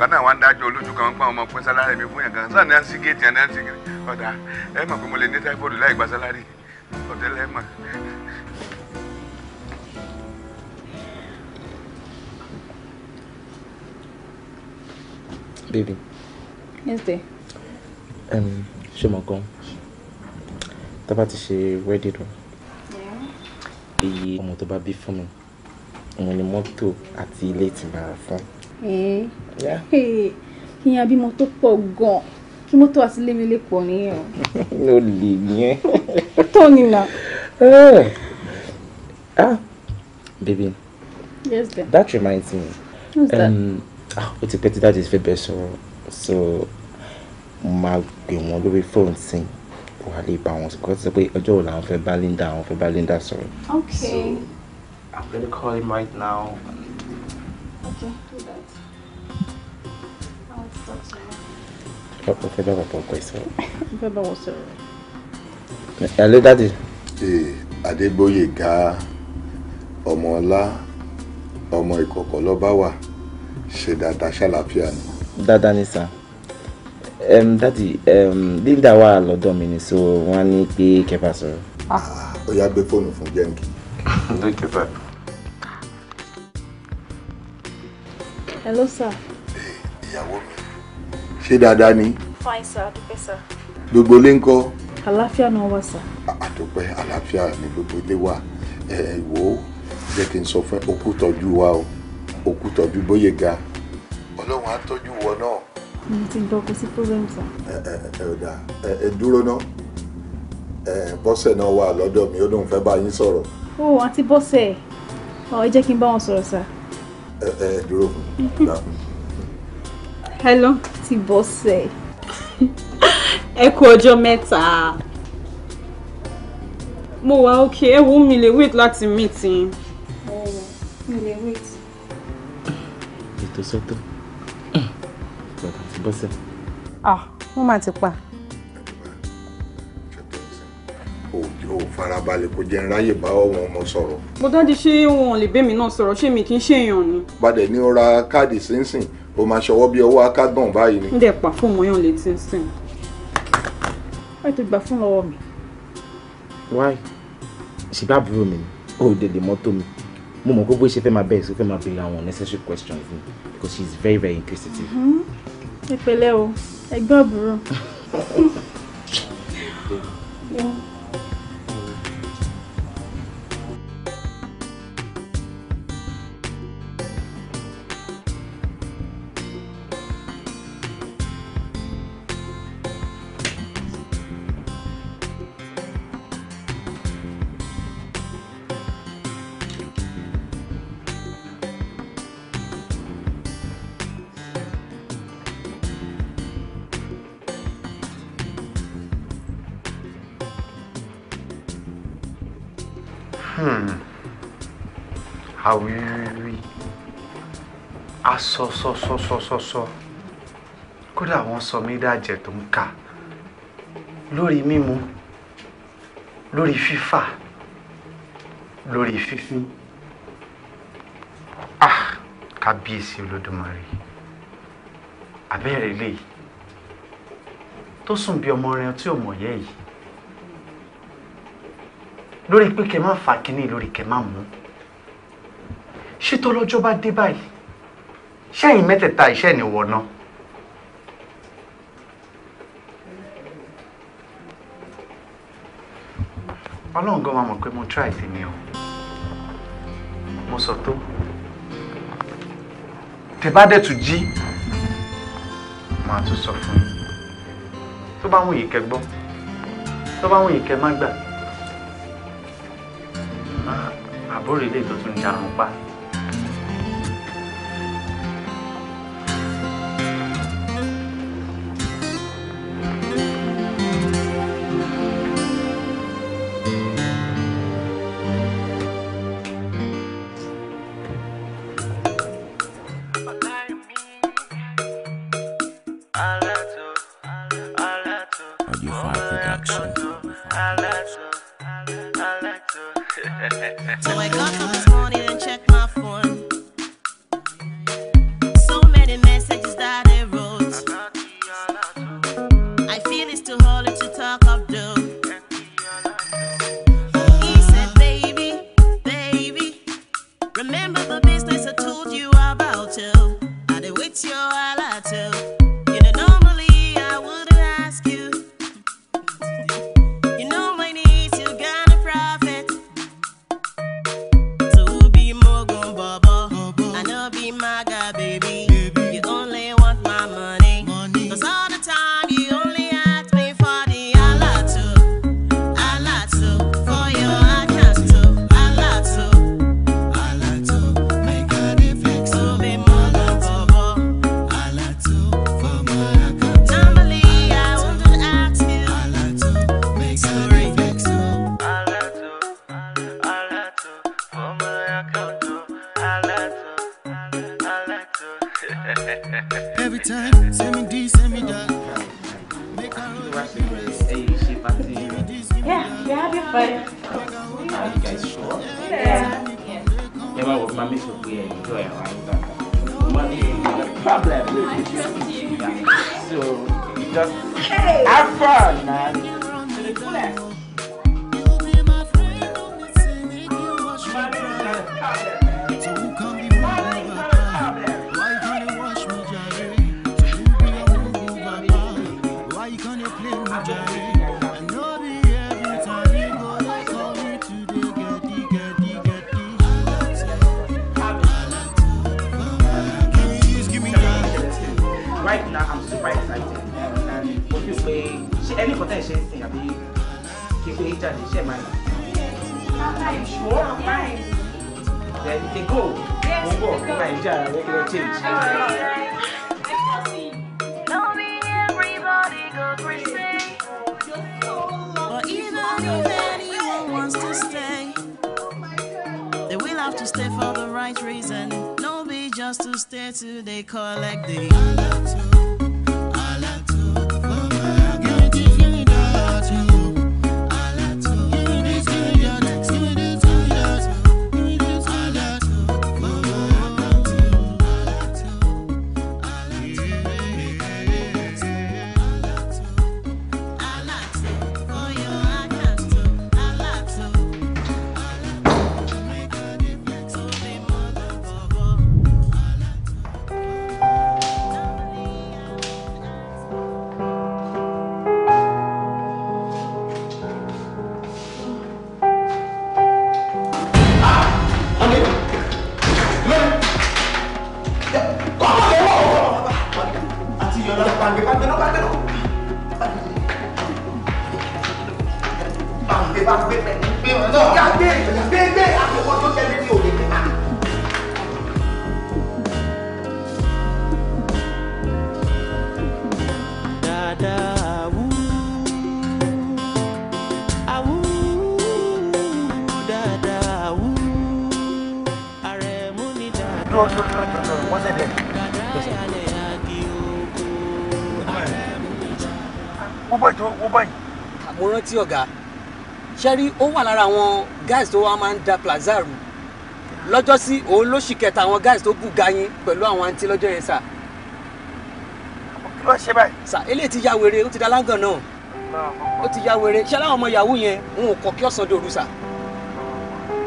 ọ̀gá náà wá ń dájọ́ olójú kan pé ọmọ pín sálárì mi fún yàn kan sáà náà sí géètì yẹn náà sí géètì ọ̀dà ẹ mọ̀ pé mo lè ní táífọ̀dù láì gba sálárì ọ̀tẹ́lẹ̀ mọ̀. baby. yes dear. Um, ṣé mo gan tá a bá ti ṣe wedding rẹ iye ọmọ tó bá bí fún mi òun ni mọ́tò àti ilé ti máa fún un ìyẹn bímọ tó pọ̀ gan-an kí mọ́tò àti lémi lè pọ̀ nìyẹn o. ló lè yẹn. tó ní nà. Eh. ah baby. yes dear. that reminds me. what's that. o um, ah, ti pẹ́ tí dáàdi fẹ́ bẹ̀ sọ̀rọ̀ so máa gbé wọn lórí fóònù sí i wà lè bá wọn sọ̀rọ̀ sọ pé ọjọ́ wo làwọn fẹ́ bá Linda àwọn fẹ́ bá Linda sọ̀rọ̀. okay. so I'm gonna call him right now. okay. o fẹ́ bá bàbá ọkọ ìsọ̀rọ̀. o fẹ́ bá wọn sọ̀rọ̀. ẹ̀lú dáàdì. Adégbóyè ga ọmọ ọlá ọmọ ìkọ̀kọ̀ lọ́ba wà ṣe dáadáa ṣàlàáfíà ni. dáadáa ni sà um, Daddy. um, Linda wa lo domini so wani á kepa pé kẹfà sọ̀rọ̀. Ah. ó yá gbé fóònù fún jẹ́ǹkì. thank you sir. hello sir. ìyàwó mi ṣé dáadáa ni. fine sir dúpẹ́ sir. gbogbo ilé ń kọ́. àlàáfíà náà wà sir. àdúpẹ́ àlàáfíà ni gbogbo ilé wà ẹ wò ó jẹ́ kí n sọ fún ẹ okú tọ́jú wa o okú tọ́jú bóyè ga ọlọ́run á tọ́jú wọ náà. mo ti gbọ́ kò sí problem sir. ẹ ẹ ẹ ọ̀dà ẹ ẹ dúró náà ẹ bọ́sẹ̀ náà wà lọ́dọ̀ mi ó lóun fẹ́ bá yín sọ̀rọ̀. ó àti bọ́sẹ̀ ọ̀ ẹ jẹ́ kí n bá wọn sọ̀rọ̀ sir. ẹ ẹ dúró fún mi hello ti bọ́sẹ̀ ẹ kú ọjọ́ mẹ́ta mo wà ókè ẹ wò mí lè wait láti meet yín. mi lè wait. ètò sọ́tọ̀ bàbá ti bọ́sẹ̀. ah wọ́n máa ti pa. ò farabalẹ̀ kò jẹ́ ráyè bá wọn ọmọ sọ̀rọ̀. mo dájú ṣé wọn ò lè bẹ́mi náà sọ̀rọ̀ ṣé mi kì í ṣèyàn ni. bàdẹ̀ ní ọ̀ra káàdì sínsìn o máa ṣọwọ́ bí ọwọ́ akágàn báyìí ni. ń dẹ̀ pa fún mọ́yàn létí sìn. wáyé tó gbà fún lọ́wọ́ mi. wáyé ṣìgbà àbúrò mi ni ó dèdè mọ́tò mi mo mọ̀ pé bó fẹ́ máa bẹ̀rẹ̀ sí fẹ́ máa béèrè àwọn necessary questions ni because she is very very inquisitive. ẹ mm-hmm. pẹ̀lẹ́ o ẹgbẹ́ àbúrò. sọ sọ sọ sọ sọ sọ kódà wọ́n sọ mí dájẹ́ tó ń kà lórí mímu lórí fífà lórí fífín ah kábíyèsí olódùmarè abẹ́rẹ́ lè tó sùn bí ọmọ rẹ tí ò mọ̀ yẹ́ yìí lórí pé kẹ má fà kínní lórí kẹ má mú ṣé lọ́jọ́ bá dé báyìí sẹ́yìn mẹ́tẹ̀ẹ̀ta iṣẹ́ ni wọ̀ náà. ọlọ́run gan máa mọ̀ pé mo try sí mi o mo sọ tó tẹ́ bá dẹ̀ tún jí màá tún sọ fún yín tó bá wù yín gbọ́ tó bá wù yín má gbà àbúrò ilé tó tún jà pa. létí ọ̀gá ṣẹ́rí ó wà lára àwọn guys tó wá máa ń da plaza rù lọ́jọ́ sí òun ló sì kẹta àwọn guys tó bù gayin pẹ̀lú àwọn àǹtí lọ́jọ́ yẹn sà. kí ló ṣe báyìí. sà eléyìí ti ya wèrè ó ti da lágàn náà ó ti ya wèrè ṣé aláwọn ọmọ yahoo yẹn wọn ò kọ kí ọ̀sán dòru sà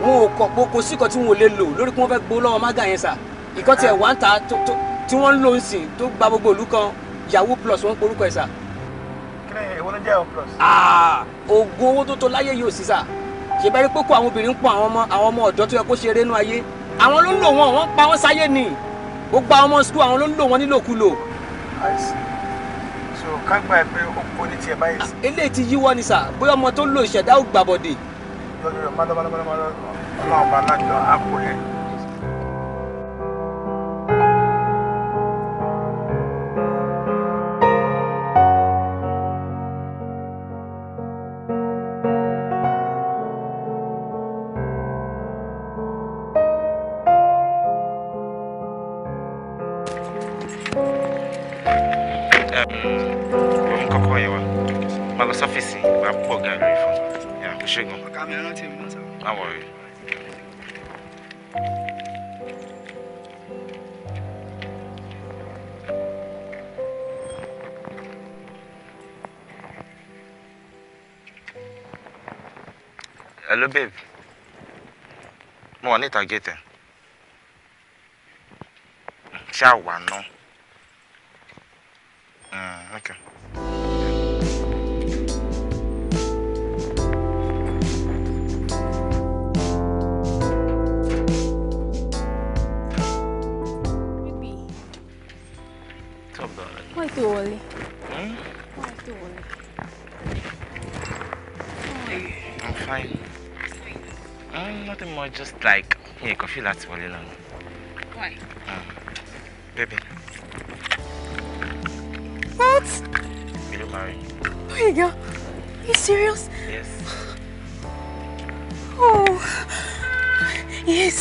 wọn ò kọ kó sí kan tí wọn ò lè lò lórí kí wọn fẹ́ gbó lọ́wọ́ mága yẹn sà ìkọ́ tiẹ̀ wá ń ta tí wọ́n ń lò ń sìn tó gba gbogbo ìlú kan yahoo plus wọn porúkọ ẹ̀ sà èwo ló jẹ́ o plus. Ah, oògùn owó tó tó láyé yìí ò sí sà ṣe bá rí pé kó àwọn obìnrin ń pọ àwọn ọmọ àwọn ọmọ ọ̀dọ́ tó yẹ kó ṣe eré nú ayé àwọn ló ń lò wọn wọn pa wọn sáyé ni ó gba ọmọ skul àwọn ló ń lò wọn nílòkulò. I see. so ká gbà pé ó kó ní tiẹ̀ báyìí. Ah, eléyìí ti yíwọ́ ni sà bóyá ọmọ tó ń lo ìṣẹ̀dá ò gbàbọ̀dè. lọ́dún rẹ̀ hello babe mo wà níta gẹ́tẹ̀ ṣáà wà náà. just like mi ì feel that for a long. why. Um, baby. what. mi ló marry. oh my god are you serious. yes. oh yes.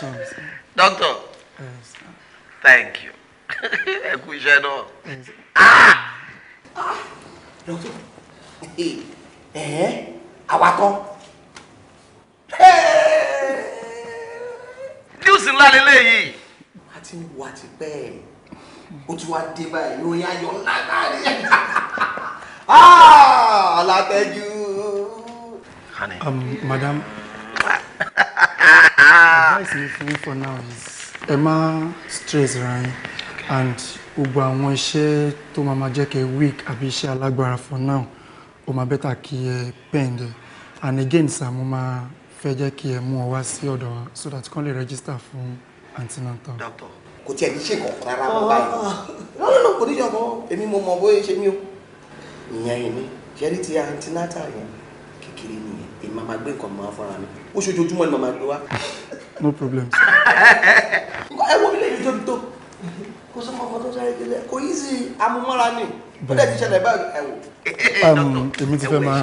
songs. for now is Emma stress right, yín and gbogbo àwọn iṣẹ́ to Mama máa jẹ́ kẹ́ weak àbí iṣẹ́ alagbara for now ó máa bẹ́tà kí ẹ pend and again sir mo máa fẹ́ jẹ́ kí ẹ mú ọ wá sí ọ̀dọ̀ so that kán lè register for antenatal. doctor kò tiẹ̀ ní ṣe kankan rárá mọ́ báyìí lọ́nà ah. náà kò ní jọ̀bọ́ èmi mo mọ̀ bóyá ṣe mí o ìyẹn èmi ṣẹ́rí ti antenatal yẹn kékeré nìyẹn èmi máa gbé nǹkan mọ́ fúnra mi ó ṣojoojúmọ́ ni màmá gbé wá no problem. ẹ wo ilé ìjọ mi tó kó sọ fún ọkọ tó sáré délé kò yí sí amúmọ́ra ni ó dẹ̀ ti ṣẹlẹ̀ báyìí ẹ wò. Um, èmi ti fẹ́ máa.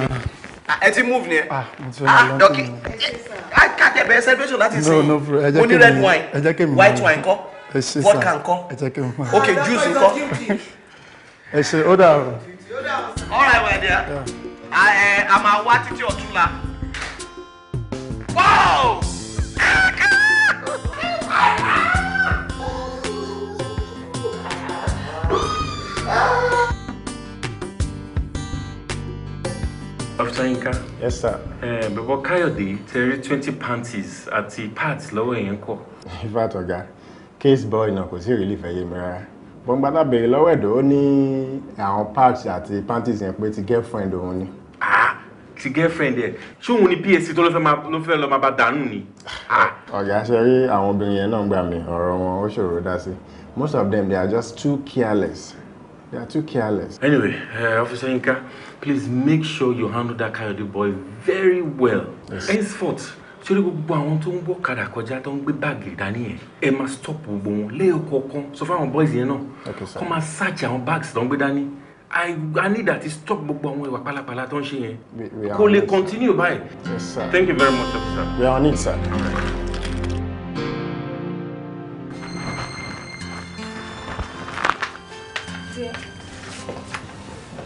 Ah, ẹ ti move ni ẹ. Ah, mo ti fẹ́ máa lọ́nkì mi. kàtẹ́ bẹ́ẹ̀ celebration láti sìn mo ní red wine white wine kọ́ vodka ńkọ́ ok juice ńkọ́. ẹ ṣe ó dà o. all right my dear ah, eh, a máa wá títí ọ̀túnla. wow. Dr. Yinka. Yes, sir. Eh, bẹ̀bọ̀ Káyọ̀dé ti rí twenty panties àti pads lọ́wọ́ èèyàn kọ̀. ifá tọ̀gá case boy náà kò sí relief ẹ̀yẹ mi rárá. gbọ̀ngbà tá béèrè lọ́wọ́ ẹ̀dọ́ ó ní àwọn pads àti panties yẹn pé ti girlfriend òun ni. ah ti girlfriend ẹ ṣé òun ni psc tó ló fẹ́ lọ́ọ́ máa bá dànù ni. Ah. ọ̀gá ṣe rí àwọn obìnrin yẹn náà gbà mí ọ̀rọ̀ wọn ó ṣòro dá sí most of them they are just too careless they are too careless. anyway uh, officer Yinka please make sure you handle that Kayode boy very well henceforth sórí gbogbo àwọn tó ń bọ̀ kadà kọjá tó ń gbé báàgì dání yẹn ẹ máa stop gbogbo wọn lẹ́ẹ̀kọ̀ọ̀kan far, fáwọn boys yẹn náà kó máa search àwọn bags tó ń gbé dání I, I need that to stop gbogbo àwọn ìwà pálapàla tó ń ṣe yẹn kó lè continue báyìí yes, sir. thank you very much sir. we are on it sir.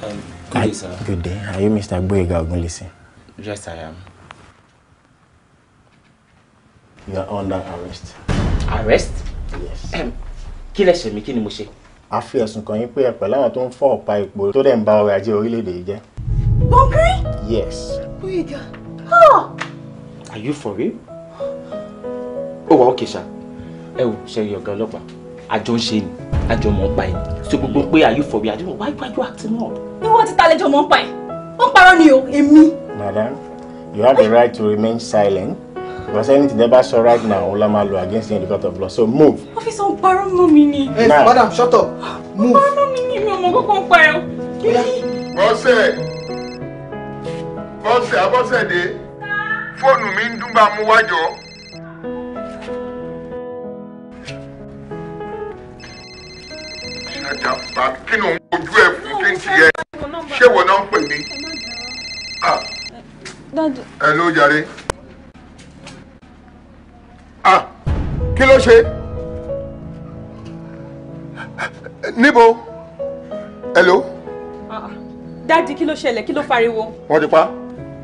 Um, Good day, sir. Good day. Are you Mr. Boyega Ogunlisi? Yes, I am. You are under arrest. Arrest? Yes. Kí lẹ ṣe mí, kí ni mo ṣe? A fi ẹ̀sùn kàn yín pé ẹ pẹ̀lú àwọn tó ń fọ́ ọ̀pá epo tó dẹ̀ ń ba ọrọ̀ ajé orílẹ̀-èdè yìí jẹ́. Bọ́ngírí? Yes. Boyega. Oh. Are you for real? Ó wà ókè ṣá. Ẹ wò ṣe yọ̀gá ọlọ́pàá àjọ ń ṣe ni àjọ mọ̀ ń pa ẹ̀ so gbogbo pé are you for me àjọ mọ̀ why why you acting up. ìwọ ti talẹ̀ jọ mọ̀ ń pa ẹ̀ ó ń parọ́ ni o èmi. madam you have the right to remain silent because anything they ever right now ola ma lo against you in the court of law so move. ọ́fíìsì ń parọ́ mọ́ mi ni. hey now. madam shut up move. ń parọ́ mọ́ mi ni mi ò mọ̀ kókó ń pa ẹ̀ o. bọ́sẹ̀ bọ́sẹ̀ abọ́sẹ̀dé fóònù mi ń dún bá mú wájọ. àjà bá kí ni òun ojú ẹ̀ fún kí yẹ ṣé wọ́n náà ń pè mí. Ah. ẹ ló jàre. Ah, kí ló ṣe? níbo? hello. Ah, dáàdi kí ló ṣẹlẹ̀ kí ló fariwo. wọ́n ti pa.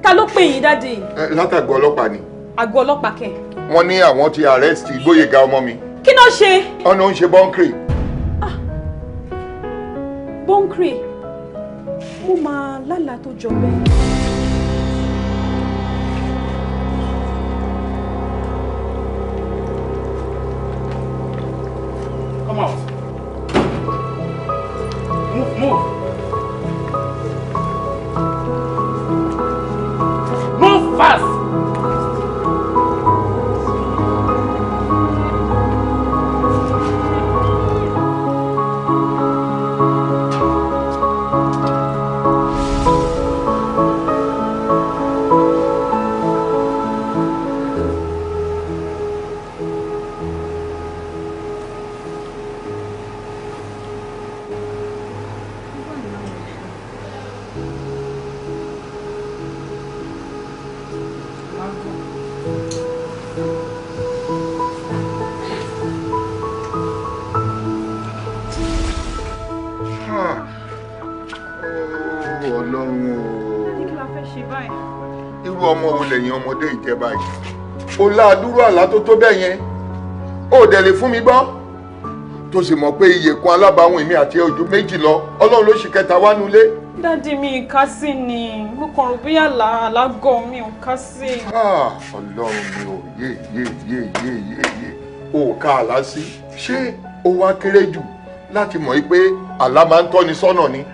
ta ló pè yín dáàdi. látàgọ́ ọlọ́pàá ni. àgọ́ ọlọ́pàá kẹ̀. wọ́n ní àwọn ti arrest ìgbóyèga ọmọ mi. kí ló ṣe. ọ̀nà ń ṣe bọ́ńkìrì bọ́ńkìrì mo máa lálàá tó jọ bẹ́ẹ̀. tiẹ̀ báyìí o láàdúró àlá tó tó bẹ́ẹ̀ yẹn o dẹ̀ lè fún mi gbọ́ tó sì mọ̀ pé iye kan alábàáwọn èmi àti ojú méjì lọ ọlọ́run ló ṣì kẹta wá nulé. dádì mi ìka sí ni mo kàn rò bóyá là lágọ̀ mi ò ká sí. ọlọ́run mi ò yé yé yé yé yé yé o ká àlá sí ṣé o wá kéré jù láti mọ̀ pé àlá máa ń tọ́ni sọ́nà ni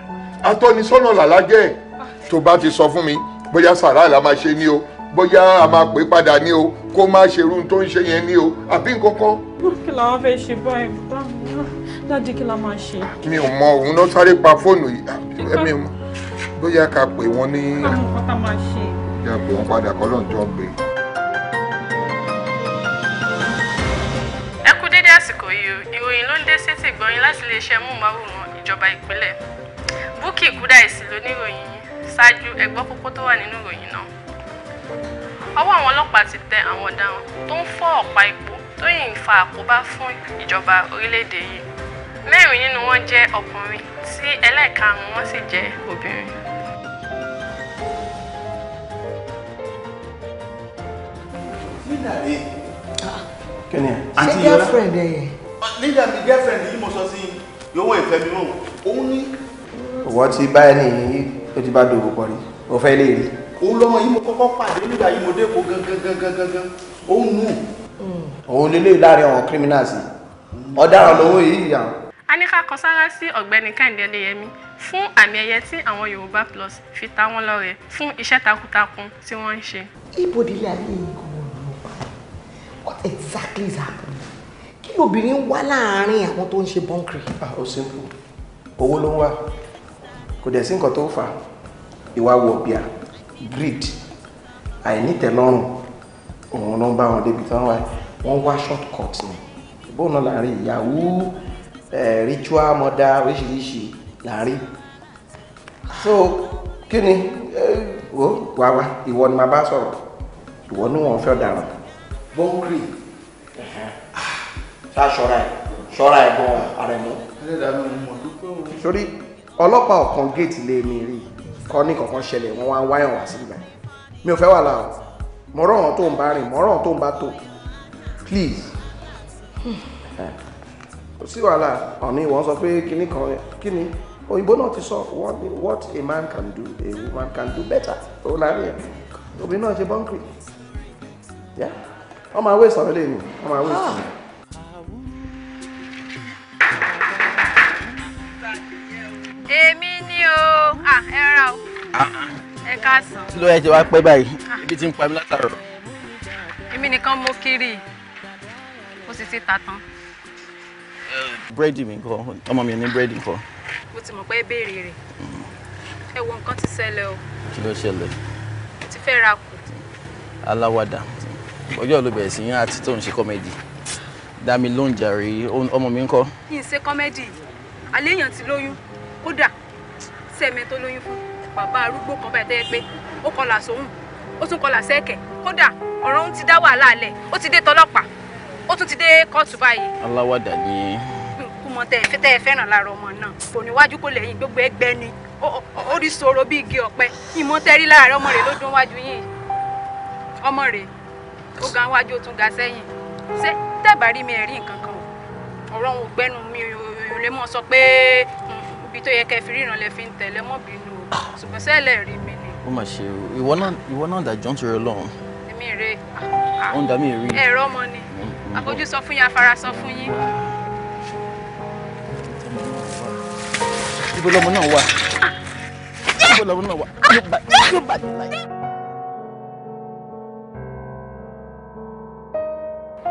atọ́nisọ́nà làlá jẹ́ ah. tó bá ti sọ fún mi bóyá sàrá àlá máa ṣe ní o bóyá a máa pè padà ní o kó má ṣe irú tó ń ṣe yẹn ní o àbí nǹkan kan. kí làwọn fẹ́ ṣe báyìí ah, dáàdì kí la máa ṣe. mi ò mọ òun náà sáré pa fóònù yìí ẹ̀mí ah, mọ bóyá ká pè wọ́n ní. káwọn kọ́tà máa ṣe. yà pé wọ́n padà kọ́ lóun tó ń gbé. ẹ kú dédé àsìkò yìí o ìròyìn ló ń dé sétí gbọ́yìn láti lè ṣe múmáwòrán ìjọba ìpínlẹ̀ Bukky Kudaisi lóníròyìn ṣáájú ẹgbọ́ kókó tó wà nínú ìròyìn náà ọwọ́ àwọn ọlọ́pàá ti tẹ àwọn ọ̀daràn tó ń fọ́ ọ̀pá epo tó yìí ń fa àkóbá fún ìjọba orílẹ̀-èdè yìí mẹ́rin nínú wọn jẹ́ ọkùnrin tí ẹlẹ́ẹ̀karùn-ún wọn sì jẹ́ obìnrin. Ah. kẹ́ni àǹtí yọlá ṣé girlfriend ẹ̀ yẹn. Uh, nígbà tí girlfriend yìí mo sọ sí yòówó ìfẹ́ mi mọ̀ òun ní. òwò mm. ti bá ẹni yìí ó ti bá dòwò pọ̀ rí òfẹ́ lè rí òun lọ́mọ yìí mo kọ́kọ́ pàdé nígbà yìí mo dẹ́kọ̀ gangan òun nù. òun lè lè láàrin àwọn criminals ọ̀daràn lòun yìí yà. a ní sára sí ọ̀gbẹ́ni kẹ́hìndé lẹ́yẹmí fún àmì ẹ̀yẹ tí àwọn yorùbá plus fi ta wọ́n lọ́rẹ fún iṣẹ́ takuntakun tí wọ́n ń ṣe. ibodèlé ayé ìgò what exactly is happening kí lóbìnrin wá láàárín àwọn tó ń ṣe bọ́ńkìrì. Ah, ó simple owó ló ń wá kò dẹ̀ sí nǹkan tó fà á ìwà wọ̀ bíà greed àìnítẹ̀lọ́rùn òun ló ń bá wọn débi tí wọ́n wá wọ́n wá short cut ni ìbọn náà láàrin ìyàwó ritual murder oríṣiríṣi láàrin so kí ni wo wá wá ìwọ ni màá bá sọ̀rọ̀ ìwọ ni wọn fẹ́ dàrán bọ́ńkì ah, ṣá ṣọ́ra ẹ̀ ṣọ́ra ẹ̀ gan-an àrẹ̀mú. sórí ọlọ́pàá ọ̀kan géètì lè mi rí i kọ́ ní kankan ṣẹlẹ̀ wọ́n wá ń wáyàn wá sí ibà mi ò fẹ́ wà láà mọ̀rọ̀ ọ̀hún tó ń bá rìn mọ̀rọ̀ ọ̀hún tó ń bá tò please kò sí wàhálà ọ̀ní wọ́n sọ pé kíní kan kíní òyìnbó náà ti sọ what a man can do a woman can do better òun náà rí ẹ̀ obìnrin náà ṣe bọ́ńkì wọ́n máa wé sọ̀rọ̀ lẹ́nu wọ́n máa sọ̀rọ̀. èmi ni o ẹ ra o ah. ẹ káàsán. kí ló yẹ kí wàá pẹ́ báyìí ibi tí ń pa mí látàrọ̀. èmi nìkan mo kiri mo sì ti ta tán. búrẹ́dì mi kọ́ ọmọ mi ò ní búrẹ́dì kọ́. mo ti mọ̀ pé béèrè rẹ̀ ẹ wo nǹkan ti ṣẹlẹ̀ o. kí ló ṣẹlẹ̀. mo ti fẹ́ ra kù. aláwàdà ọjọ́ ló bẹ̀rẹ̀ sí yín àti tóun ṣe kọ́mẹ́dì dá mi lóúnjẹ rí ọmọ mi ń kọ́. kí n ṣe kọ́mẹ́dì àléèyàn ti lóyún kódà sẹ́mi lóyún fún bàbá arúgbó kan báyìí tẹ́yẹ pé ó kọlà sóhùn ó tún kọlà sẹ́ẹ̀kẹ̀ kódà ọ̀rọ̀ ń ti dá wàhálà alẹ̀ ó ti dé tọlọ́pàá ó tún ti dé kóòtù báyìí. aláwàdà ni. kú mọ tẹ ẹ tẹ ẹ fẹ́ràn lára ọmọ náà kò níwájú kò lẹ́yìn gbogbo ẹgbẹ́ ni ó rí sọ̀rọ̀ bí igi ọ̀pẹ ìmọ̀ tẹ́rí lára ọmọ rẹ̀ ló wájú yìí ọmọ rẹ̀ ó ga wájú ó tún ga sẹ́yìn ṣé tẹ́ẹ̀bà rí mi ẹ̀rí nǹkan kan ọ̀rọ̀ òun gbẹ́nu mi ò lè mọ̀ sọ pé ibi tó yẹ kẹ́ fi ríran lẹ fi ń tẹ̀lé mọ́ bínú o ṣùgbọ́n sẹ́lẹ̀ rí mi ni. ó mà ṣe o ìwọ náà ìwọ náà dàjọ́ ń torí ọlọ́run. èmi rè é. ó ń dà mí rí. ẹ̀rọ ọmọ ni àfojú mm-hmm. sọ fún yín afárá sọ fún yín. ibo lọmọ náà wà. ibo lọmọ náà wà. yóò bá yóò bá yóò bá.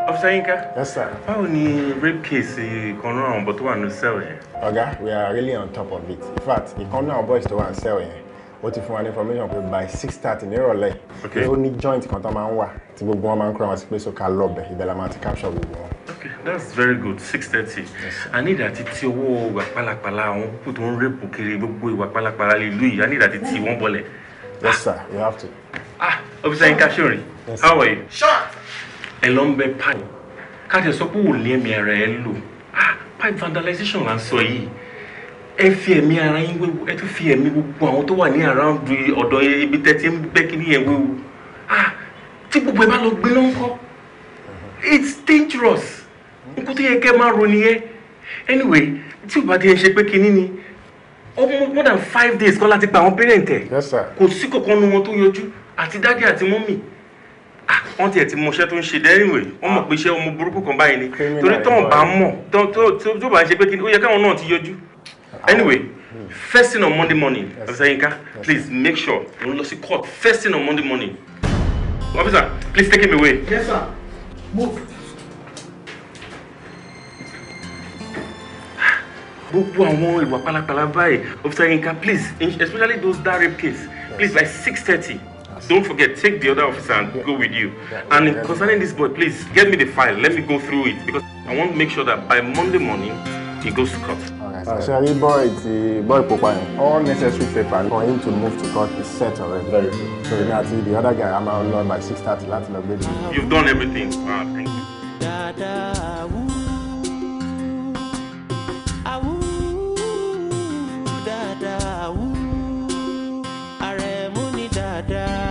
Officer Yinka. Yes, sir. Báwo ni rape case ìkan náà àwọn ọ̀bọ tó wà ní cell yẹn? Ọ̀gá, we are really on top of it. In fact, ìkan náà àwọn boys tó wà ní cell yẹn, ó ti fún wa ní information pé by six thirty nírọ̀lẹ́. Okay. Ó ní joint kan tó máa ń wà tí gbogbo wọn máa ń kúrò wọn sí pé sókà lọ́bẹ̀ ibẹ̀ la máa ti capture gbogbo wọn. Okay, that's very good. Six thirty. I need àti tí owó ìwà pálapàla àwọn púpọ̀ tó ń rape kiri gbogbo ìwà pálapàla lè lù yìí. I need àti tí wọ́n bọ̀lẹ̀. Yes, sir. You have to. Ah, Officer Yinka Shorin, how are you? Short ẹ lọ ń bẹ pipe káàtẹ sọ pé ò ní ẹ̀mí ara ẹ lò ah pipe vandalization là ń sọ yìí ẹ fi ẹ̀mí ara yín wéwu ẹ tún fi ẹ̀mí gbogbo àwọn tó wà ní around ọ̀dọ̀ ibi tẹ́tí ń gbẹ́ kí nìyẹn wéwu ah tí gbogbo ẹ bá lọ gbé ló ń kọ́ it's dangerous nǹkan tó yẹ kẹ́ máa ro nìyẹn anyway tí ò bá di ẹ ṣe pé kinní ni ó mú more than five days kọ́ láti pa àwọn parent ẹ̀ kò sí kankan nu wọn tó yọjú àti daddy àti mummy wọ́n tiẹ̀ ti mọṣẹ́ tó ń ṣe dẹ́rìnwé wọ́n mọ̀ ah. pé iṣẹ́ ọmọ burúkú kan báyìí ni torí tó ń bá mọ̀ tó bá ń ṣe pé kí ni ó yẹ káwọn náà ti yọjú ah. anyway hmm. first thing on Monday morning Officer Yinka please make sure mo ń lọ sí court first thing on Monday morning officer please take him away. yes sir move. gbogbo àwọn ìwà pálapàla báyìí Officer Yinka please especially those dare case please by six thirty don't forget, take the other officer and yeah. go with you. Yeah. And yeah. concerning this boy, please get me the file. Let me go through it because I want to make sure that by Monday morning he goes to court. Actually, boy, the boy Popeye, all necessary paper for him to move to court is set already. Very good. So now to the other guy, I'm out on by 6.30 Latin of baby. You've done everything. Ah, thank you. Da da, da da,